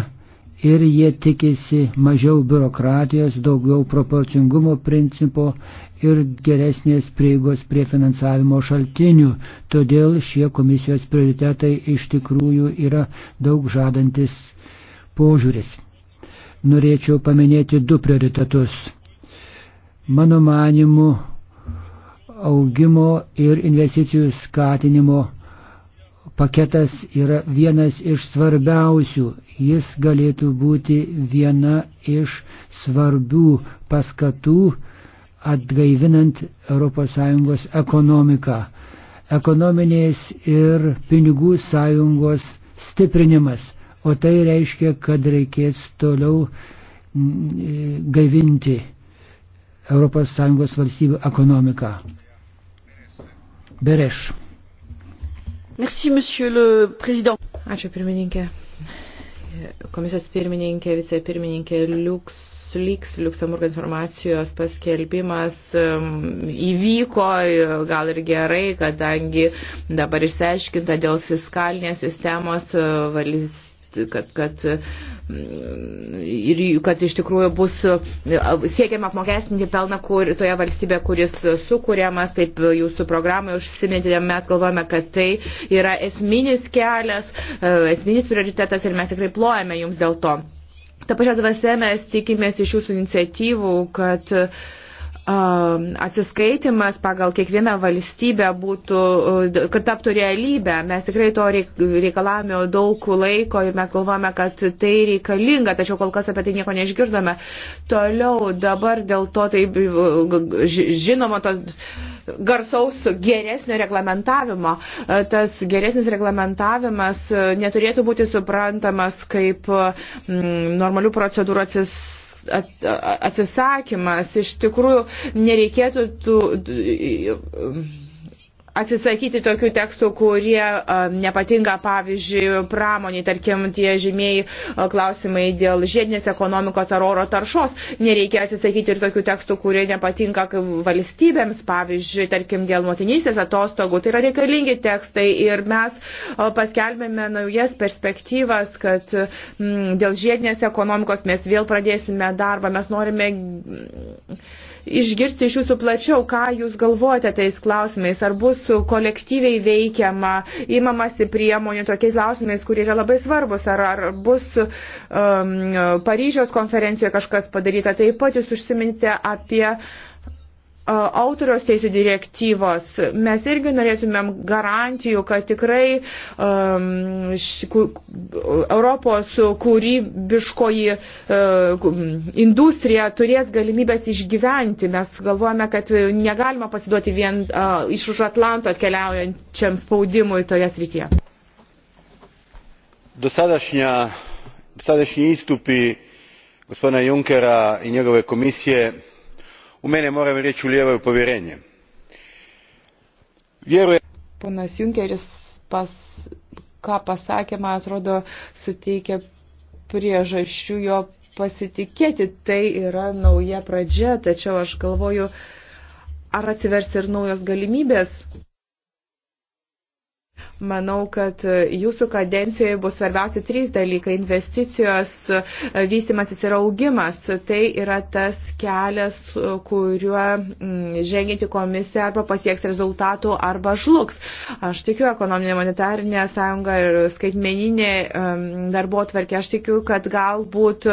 ir jie tikisi mažiau biurokratijos, daugiau proporcingumo principo ir geresnės prieigos prie finansavimo šaltinių. Todėl šie komisijos prioritetai iš tikrųjų yra daug žadantis požiūris. Norėčiau paminėti du prioritetus. Mano manimu, augimo ir investicijų skatinimo paketas yra vienas iš svarbiausių. Jis galėtų būti viena iš svarbių paskatų atgaivinant ES ekonomiką. Ekonominės ir pinigų sąjungos stiprinimas. O tai reiškia, kad reikės toliau mm, e, gaivinti ES valstybių ekonomiką. Bereš. Merci, monsieur le président. Ačiū pirmininkė. Komisijos pirmininkė, vicepirmininkė Liuks Liks, Luxemburgo informacijos paskelbimas um, įvyko, gal ir gerai, kadangi dabar išsiaiškinta dėl fiskalinės sistemos uh, valstybės kad, kad, ir, kad iš tikrųjų bus siekiama apmokestinti pelną kur, toje valstybėje, kuris sukūriamas, taip jūsų programai užsiminti, mes galvojame, kad tai yra esminis kelias, esminis prioritetas ir mes tikrai plojame jums dėl to. Ta pačia dvasia mes tikimės iš jūsų iniciatyvų, kad uh, Um, atsiskaitimas pagal kiekvieną valstybę būtų, uh, kad taptų realybę. Mes tikrai to reikalavome daug laiko ir mes galvojame, kad tai reikalinga, tačiau kol kas apie tai nieko neišgirdome. Toliau dabar dėl to tai uh, žinoma to garsaus geresnio reglamentavimo. Uh, tas geresnis reglamentavimas neturėtų būti suprantamas kaip normalių procedūrų atsiskaitimas atsisakymas. Iš tikrųjų, nereikėtų tų atsisakyti tokių tekstų, kurie nepatinka, pavyzdžiui, pramoniai, tarkim, tie žymiai klausimai dėl žiedinės ekonomikos ar oro taršos. Nereikia atsisakyti ir tokių tekstų, kurie nepatinka valstybėms, pavyzdžiui, tarkim, dėl motinysės atostogų. Tai yra reikalingi tekstai ir mes paskelbėme naujas perspektyvas, kad dėl žiedinės ekonomikos mes vėl pradėsime darbą. Mes norime išgirsti iš jūsų plačiau, ką jūs galvojate tais klausimais, ar bus kolektyviai veikiama, įmamasi priemonių tokiais klausimais, kurie yra labai svarbus, ar, ar bus um, Paryžiaus konferencijoje kažkas padaryta. Taip pat jūs užsiminti apie uh, autorios teisų direktyvos. Mes irgi norėtumėm garantijų, kad tikrai um, š, Europos kūrybiškoji uh, industrija turės galimybės išgyventi. Mes galvojame, kad negalima pasiduoti vien uh, iš už Atlanto atkeliaujančiam spaudimui toje srityje. Dosadašnji istupi gospodina Junkera i njegove komisije u mene moram reći ulijevaju povjerenje. Vjerujem... Ponas Junkeris pas, ką pasakė, man atrodo, suteikia priežasčių jo pasitikėti. Tai yra nauja pradžia, tačiau aš galvoju, ar atsivers ir naujos galimybės. Manau, kad e, jūsų kadencijoje bus svarbiausia trys dalykai - investicijos, e, vystimasis ir augimas. Tai yra tas kelias, e, kuriuo mm, žengėti komisija arba pasieks rezultatų arba žlugs. Aš tikiu ekonominė monetarinė sąjunga ir skaitmeninė darbo tvarkė. Aš tikiu, kad galbūt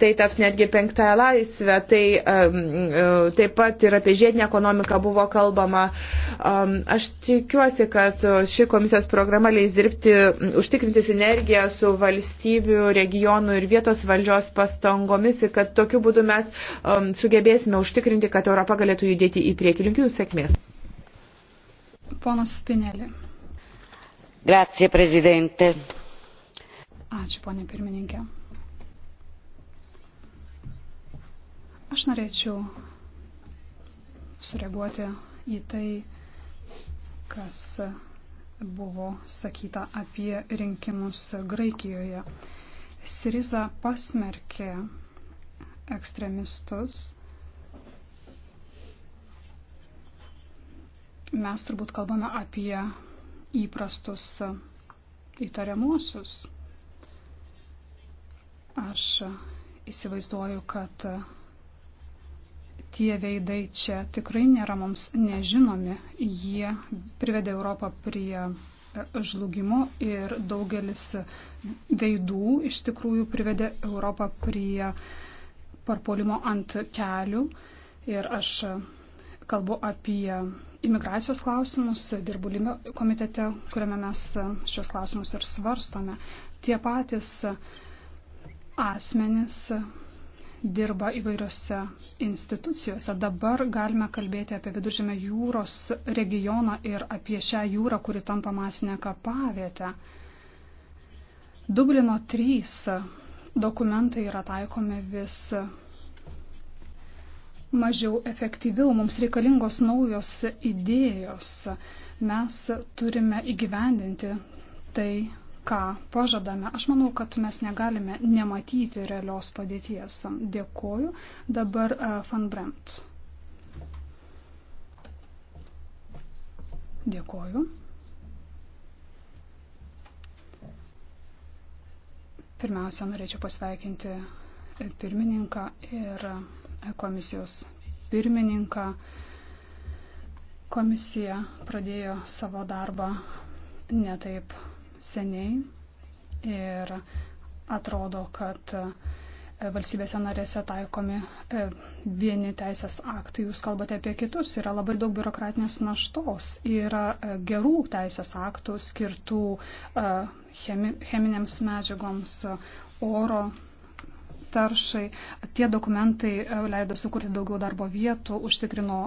tai taps netgi penktąją laisvę. Tai taip pat ir apie žiedinę ekonomiką buvo kalbama. Aš tikiuosi, kad ši komisija komisijos programa leis dirbti, užtikrinti sinergiją su valstybių, regionų ir vietos valdžios pastangomis ir kad tokiu būdu mes um, sugebėsime užtikrinti, kad Europa galėtų judėti į priekį. Linkiu Jums sėkmės. Ponas Spinelė. Grazie, prezidente. Ačiū, ponė pirmininkė. Aš norėčiau sureaguoti į tai, kas buvo sakyta apie rinkimus Graikijoje. Siriza pasmerkė ekstremistus. Mes turbūt kalbame apie įprastus įtariamuosius. Aš įsivaizduoju, kad Tie veidai čia tikrai nėra mums nežinomi. Jie privedė Europą prie e, žlugimo ir daugelis veidų iš tikrųjų privedė Europą prie parpolimo ant kelių. Ir aš kalbu apie imigracijos klausimus, dirbu komitete, kuriame mes šios klausimus ir svarstome. Tie patys asmenys dirba įvairiose institucijose. Dabar galime kalbėti apie viduržėmę jūros regioną ir apie šią jūrą, kuri tampa masinę kapavietę. Dublino 3 dokumentai yra taikomi vis mažiau efektyviau. Mums reikalingos naujos idėjos. Mes turime įgyvendinti tai ką pažadame. Aš manau, kad mes negalime nematyti realios padėties. Dėkoju. Dabar e, Van Bremt. Dėkoju. Pirmiausia, norėčiau pasveikinti pirmininką ir komisijos pirmininką. Komisija pradėjo savo darbą netaip seniai ir atrodo, kad e, valstybėse narėse taikomi e, vieni teisės aktai, jūs kalbate apie kitus, yra labai daug biurokratinės naštos, yra e, gerų teisės aktų skirtų cheminėms medžiagoms, oro taršai. Tie dokumentai e, leido sukurti daugiau darbo vietų, užtikrino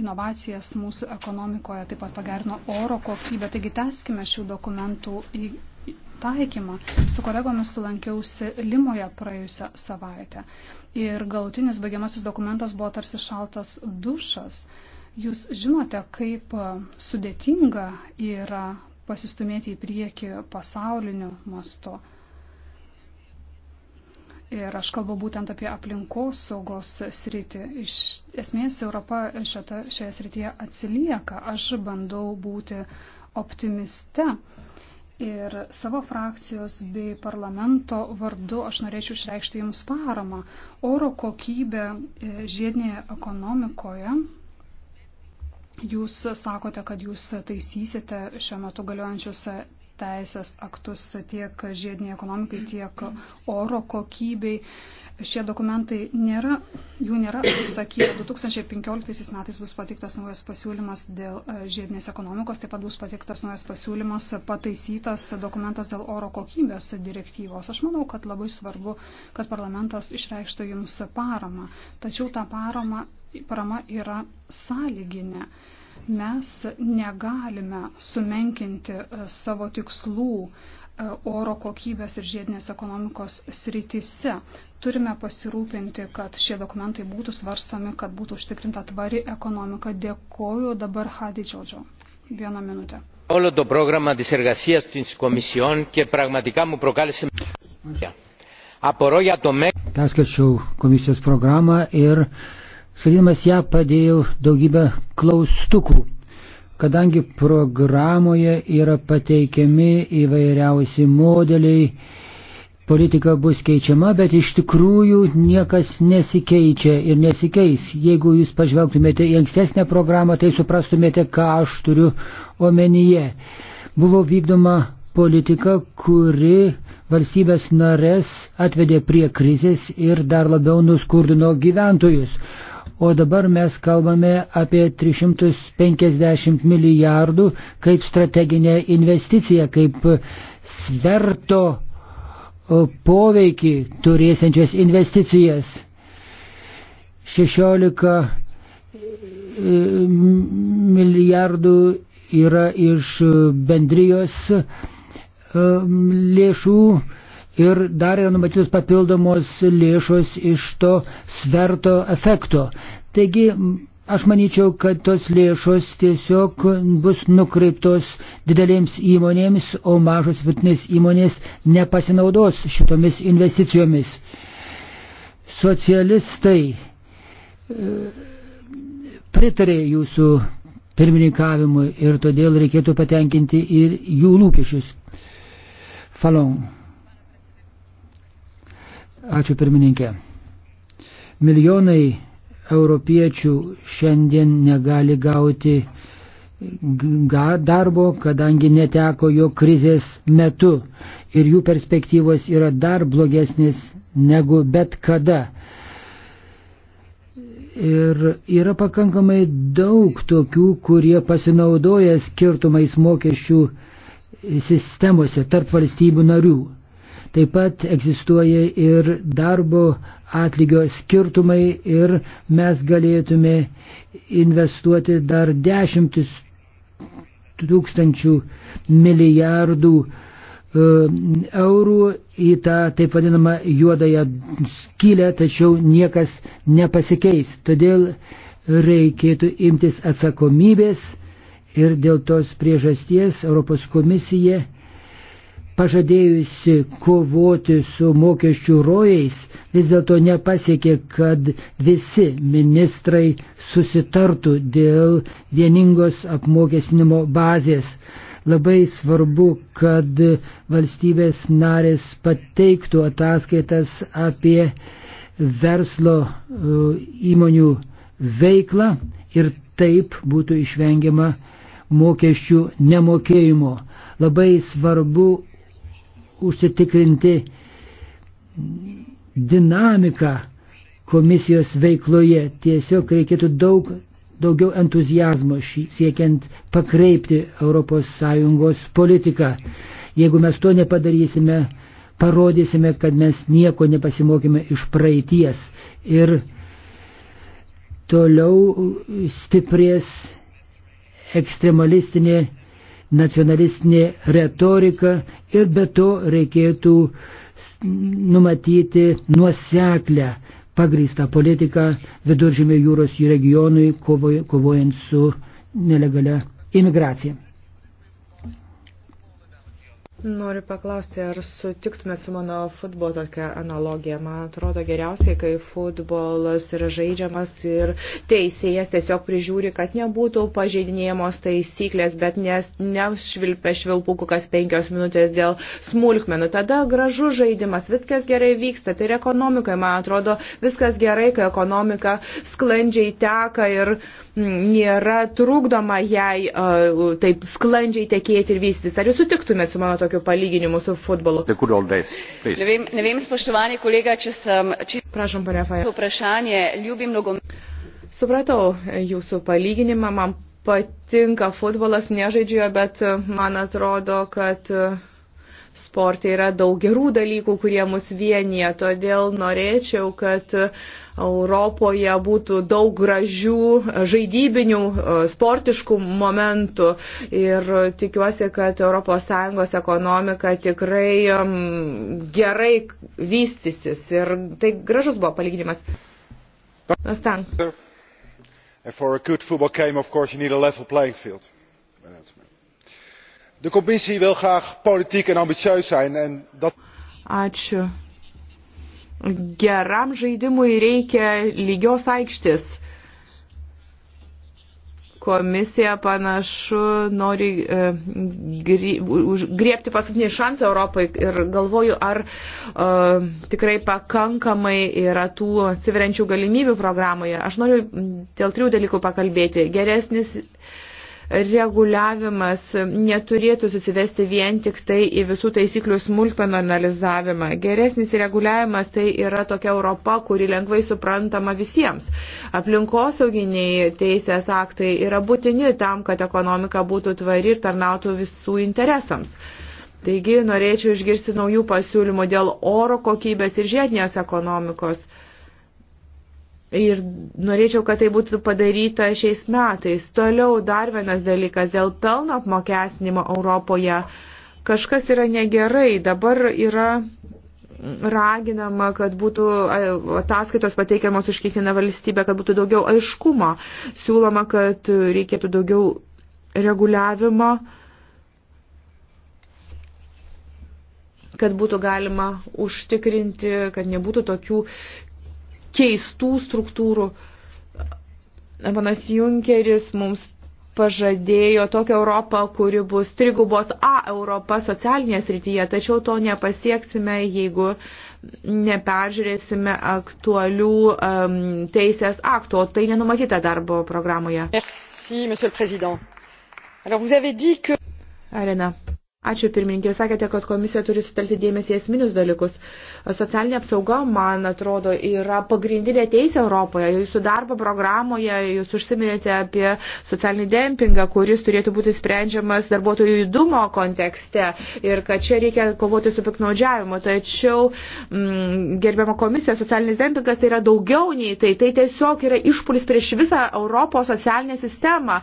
inovacijas mūsų ekonomikoje, taip pat pagerino oro kokybę. Taigi teskime šių dokumentų į taikymą. Su kolegomis lankiausi Limoje praėjusią savaitę. Ir galutinis baigiamasis dokumentas buvo tarsi šaltas dušas. Jūs žinote, kaip e, sudėtinga yra pasistumėti į priekį pasauliniu mastu. Ir aš kalbu būtent apie aplinkos saugos sritį. Iš esmės Europa šita, šioje srityje atsilieka. Aš bandau būti optimiste. Ir savo frakcijos bei parlamento vardu aš norėčiau išreikšti Jums paramą. Oro kokybė e, žiedinėje ekonomikoje. Jūs sakote, kad Jūs taisysite šiuo metu galiojančius teisės aktus tiek žiediniai ekonomikai, tiek oro kokybei. Šie dokumentai nėra, jų nėra atsisakyta. 2015 metais bus pateiktas naujas pasiūlymas dėl e, žiedinės ekonomikos, taip pat bus pateiktas naujas pasiūlymas pataisytas dokumentas dėl oro kokybės direktyvos. Aš manau, kad labai svarbu, kad parlamentas išreikštų jums paramą. Tačiau ta parama, parama yra sąlyginė. Mes negalime sumenkinti e, savo tikslų e, oro kokybės ir žiedinės ekonomikos srityse. Turime pasirūpinti, kad šie dokumentai būtų svarstomi, kad būtų užtikrinta tvari ekonomika. Dėkoju dabar Hadi Džiodžio. Vieną minutę. Όλο το πρόγραμμα της εργασίας της Κομισιόν και πραγματικά μου προκάλεσε απορώ για το μέλλον. Perskaičiau komisijos programą ir uh, Skaitydamas ją padėjau daugybę klaustukų, kadangi programoje yra pateikiami įvairiausi modeliai, politika bus keičiama, bet iš tikrųjų niekas nesikeičia ir nesikeis. Jeigu jūs pažvelgtumėte į ankstesnę programą, tai suprastumėte, ką aš turiu omenyje. Buvo vykdoma politika, kuri valstybės narės atvedė prie krizės ir dar labiau nuskurdino gyventojus o dabar mes kalbame apie 350 milijardų kaip strateginę investiciją, kaip sverto poveikį turėsiančias investicijas. 16 e, milijardų yra iš bendrijos e, lėšų, ir dar yra numatytos papildomos lėšos iš to sverto efekto. Taigi, aš manyčiau, kad tos lėšos tiesiog bus nukreiptos didelėms įmonėms, o mažos vidutinės įmonės nepasinaudos šitomis investicijomis. Socialistai e, pritarė jūsų pirmininkavimui ir todėl reikėtų patenkinti ir jų lūkesčius. Falon. Ačiū pirmininkė. Milijonai europiečių šiandien negali gauti darbo, kadangi neteko jo krizės metu ir jų perspektyvos yra dar blogesnės negu bet kada. Ir yra pakankamai daug tokių, kurie pasinaudoja skirtumais mokesčių sistemose tarp valstybių narių. Taip pat egzistuoja ir darbo atlygio skirtumai ir mes galėtume investuoti dar dešimtis tūkstančių milijardų e, eurų į tą taip vadinamą juodąją skylę, tačiau niekas nepasikeis. Todėl reikėtų imtis atsakomybės ir dėl tos priežasties Europos komisija pažadėjusi kovoti su mokesčių rojais, vis dėlto nepasiekė, kad visi ministrai susitartų dėl vieningos apmokesnimo bazės. Labai svarbu, kad valstybės narės pateiktų ataskaitas apie verslo e, įmonių veiklą ir taip būtų išvengiama mokesčių nemokėjimo. Labai svarbu užsitikrinti dinamiką komisijos veikloje. Tiesiog reikėtų daug daugiau entuzijazmo siekiant pakreipti ES politiką. Jeigu mes to nepadarysime, parodysime, kad mes nieko nepasimokime iš praeities ir toliau stiprės ekstremalistinė nacionalistinė retorika ir be to reikėtų numatyti nuoseklę pagrįstą politiką viduržymio jūros regionui kovojant su nelegalia imigracija. Noriu paklausti, ar sutiktumėt su mano futbolo tokia analogija? Man atrodo geriausiai, kai futbolas yra žaidžiamas ir teisėjas tiesiog prižiūri, kad nebūtų pažeidinėjamos taisyklės, bet nes nešvilpia švilpukų kas penkios minutės dėl smulkmenų. Tada gražu žaidimas, viskas gerai vyksta. Tai ir ekonomikai, man atrodo, viskas gerai, kai ekonomika sklandžiai teka ir. Uh, nėra trukdoma jai uh, taip sklandžiai tekėti ir vystytis. Ar jūs sutiktumėt su mano tokiu palyginimu su futbolu? Nevim, nevim, spoštovani kolega, če sem čisto Prašom, pane Faja. Vprašanje, ljubim nogomet. Supratau e, jūsų palyginimą, man patinka futbolas, nežaidžiu, bet e, man atrodo, kad uh, sporte yra daug gerų dalykų, kurie mus vienyje. Todėl norėčiau, kad Europoje būtų daug gražių žaidybinių e, sportiškų momentų ir tikiuosi, kad ES ekonomika tikrai gerai vystysis ir tai gražus buvo palyginimas. Nustang. For a good football game, of course, you need a level playing field de commissie wil graag politiek en ambitieus zijn en dat. Ačiū. Geram žaidimui reikia lygios aikštės. Komisija panašu nori e, griebti paskutinį šansą Europai ir galvoju, ar e, tikrai pakankamai yra tų atsiveriančių galimybių programoje. Aš noriu dėl trijų dalykų pakalbėti. Geresnis. E, reguliavimas neturėtų susivesti vien tik tai į visų taisyklių smulkmenų analizavimą. Geresnis reguliavimas tai yra tokia Europa, kuri lengvai suprantama visiems. Aplinkosauginiai teisės aktai yra būtini tam, kad ekonomika būtų tvari ir tarnautų visų interesams. Taigi norėčiau išgirsti naujų pasiūlymų dėl oro kokybės ir žiedinės ekonomikos. Ir norėčiau, kad tai būtų padaryta šiais metais. Toliau dar vienas dalykas dėl pelno apmokestinimo Europoje. Kažkas yra negerai. Dabar yra raginama, kad būtų ataskaitos pateikiamos už kiekvieną valstybę, kad būtų daugiau aiškumo. Siūloma, kad reikėtų daugiau reguliavimo, kad būtų galima užtikrinti, kad nebūtų tokių keistų struktūrų. Panas Junkeris mums pažadėjo tokią Europą, kuri bus trigubos A Europa socialinėje srityje, tačiau to nepasieksime, jeigu neperžiūrėsime aktualių um, teisės aktų, o tai nenumatyta darbo programoje. Merci, monsieur le président. Alors, vous avez dit que... Arena. Ačiū pirmininkė, sakėte, kad komisija turi sutelti dėmesį esminius dalykus. Socialinė apsauga, man atrodo, yra pagrindinė teisė Europoje. Jūsų darbo programoje jūs užsiminėte apie socialinį dempingą, kuris turėtų būti sprendžiamas darbuotojų judumo kontekste ir kad čia reikia kovoti su piknaudžiavimu. Tačiau, m, mm, gerbiama komisija, socialinis dempingas tai yra daugiau nei tai. Tai tiesiog yra išpulis prieš visą Europos socialinę sistemą,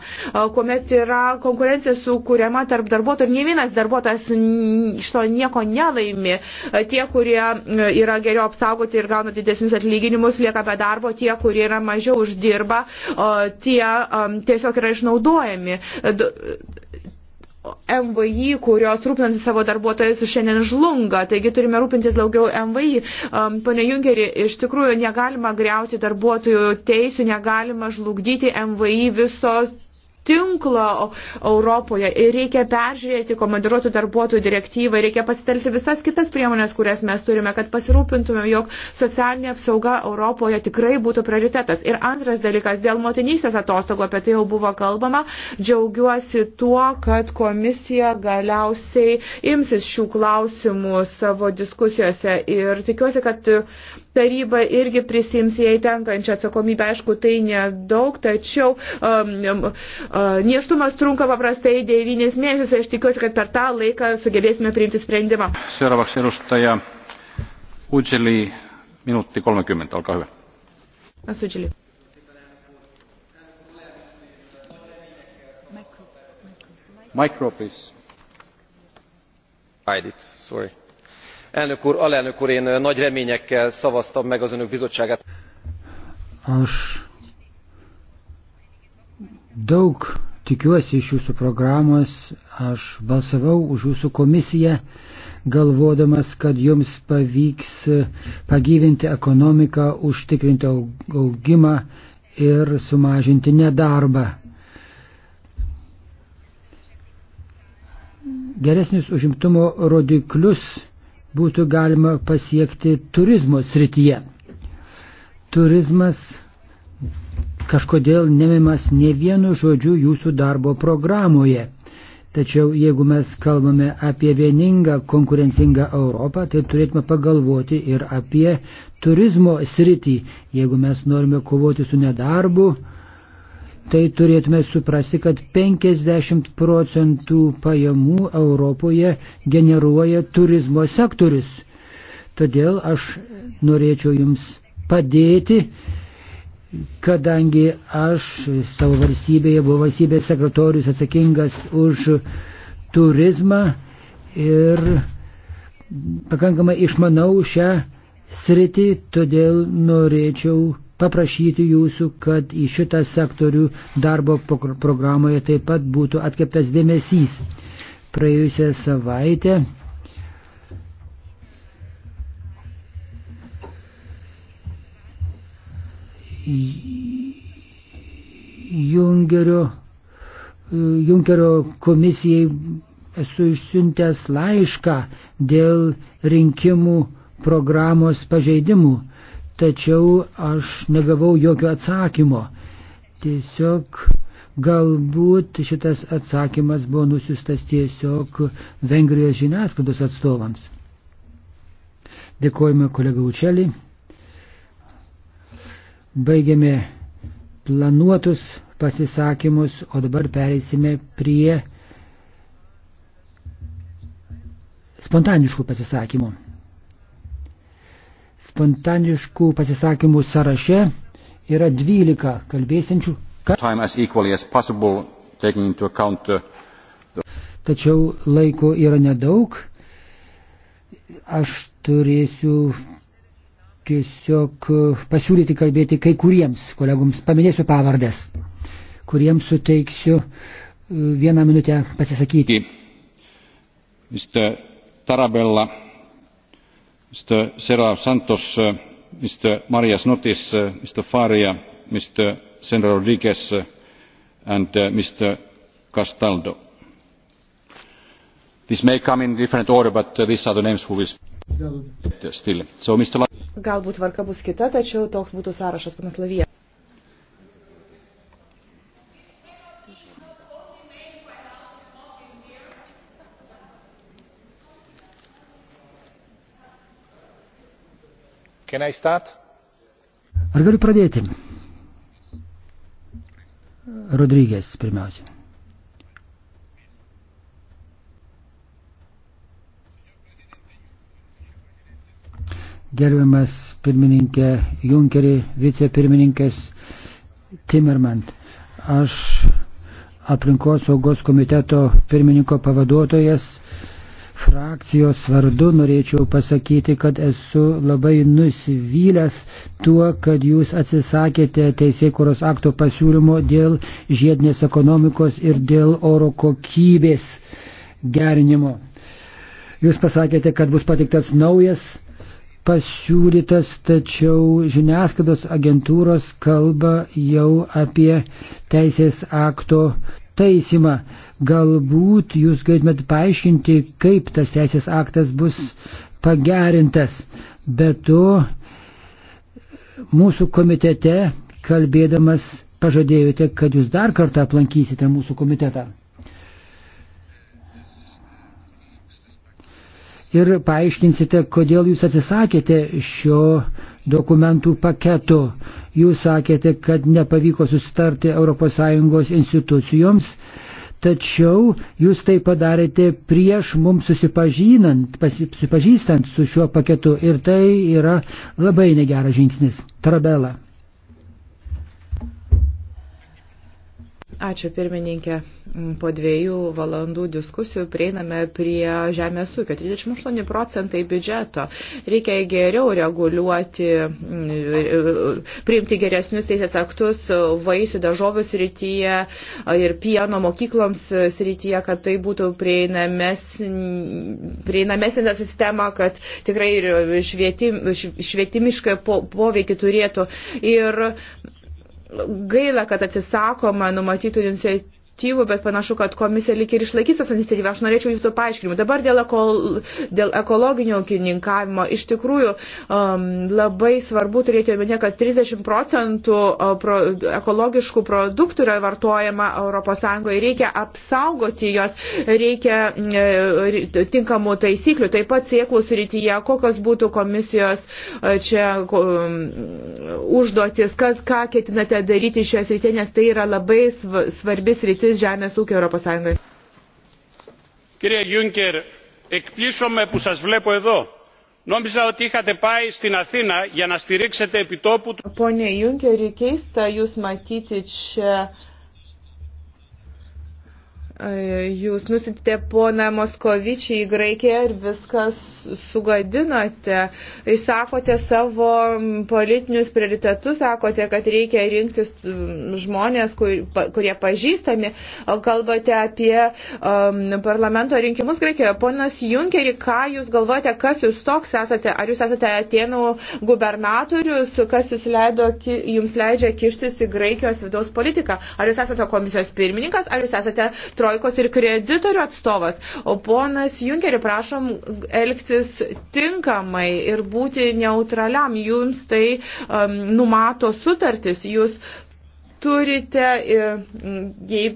kuomet yra konkurencija sukūriama tarp darbuotojų ir ne vienas darbuotojas darbuotojas iš to nieko nelaimi. Tie, kurie e, yra geriau apsaugoti ir gauna didesnius atlyginimus, lieka be darbo, tie, kurie yra mažiau uždirba, tie tiesiog yra išnaudojami. MVI, kurios rūpinasi savo darbuotojais šiandien žlunga, taigi turime rūpintis daugiau MVI. Pane Junkeri, iš tikrųjų negalima greuti darbuotojų teisų, negalima žlugdyti MVI viso tinklą Europoje ir reikia peržiūrėti komandiruotų darbuotojų direktyvą, reikia pasitelkti visas kitas priemonės, kurias mes turime, kad pasirūpintumėm, jog socialinė apsauga Europoje tikrai būtų prioritetas. Ir antras dalykas, dėl motinysės atostogų, apie tai jau buvo kalbama, džiaugiuosi tuo, kad komisija galiausiai imsis šių klausimų savo diskusijose ir tikiuosi, kad taryba irgi prisims jai tenkančią atsakomybę. Aišku, tai nedaug, tačiau um, um, uh, neštumas trunka paprastai 9 mėnesius. Aš tikiuosi, kad per tą laiką sugebėsime priimti sprendimą. Seuraavaksi edustaja Udželi, minuutti 30, olkaa hyvä. Udželi. Micro, please. Hide it, sorry elnök úr alelnök úr én nagy reményekkel szavaztam meg az önök bizottságát. aš daug tikiuosi iš jūsų programos aš balsavau už jūsų komisiją galvodamas kad jums pavyks e, pagyvinti ekonomiką užtikrinti augimą ir sumažinti nedarbą. Geresnius užimtumo rodiklius būtų galima pasiekti turizmo srityje. Turizmas kažkodėl nemimas ne vienu žodžiu jūsų darbo programoje. Tačiau jeigu mes kalbame apie vieningą konkurencingą Europą, tai turėtume pagalvoti ir apie turizmo sritį. Jeigu mes norime kovoti su nedarbu, tai turėtume suprasti, kad 50 procentų pajamų Europoje generuoja turizmo sektorius. Todėl aš norėčiau Jums padėti, kadangi aš savo valstybėje buvau valstybės sekretorius atsakingas už turizmą ir pakankamai išmanau šią sritį, todėl norėčiau paprašyti jūsų, kad į šitą sektorių darbo programoje taip pat būtų atkeptas dėmesys. Praėjusią savaitę Jungerio, Junkerio komisijai esu išsiuntęs laišką dėl rinkimų programos pažeidimų tačiau aš negavau jokio atsakymo. Tiesiog galbūt šitas atsakymas buvo nusiustas tiesiog Vengrijos žiniasklaidos atstovams. Dėkojame kolega Učelį. Baigiame planuotus pasisakymus, o dabar pereisime prie spontaniškų pasisakymų spontaniškų pasisakymų sąraše yra 12 kalbėsiančių. Uh, Tačiau laiko yra nedaug. Aš turėsiu tiesiog uh, pasiūlyti kalbėti kai kuriems kolegoms. Paminėsiu pavardės, kuriems suteiksiu uh, vieną minutę pasisakyti. Mr. Tarabella, mr serra santos eh, mr marias notis eh, mr faria mr sndra rodriguez eh, and mr castaldo. this may come in different order but these are the names who will speak still. so mr. galbūt tvarka bus kita tačiau toks būtų sąrašas panas lavija. Ar galiu pradėti? Rodrygės pirmiausia. Gerbiamas pirmininkė Junkerį, vicepirmininkas Timmermant. Aš aplinkos saugos komiteto pirmininko pavaduotojas frakcijos vardu norėčiau pasakyti, kad esu labai nusivylęs tuo, kad jūs atsisakėte teisėkuros akto pasiūlymo dėl žiedinės ekonomikos ir dėl oro kokybės gerinimo. Jūs pasakėte, kad bus patiktas naujas pasiūlytas, tačiau žiniasklaidos agentūros kalba jau apie teisės akto taisimą. Galbūt jūs galėtumėt paaiškinti, kaip tas teisės aktas bus pagerintas. Be to, mūsų komitete kalbėdamas pažadėjote, kad jūs dar kartą aplankysite mūsų komitetą. Ir paaiškinsite, kodėl jūs atsisakėte šio dokumentų paketo. Jūs sakėte, kad nepavyko susitarti ES institucijoms, tačiau jūs tai padarėte prieš mums susipažįstant su šiuo paketu ir tai yra labai negeras žingsnis. Tarabela. Ačiū pirmininkė. Mm, po dviejų valandų diskusijų prieiname prie žemės ūkio. 38 procentai biudžeto. Reikia geriau reguliuoti, mm, priimti geresnius teisės aktus vaisių, daržovių srityje ir pieno mokykloms srityje, kad tai būtų prieinamesnė prieinames sistema, kad tikrai ir švietim, švietimišką poveikį turėtų. Ir gaila, kad atsisakoma numatytų iniciatyvų iniciatyvų, bet panašu, kad komisija lyg ir išlaikys tas iniciatyvą. Aš norėčiau jūsų paaiškinimų. Dabar dėl, ekol, dėl ekologinio ūkininkavimo. Iš tikrųjų um, labai svarbu turėti omenyje, kad 30 procentų uh, pro, ekologiškų produktų yra vartojama ES. Reikia apsaugoti jos, reikia mm, e, tinkamų taisyklių. Taip pat sieklų srityje, kokios būtų komisijos uh, čia um, užduotis, kas, ką ketinate daryti šioje srityje, nes tai yra labai svarbi srityje ateitis žemės ūkio Europos Sąjungoje. Κύριε Γιούνκερ, εκπλήσωμαι που σας βλέπω εδώ. Νόμιζα ότι είχατε πάει στην Αθήνα για να στηρίξετε επιτόπου... Pone Junkerį, keista jūs matyti čia Jūs nusitite poną Moskovičį į Graikiją ir viskas sugadinote. Įsakote savo politinius prioritetus, sakote, kad reikia rinktis žmonės, kur, kurie pažįstami. Kalbate apie um, parlamento rinkimus Graikijoje. Ponas Junkeri, ką Jūs galvojate, kas Jūs toks esate? Ar Jūs esate Atenų gubernatorius, kas jūs leido, Jums leidžia kištis į Graikijos vidaus politiką? Ar Jūs esate komisijos pirmininkas, ar Jūs esate trojkos? trojkos ir kreditorių atstovas. O ponas Junkeri, prašom elgtis tinkamai ir būti neutraliam. Jums tai um, numato sutartis. Jūs turite e, jei,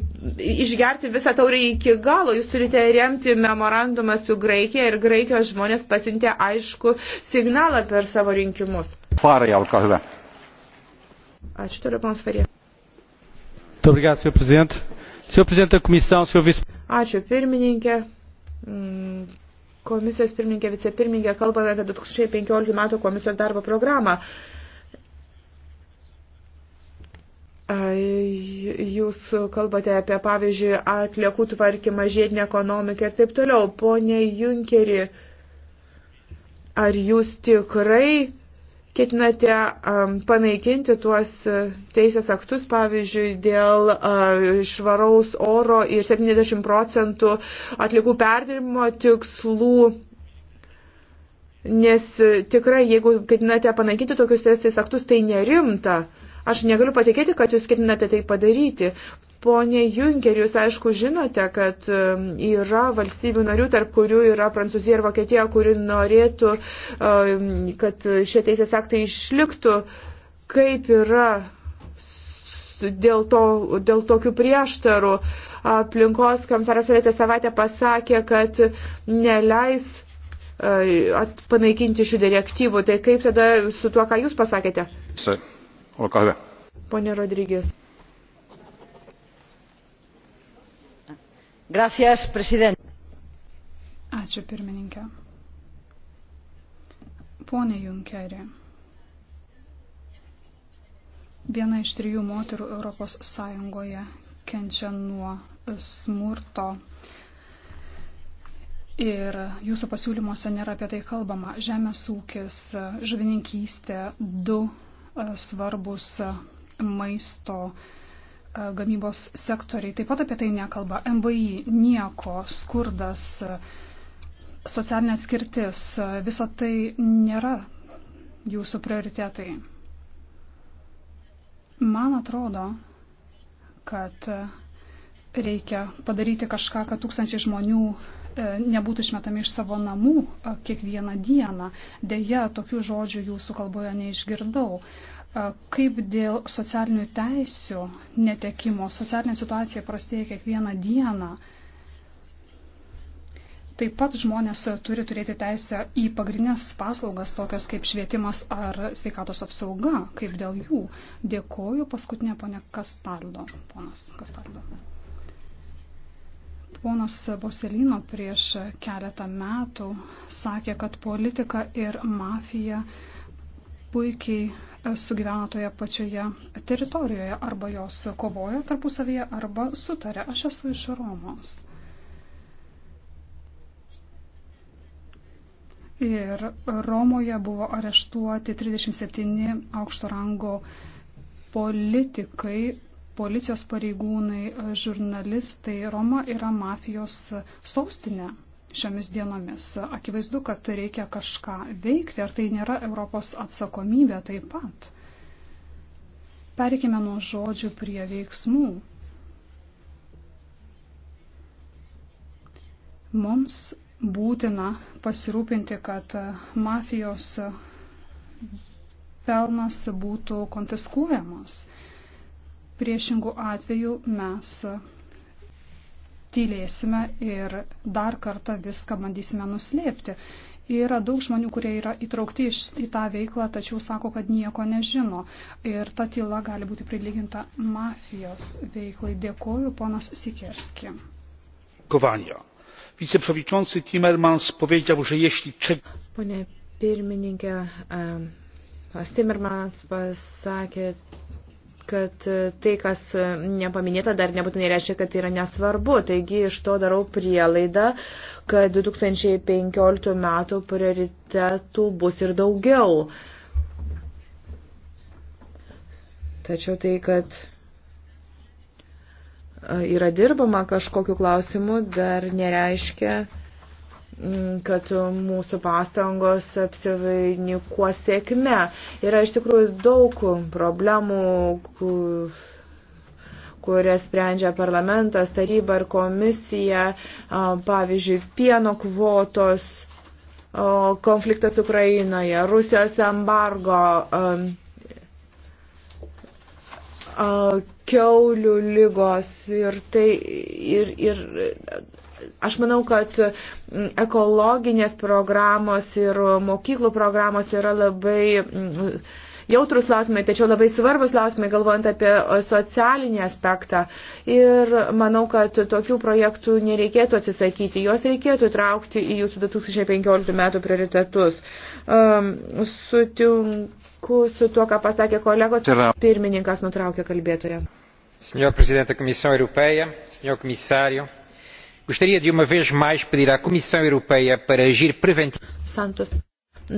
išgerti visą taurę iki galo, jūs turite remti memorandumą su Graikija ir Graikijos žmonės pasiuntė aišku signalą per savo rinkimus. Farai, alka hyvä. Ačiū, turiu, panas Farė. Obrigado, senhor presidente. Ačiū pirmininkė. Mm, komisijos pirmininkė, vicepirmininkė kalba apie 2015 metų komisijos darbo programą. Jūs kalbate apie, pavyzdžiui, atliekų tvarkymą, žiedinę ekonomiką ir taip toliau. Pone Junkeri, ar jūs tikrai ketinate um, panaikinti tuos e, teisės aktus, pavyzdžiui, dėl uh, švaraus oro ir 70 procentų atlikų perdirbimo tikslų. Nes e, tikrai, jeigu ketinate panaikinti tokius teisės aktus, tai nerimta. Aš negaliu patikėti, kad jūs ketinate tai padaryti. Pone Junker, jūs aišku žinote, kad um, yra valstybių narių, tarp kurių yra Prancūzija ir Vokietija, kuri norėtų, um, kad šie teisės aktai išliktų. Kaip yra dėl, to, dėl tokių prieštarų aplinkos komisaras Lėtė savaitę pasakė, kad neleis uh, panaikinti šių direktyvų. Tai kaip tada su tuo, ką jūs pasakėte? Olkaa hyvä. Pone Rodrygės. Gracias, presidente. Ačiū pirmininkė. Pone Junkerė, viena iš trijų moterų ES kenčia nuo smurto. Ir jūsų pasiūlymuose nėra apie tai kalbama. Žemės ūkis, žuvininkystė, du e, svarbus maisto uh, E, gamybos sektoriai taip pat apie tai nekalba. MVI nieko, skurdas, e, socialinė skirtis, e, visa tai nėra jūsų prioritetai. Man atrodo, kad reikia padaryti kažką, kad tūkstančiai žmonių nebūtų išmetami iš savo namų kiekvieną dieną. Deja, tokių žodžių jūsų kalboje neišgirdau. Kaip dėl socialinių teisių netekimo, socialinė situacija prastėja kiekvieną dieną. Taip pat žmonės turi turėti teisę į pagrindinės paslaugas, tokias kaip švietimas ar sveikatos apsauga, kaip dėl jų. Dėkoju paskutinė ponė Kastaldo, ponas Kastaldo. Ponas Boselino prieš keletą metų sakė, kad politika ir mafija uh, puikiai e, sugyvena toje pačioje teritorijoje, arba jos kovoja tarpusavyje, arba sutarė. Aš esu iš Romos. Ir Romoje buvo areštuoti 37 aukšto rango politikai, policijos pareigūnai, žurnalistai. Roma yra mafijos sostinė šiomis dienomis. Akivaizdu, kad reikia kažką veikti, ar tai nėra Europos atsakomybė taip pat. Pereikime nuo žodžių prie veiksmų. Mums būtina pasirūpinti, kad mafijos pelnas būtų konfiskuojamas. Priešingų atvejų mes tylėsime ir dar kartą viską bandysime nuslėpti. Yra daug žmonių, kurie yra įtraukti iš, į tą veiklą, tačiau sako, kad nieko nežino. Ir ta tyla gali būti prilyginta mafijos veiklai. Dėkoju, ponas Sikerski. Kowania. Viceprzewodniczący Timmermans powiedział, że jeśli... Pone pirmininkė, Timmermans pasakė kad e, tai, kas e, nepaminėta, dar nebūtinai reiškia, kad tai yra nesvarbu. Taigi iš to darau prielaidą, kad 2015 metų prioritetų bus ir daugiau. Tačiau tai, kad e, yra dirbama kažkokiu klausimu, dar nereiškia, kad mūsų pastangos apsivainikuo sėkme. Yra iš tikrųjų daug problemų, kurias sprendžia parlamentas, taryba ir komisija, pavyzdžiui, pieno kvotos, konfliktas Ukrainoje, Rusijos embargo, keulių lygos ir tai ir, ir Aš manau, kad ekologinės programos ir mokyklų programos yra labai jautrus klausimai, tačiau labai svarbus klausimai, galvojant apie socialinį aspektą. Ir manau, kad tokių projektų nereikėtų atsisakyti, juos reikėtų įtraukti į jūsų 2015 metų prioritetus. Um, sutinku su tuo, ką pasakė kolegos, pirmininkas nutraukė kalbėtoje. Signor Presidente Commissione Europea, signor Commissario, Gostaria de uma vez mais pedir à Comissão Europeia para agir preventivamente.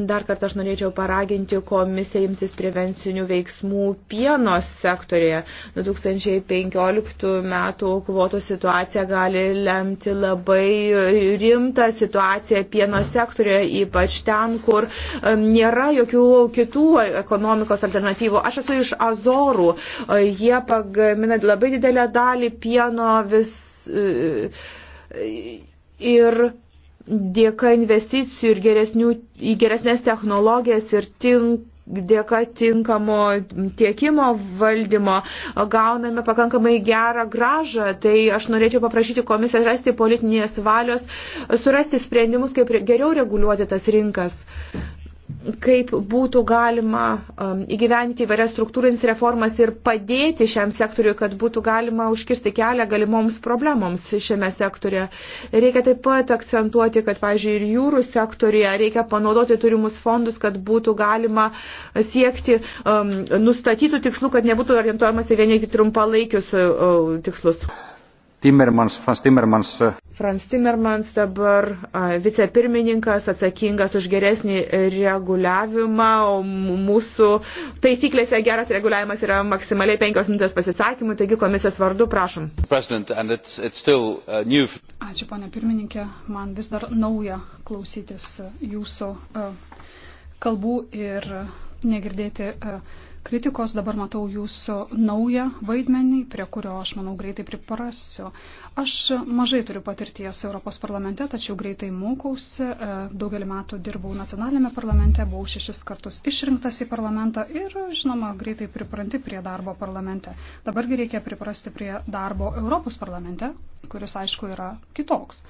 Dar kartą aš norėčiau paraginti komisiją imtis prevencinių veiksmų pieno sektorėje. 2015 metų kvotų situacija gali lemti labai rimtą situaciją pieno sektorėje, ypač ten, kur nėra jokių kitų ekonomikos alternatyvų. Aš esu iš Azorų. Jie pagamina labai didelę dalį pieno vis ir dėka investicijų ir geresnių, į geresnės technologijas ir tink, dėka tinkamo tiekimo valdymo gauname pakankamai gerą gražą. Tai aš norėčiau paprašyti komisiją rasti politinės valios, surasti sprendimus, kaip geriau reguliuoti tas rinkas kaip būtų galima um, įgyventi įvairias struktūrinis reformas ir padėti šiam sektoriu, kad būtų galima užkirsti kelią galimoms problemoms šiame sektorė. Reikia taip pat akcentuoti, kad, pavyzdžiui, ir jūrų sektorija reikia panaudoti turimus fondus, kad būtų galima siekti um, nustatytų tikslų, kad nebūtų orientuojamas į vieni trumpalaikius uh, tikslus. Timmermans, Frans Timmermans. E, Frans Timmermans dabar vicepirmininkas atsakingas už geresnį reguliavimą, o mūsų taisyklėse geras reguliavimas yra maksimaliai penkios minutės pasisakymų, taigi komisijos vardu prašom. It's, it's uh, Ačiū, ponė pirmininkė, man vis dar nauja klausytis e, jūsų e, kalbų ir negirdėti. Uh, kritikos, dabar matau jūsų naują vaidmenį, prie kurio aš manau greitai priprasiu. Aš mažai turiu patirties Europos parlamente, tačiau greitai mokausi, e, daugelį metų dirbau nacionalinėme parlamente, buvau šešis kartus išrinktas į parlamentą ir, žinoma, greitai pripranti prie darbo parlamente. Dabargi reikia priprasti prie darbo Europos parlamente, kuris aišku yra kitoks.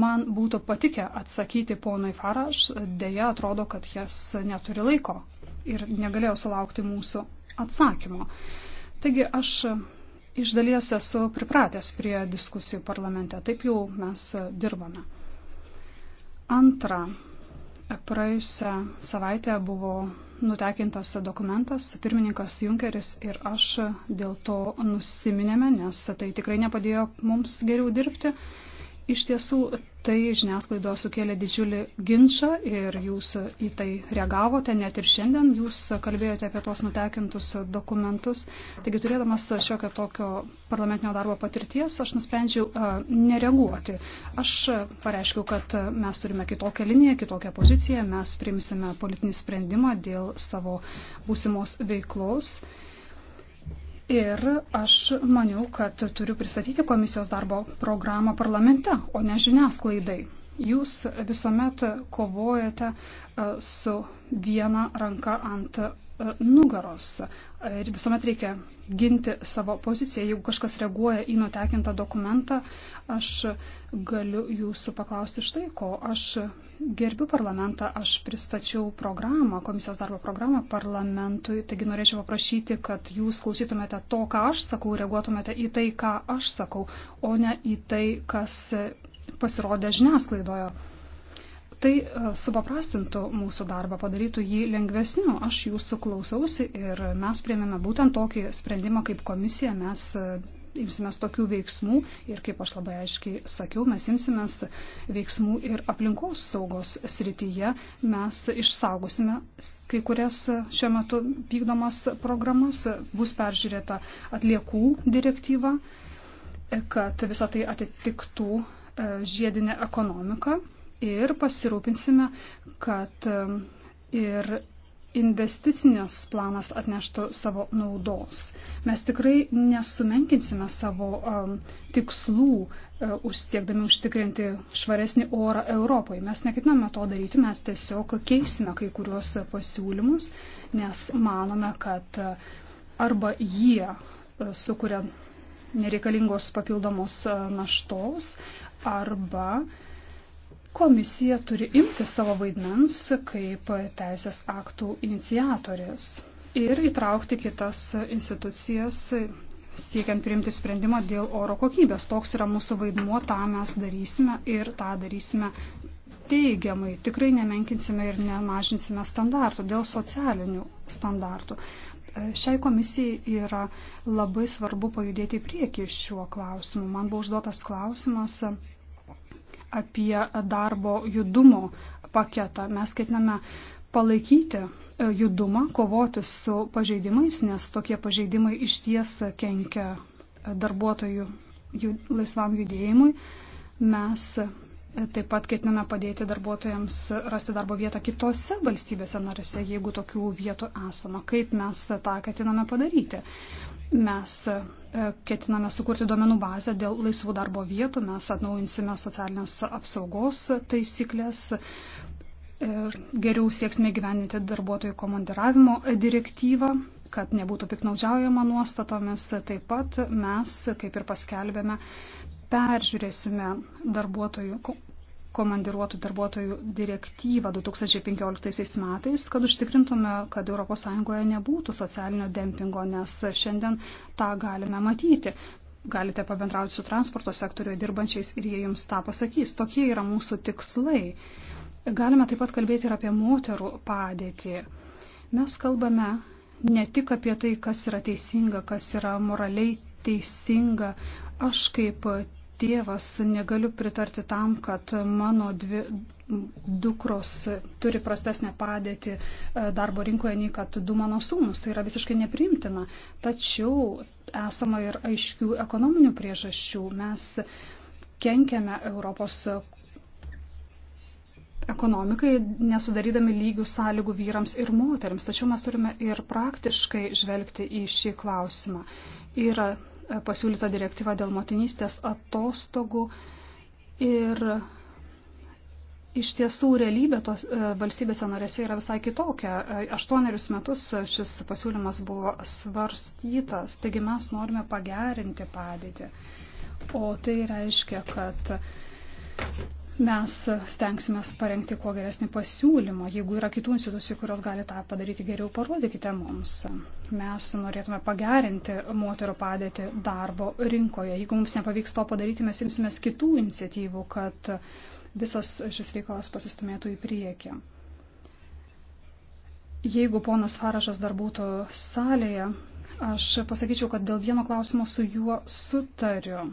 Man būtų patikę atsakyti ponui Faraž, dėja atrodo, kad jas neturi laiko ir negalėjo sulaukti mūsų atsakymo. Taigi aš iš dalies esu pripratęs prie diskusijų parlamente. Taip jau mes dirbame. Antra, praėjusią savaitę buvo nutekintas dokumentas, pirmininkas Junkeris ir aš dėl to nusiminėme, nes tai tikrai nepadėjo mums geriau dirbti. Iš tiesų, tai žiniasklaido sukėlė didžiulį ginčą ir jūs į tai reagavote, net ir šiandien jūs kalbėjote apie tuos nutekintus dokumentus. Taigi, turėdamas šiokio tokio parlamentinio darbo patirties, aš nusprendžiau e, nereaguoti. Aš pareiškiau, kad mes turime kitokią liniją, kitokią poziciją, mes priimsime politinį sprendimą dėl savo būsimos veiklos. Ir aš maniau, kad turiu pristatyti komisijos darbo programą parlamente, o ne žiniasklaidai. Jūs visuomet kovojate e, su viena ranka ant E, nugaros. Ir visuomet reikia ginti savo poziciją. Jeigu kažkas reaguoja į nutekintą dokumentą, aš galiu jūsų paklausti štai ko. Aš gerbiu parlamentą, aš pristačiau programą, komisijos darbo programą parlamentui, taigi norėčiau paprašyti, kad jūs klausytumėte to, ką aš sakau, reaguotumėte į tai, ką aš sakau, o ne į tai, kas pasirodė žiniasklaidoje Tai e, supaprastintų mūsų darbą, padarytų jį lengvesniu. Aš jūsų klausausi ir mes priemėme būtent tokį sprendimą kaip komisija. Mes e, imsimės tokių veiksmų ir, kaip aš labai aiškiai sakiau, mes imsimės veiksmų ir aplinkos saugos srityje. Mes išsaugosime kai kurias šiuo metu vykdomas programas, bus peržiūrėta atliekų direktyva, kad visa tai atitiktų e, žiedinę ekonomiką ir pasirūpinsime, kad um, ir investicinės planas atneštų savo naudos. Mes tikrai nesumenkinsime savo um, tikslų, uh, užsiekdami užtikrinti švaresnį orą Europoje. Mes neketiname to daryti, mes tiesiog keisime kai kuriuos pasiūlymus, nes manome, kad uh, arba jie uh, sukuria nereikalingos papildomos uh, naštos, arba uh, Komisija turi imti savo vaidmens kaip teisės aktų inicijatorės ir įtraukti kitas institucijas siekiant priimti sprendimą dėl oro kokybės. Toks yra mūsų vaidmuo, tą mes darysime ir tą darysime teigiamai. Tikrai nemenkinsime ir nemažinsime standartų dėl socialinių standartų. Šiai komisijai yra labai svarbu pajudėti į priekį šiuo klausimu. Man buvo užduotas klausimas, apie darbo judumo paketą. Mes ketiname palaikyti e, judumą, kovoti su pažeidimais, nes tokie pažeidimai iš ties kenkia darbuotojų laisvam judėjimui. Mes e, taip pat ketiname padėti darbuotojams rasti darbo vietą kitose valstybėse narėse, jeigu tokių vietų esama. Kaip mes tą ketiname padaryti? Mes e, ketiname sukurti duomenų bazę dėl laisvų darbo vietų, mes atnaujinsime socialinės apsaugos taisyklės, e, geriau sieksime gyveninti darbuotojų komandiravimo direktyvą, kad nebūtų piknaudžiaujama nuostatomis. Taip pat mes, kaip ir paskelbėme, peržiūrėsime darbuotojų komandiruotų darbuotojų direktyvą 2015 metais, kad užtikrintume, kad ES nebūtų socialinio dempingo, nes šiandien tą galime matyti. Galite pabendrauti su transporto sektoriuje dirbančiais ir jie jums tą pasakys. Tokie yra mūsų tikslai. Galime taip pat kalbėti ir apie moterų padėtį. Mes kalbame ne tik apie tai, kas yra teisinga, kas yra moraliai teisinga. Aš kaip tėvas negaliu pritarti tam, kad mano dvi dukros turi prastesnę padėtį e, darbo rinkoje nei kad du mano sūnus. Tai yra visiškai nepriimtina. Tačiau esama ir aiškių ekonominių priežasčių. Mes kenkiame Europos ekonomikai, nesudarydami lygių sąlygų vyrams ir moteriams. Tačiau mes turime ir praktiškai žvelgti į šį klausimą. Yra pasiūlyta direktyva dėl motinystės atostogų ir iš tiesų realybė tos e, valstybėse narėse yra visai kitokia. Aštuonerius metus šis pasiūlymas buvo svarstytas, taigi mes norime pagerinti padėtį. O tai reiškia, kad Mes stengsime parengti kuo geresnį pasiūlymą. Jeigu yra kitų institucijų, kurios gali tą padaryti geriau, parodykite mums. Mes norėtume pagerinti moterų padėtį darbo rinkoje. Jeigu mums nepavyks to padaryti, mes imsimės kitų iniciatyvų, kad visas šis reikalas pasistumėtų į priekį. Jeigu ponas Faražas dar būtų salėje, aš pasakyčiau, kad dėl vieno klausimo su juo sutariu.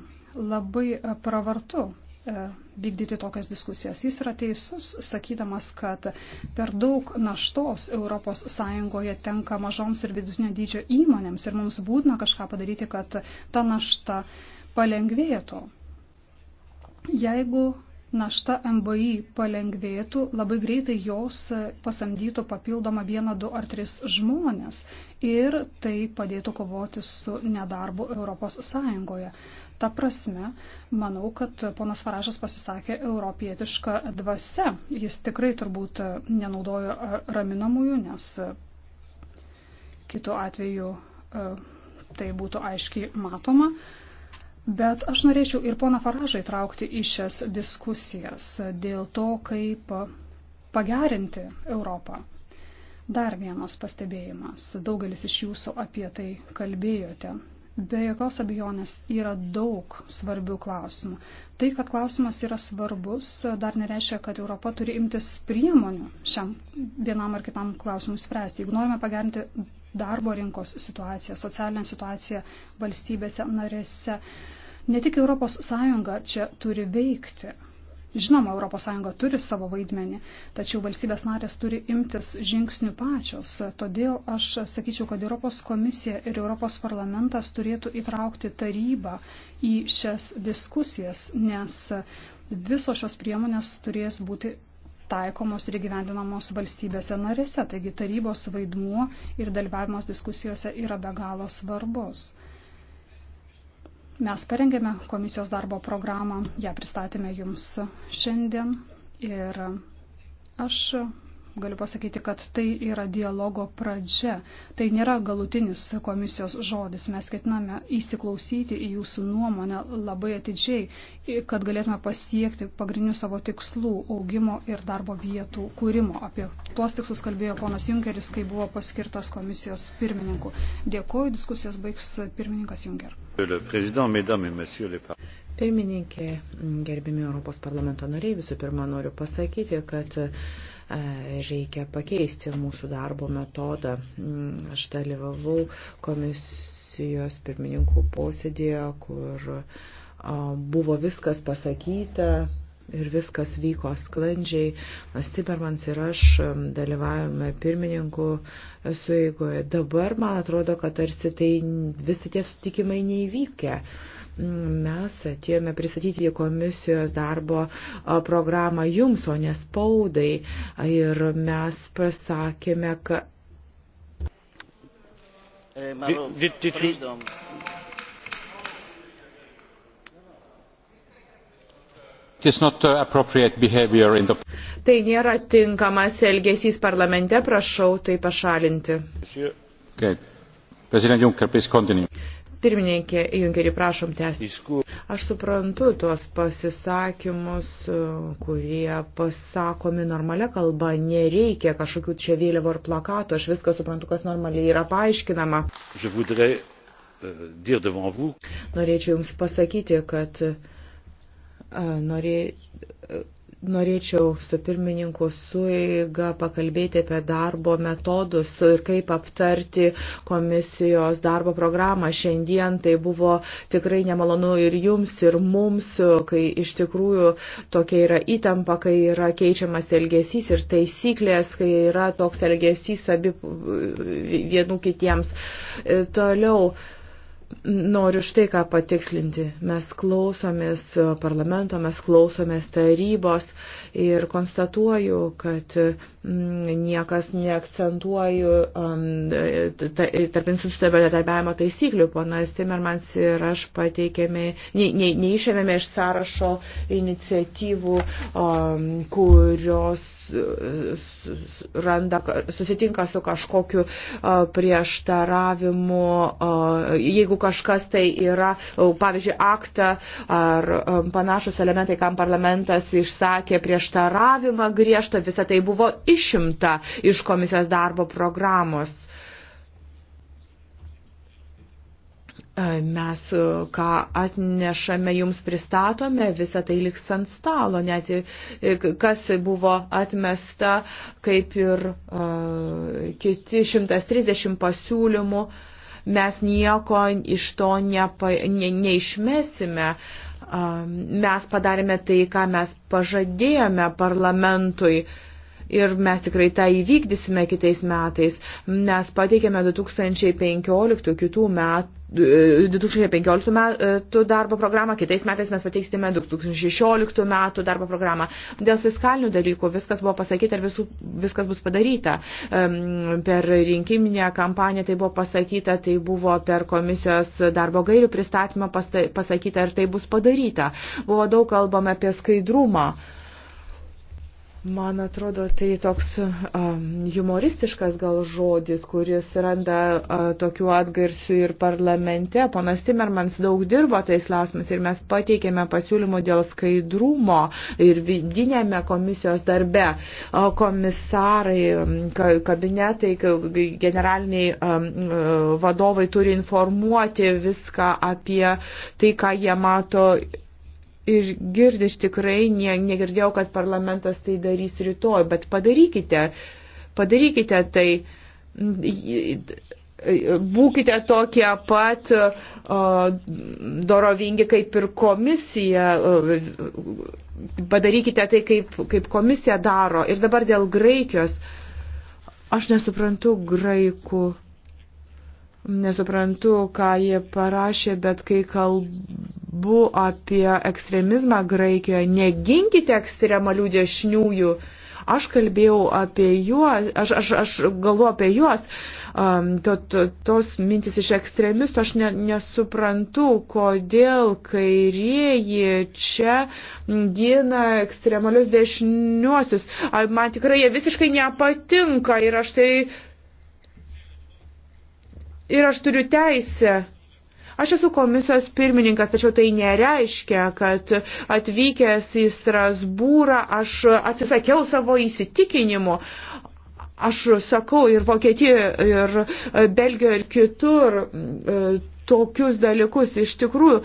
Labai pravartu E, vykdyti tokias diskusijas. Jis yra teisus, sakydamas, kad per daug naštos ES tenka mažoms ir vidutinio dydžio įmonėms ir mums būtina kažką padaryti, kad ta našta palengvėtų. Jeigu našta MBI palengvėtų, labai greitai jos pasamdytų papildomą vieną, du ar tris žmonės ir tai padėtų kovoti su nedarbu ES. Ta prasme, manau, kad ponas Faražas pasisakė europietišką dvasę. Jis tikrai turbūt nenaudojo raminamųjų, nes kitų atveju tai būtų aiškiai matoma. Bet aš norėčiau ir poną Faražą įtraukti į šias diskusijas dėl to, kaip pagerinti Europą. Dar vienas pastebėjimas. Daugelis iš jūsų apie tai kalbėjote. Be jokios abejonės yra daug svarbių klausimų. Tai, kad klausimas yra svarbus, dar nereiškia, kad Europa turi imtis priemonių šiam vienam ar kitam klausimui spręsti. Jeigu norime pagerinti darbo rinkos situaciją, socialinę situaciją valstybėse narėse, ne tik ES čia turi veikti. Žinoma, ES turi savo vaidmenį, tačiau valstybės narės turi imtis žingsnių pačios. Todėl aš sakyčiau, kad Europos komisija ir Europos parlamentas turėtų įtraukti tarybą į šias diskusijas, nes visos šios priemonės turės būti taikomos ir gyvendinamos valstybėse narėse. Taigi tarybos vaidmuo ir dalyvavimas diskusijose yra be galo svarbus. Mes parengėme komisijos darbo programą, ją pristatėme jums šiandien ir aš galiu pasakyti, kad tai yra dialogo pradžia. Tai nėra galutinis komisijos žodis. Mes ketiname įsiklausyti į jūsų nuomonę labai atidžiai, kad galėtume pasiekti pagrindinių savo tikslų augimo ir darbo vietų kūrimo. Apie tuos tikslus kalbėjo ponas Junkeris, kai buvo paskirtas komisijos pirmininku. Dėkuoju, diskusijas baigs pirmininkas Junker. Pirmininkė, gerbimi Europos parlamento nariai, visų pirma noriu pasakyti, kad E, reikia pakeisti mūsų darbo metodą. Mm, aš dalyvavau komisijos pirmininkų posėdėje, kur buvo viskas pasakyta, ir viskas vyko sklandžiai. Stibermans ir aš dalyvavome pirmininkų sueigoje. Dabar man atrodo, kad tarsi tai visi tie sutikimai neįvykę. Mes atėjome pristatyti komisijos darbo programą jums, o ne spaudai. Ir mes pasakėme, kad. Did, did you... The... Tai nėra tinkamas elgesys parlamente, prašau tai pašalinti. Okay. President Juncker, please continue. Pirmininkė Junkerį, prašom tęsti. Aš suprantu tuos pasisakymus, kurie pasakomi normalia kalba, nereikia kažkokių čia vėliavų ar plakatų, aš viską suprantu, kas normaliai yra paaiškinama. Euh, Norėčiau Jums pasakyti, kad euh, norė, norėčiau su pirmininku suiga pakalbėti apie darbo metodus ir kaip aptarti komisijos darbo programą. Šiandien tai buvo tikrai nemalonu ir jums, ir mums, kai iš tikrųjų tokia yra įtampa, kai yra keičiamas elgesys ir taisyklės, kai yra toks elgesys abi vienų kitiems. Toliau Noriu štai ką patikslinti. Mes klausomės parlamento, mes klausomės tarybos ir konstatuoju, kad Mm, niekas neakcentuoju um, tarp institucijų bendradarbiavimo taisyklių. Ponas Timmermans ir aš pateikėme, ne, ne, neišėmėme iš sąrašo iniciatyvų, um, kurios uh, randa, susitinka su kažkokiu uh, prieštaravimu, uh, jeigu kažkas tai yra, pavyzdžiui, aktą ar um, panašus elementai, kam parlamentas išsakė prieštaravimą griežtą, visa tai buvo iš išimta iš komisijos darbo programos. E, mes, e, ką atnešame, jums pristatome, visą tai liks ant stalo, net e, kas buvo atmesta, kaip ir uh, kiti 130 pasiūlymų, mes nieko iš to nepa, ne, neišmesime. Uh, mes padarėme tai, ką mes pažadėjome parlamentui. Uh, ir mes tikrai tą įvykdysime kitais metais. Mes pateikėme 2015 kitų metų 2015 metų darbo programą, kitais metais mes pateiksime 2016 metų darbo programą. Dėl fiskalinių dalykų viskas buvo pasakyta ir visų, viskas bus padaryta. Per rinkiminę kampaniją tai buvo pasakyta, tai buvo per komisijos darbo gairių pristatymą pasakyta ir tai bus padaryta. Buvo daug kalbama apie skaidrumą. Man atrodo, tai toks um, humoristiškas gal žodis, kuris randa uh, tokių atgarsių ir parlamente. Ponas Timermans daug dirbo tais klausimais ir mes pateikėme pasiūlymų dėl skaidrumo ir vidinėme komisijos darbe. Uh, komisarai, um, kabinetai, generaliniai um, uh, vadovai turi informuoti viską apie tai, ką jie mato išgirdi, iš tikrai ne, negirdėjau, kad parlamentas tai darys rytoj, bet padarykite, padarykite tai. Būkite tokie pat o, dorovingi kaip ir komisija, padarykite tai, kaip, kaip komisija daro. Ir dabar dėl Graikijos, aš nesuprantu graikų nesuprantu, ką jie parašė, bet kai kalbu apie ekstremizmą Graikijoje, neginkite ekstremalių dešiniųjų. Aš kalbėjau apie juos, aš, aš, aš galvoju apie juos, um, to, to, tos mintis iš ekstremistų, aš ne, nesuprantu, kodėl kairieji čia gina ekstremalius dešiniuosius. Man tikrai jie visiškai nepatinka ir aš tai uh, ir aš turiu teisę Aš esu komisijos pirmininkas, tačiau tai nereiškia, kad atvykęs į Strasbūrą aš atsisakiau savo įsitikinimu. Aš sakau ir Vokietijoje, ir e, Belgijoje, ir kitur e, tokius dalykus. Iš tikrųjų,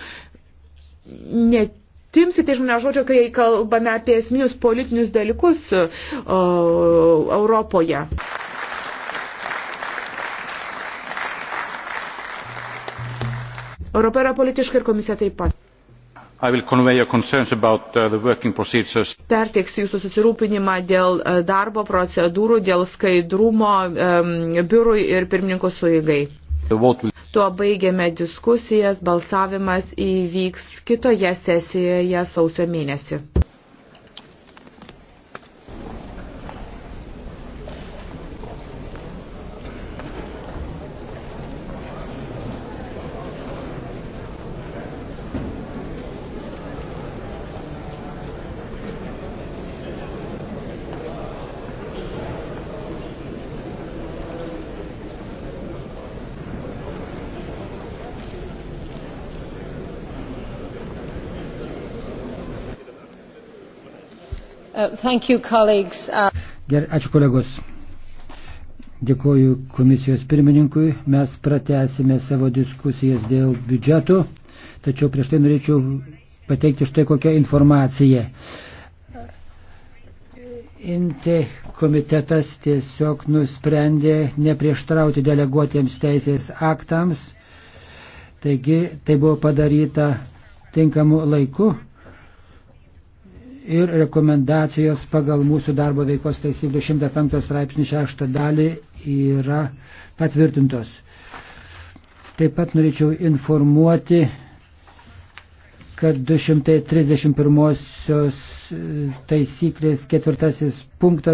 net timsite iš manęs žodžio, kai kalbame apie esminius politinius dalykus o, e, Europoje. Europa yra politiška ir komisija taip pat. Uh, Perteiksiu jūsų susirūpinimą dėl uh, darbo procedūrų, dėl skaidrumo um, biurui ir pirmininko suigai. Tuo baigėme diskusijas, balsavimas įvyks kitoje sesijoje sausio mėnesį. Uh, you, uh, Gerai, ačiū kolegos. Dėkuoju komisijos pirmininkui. Mes pratęsime savo diskusijas dėl biudžeto, tačiau prieš tai norėčiau pateikti štai kokią informaciją. Inte komitetas tiesiog nusprendė neprieštrauti deleguotiems teisės aktams, taigi tai buvo padaryta tinkamu laiku ir rekomendacijos pagal mūsų darbo veikos taisyklių 105 straipsnį 6 dalį yra patvirtintos. Taip pat norėčiau informuoti, kad 231 e, taisyklės ketvirtasis punktas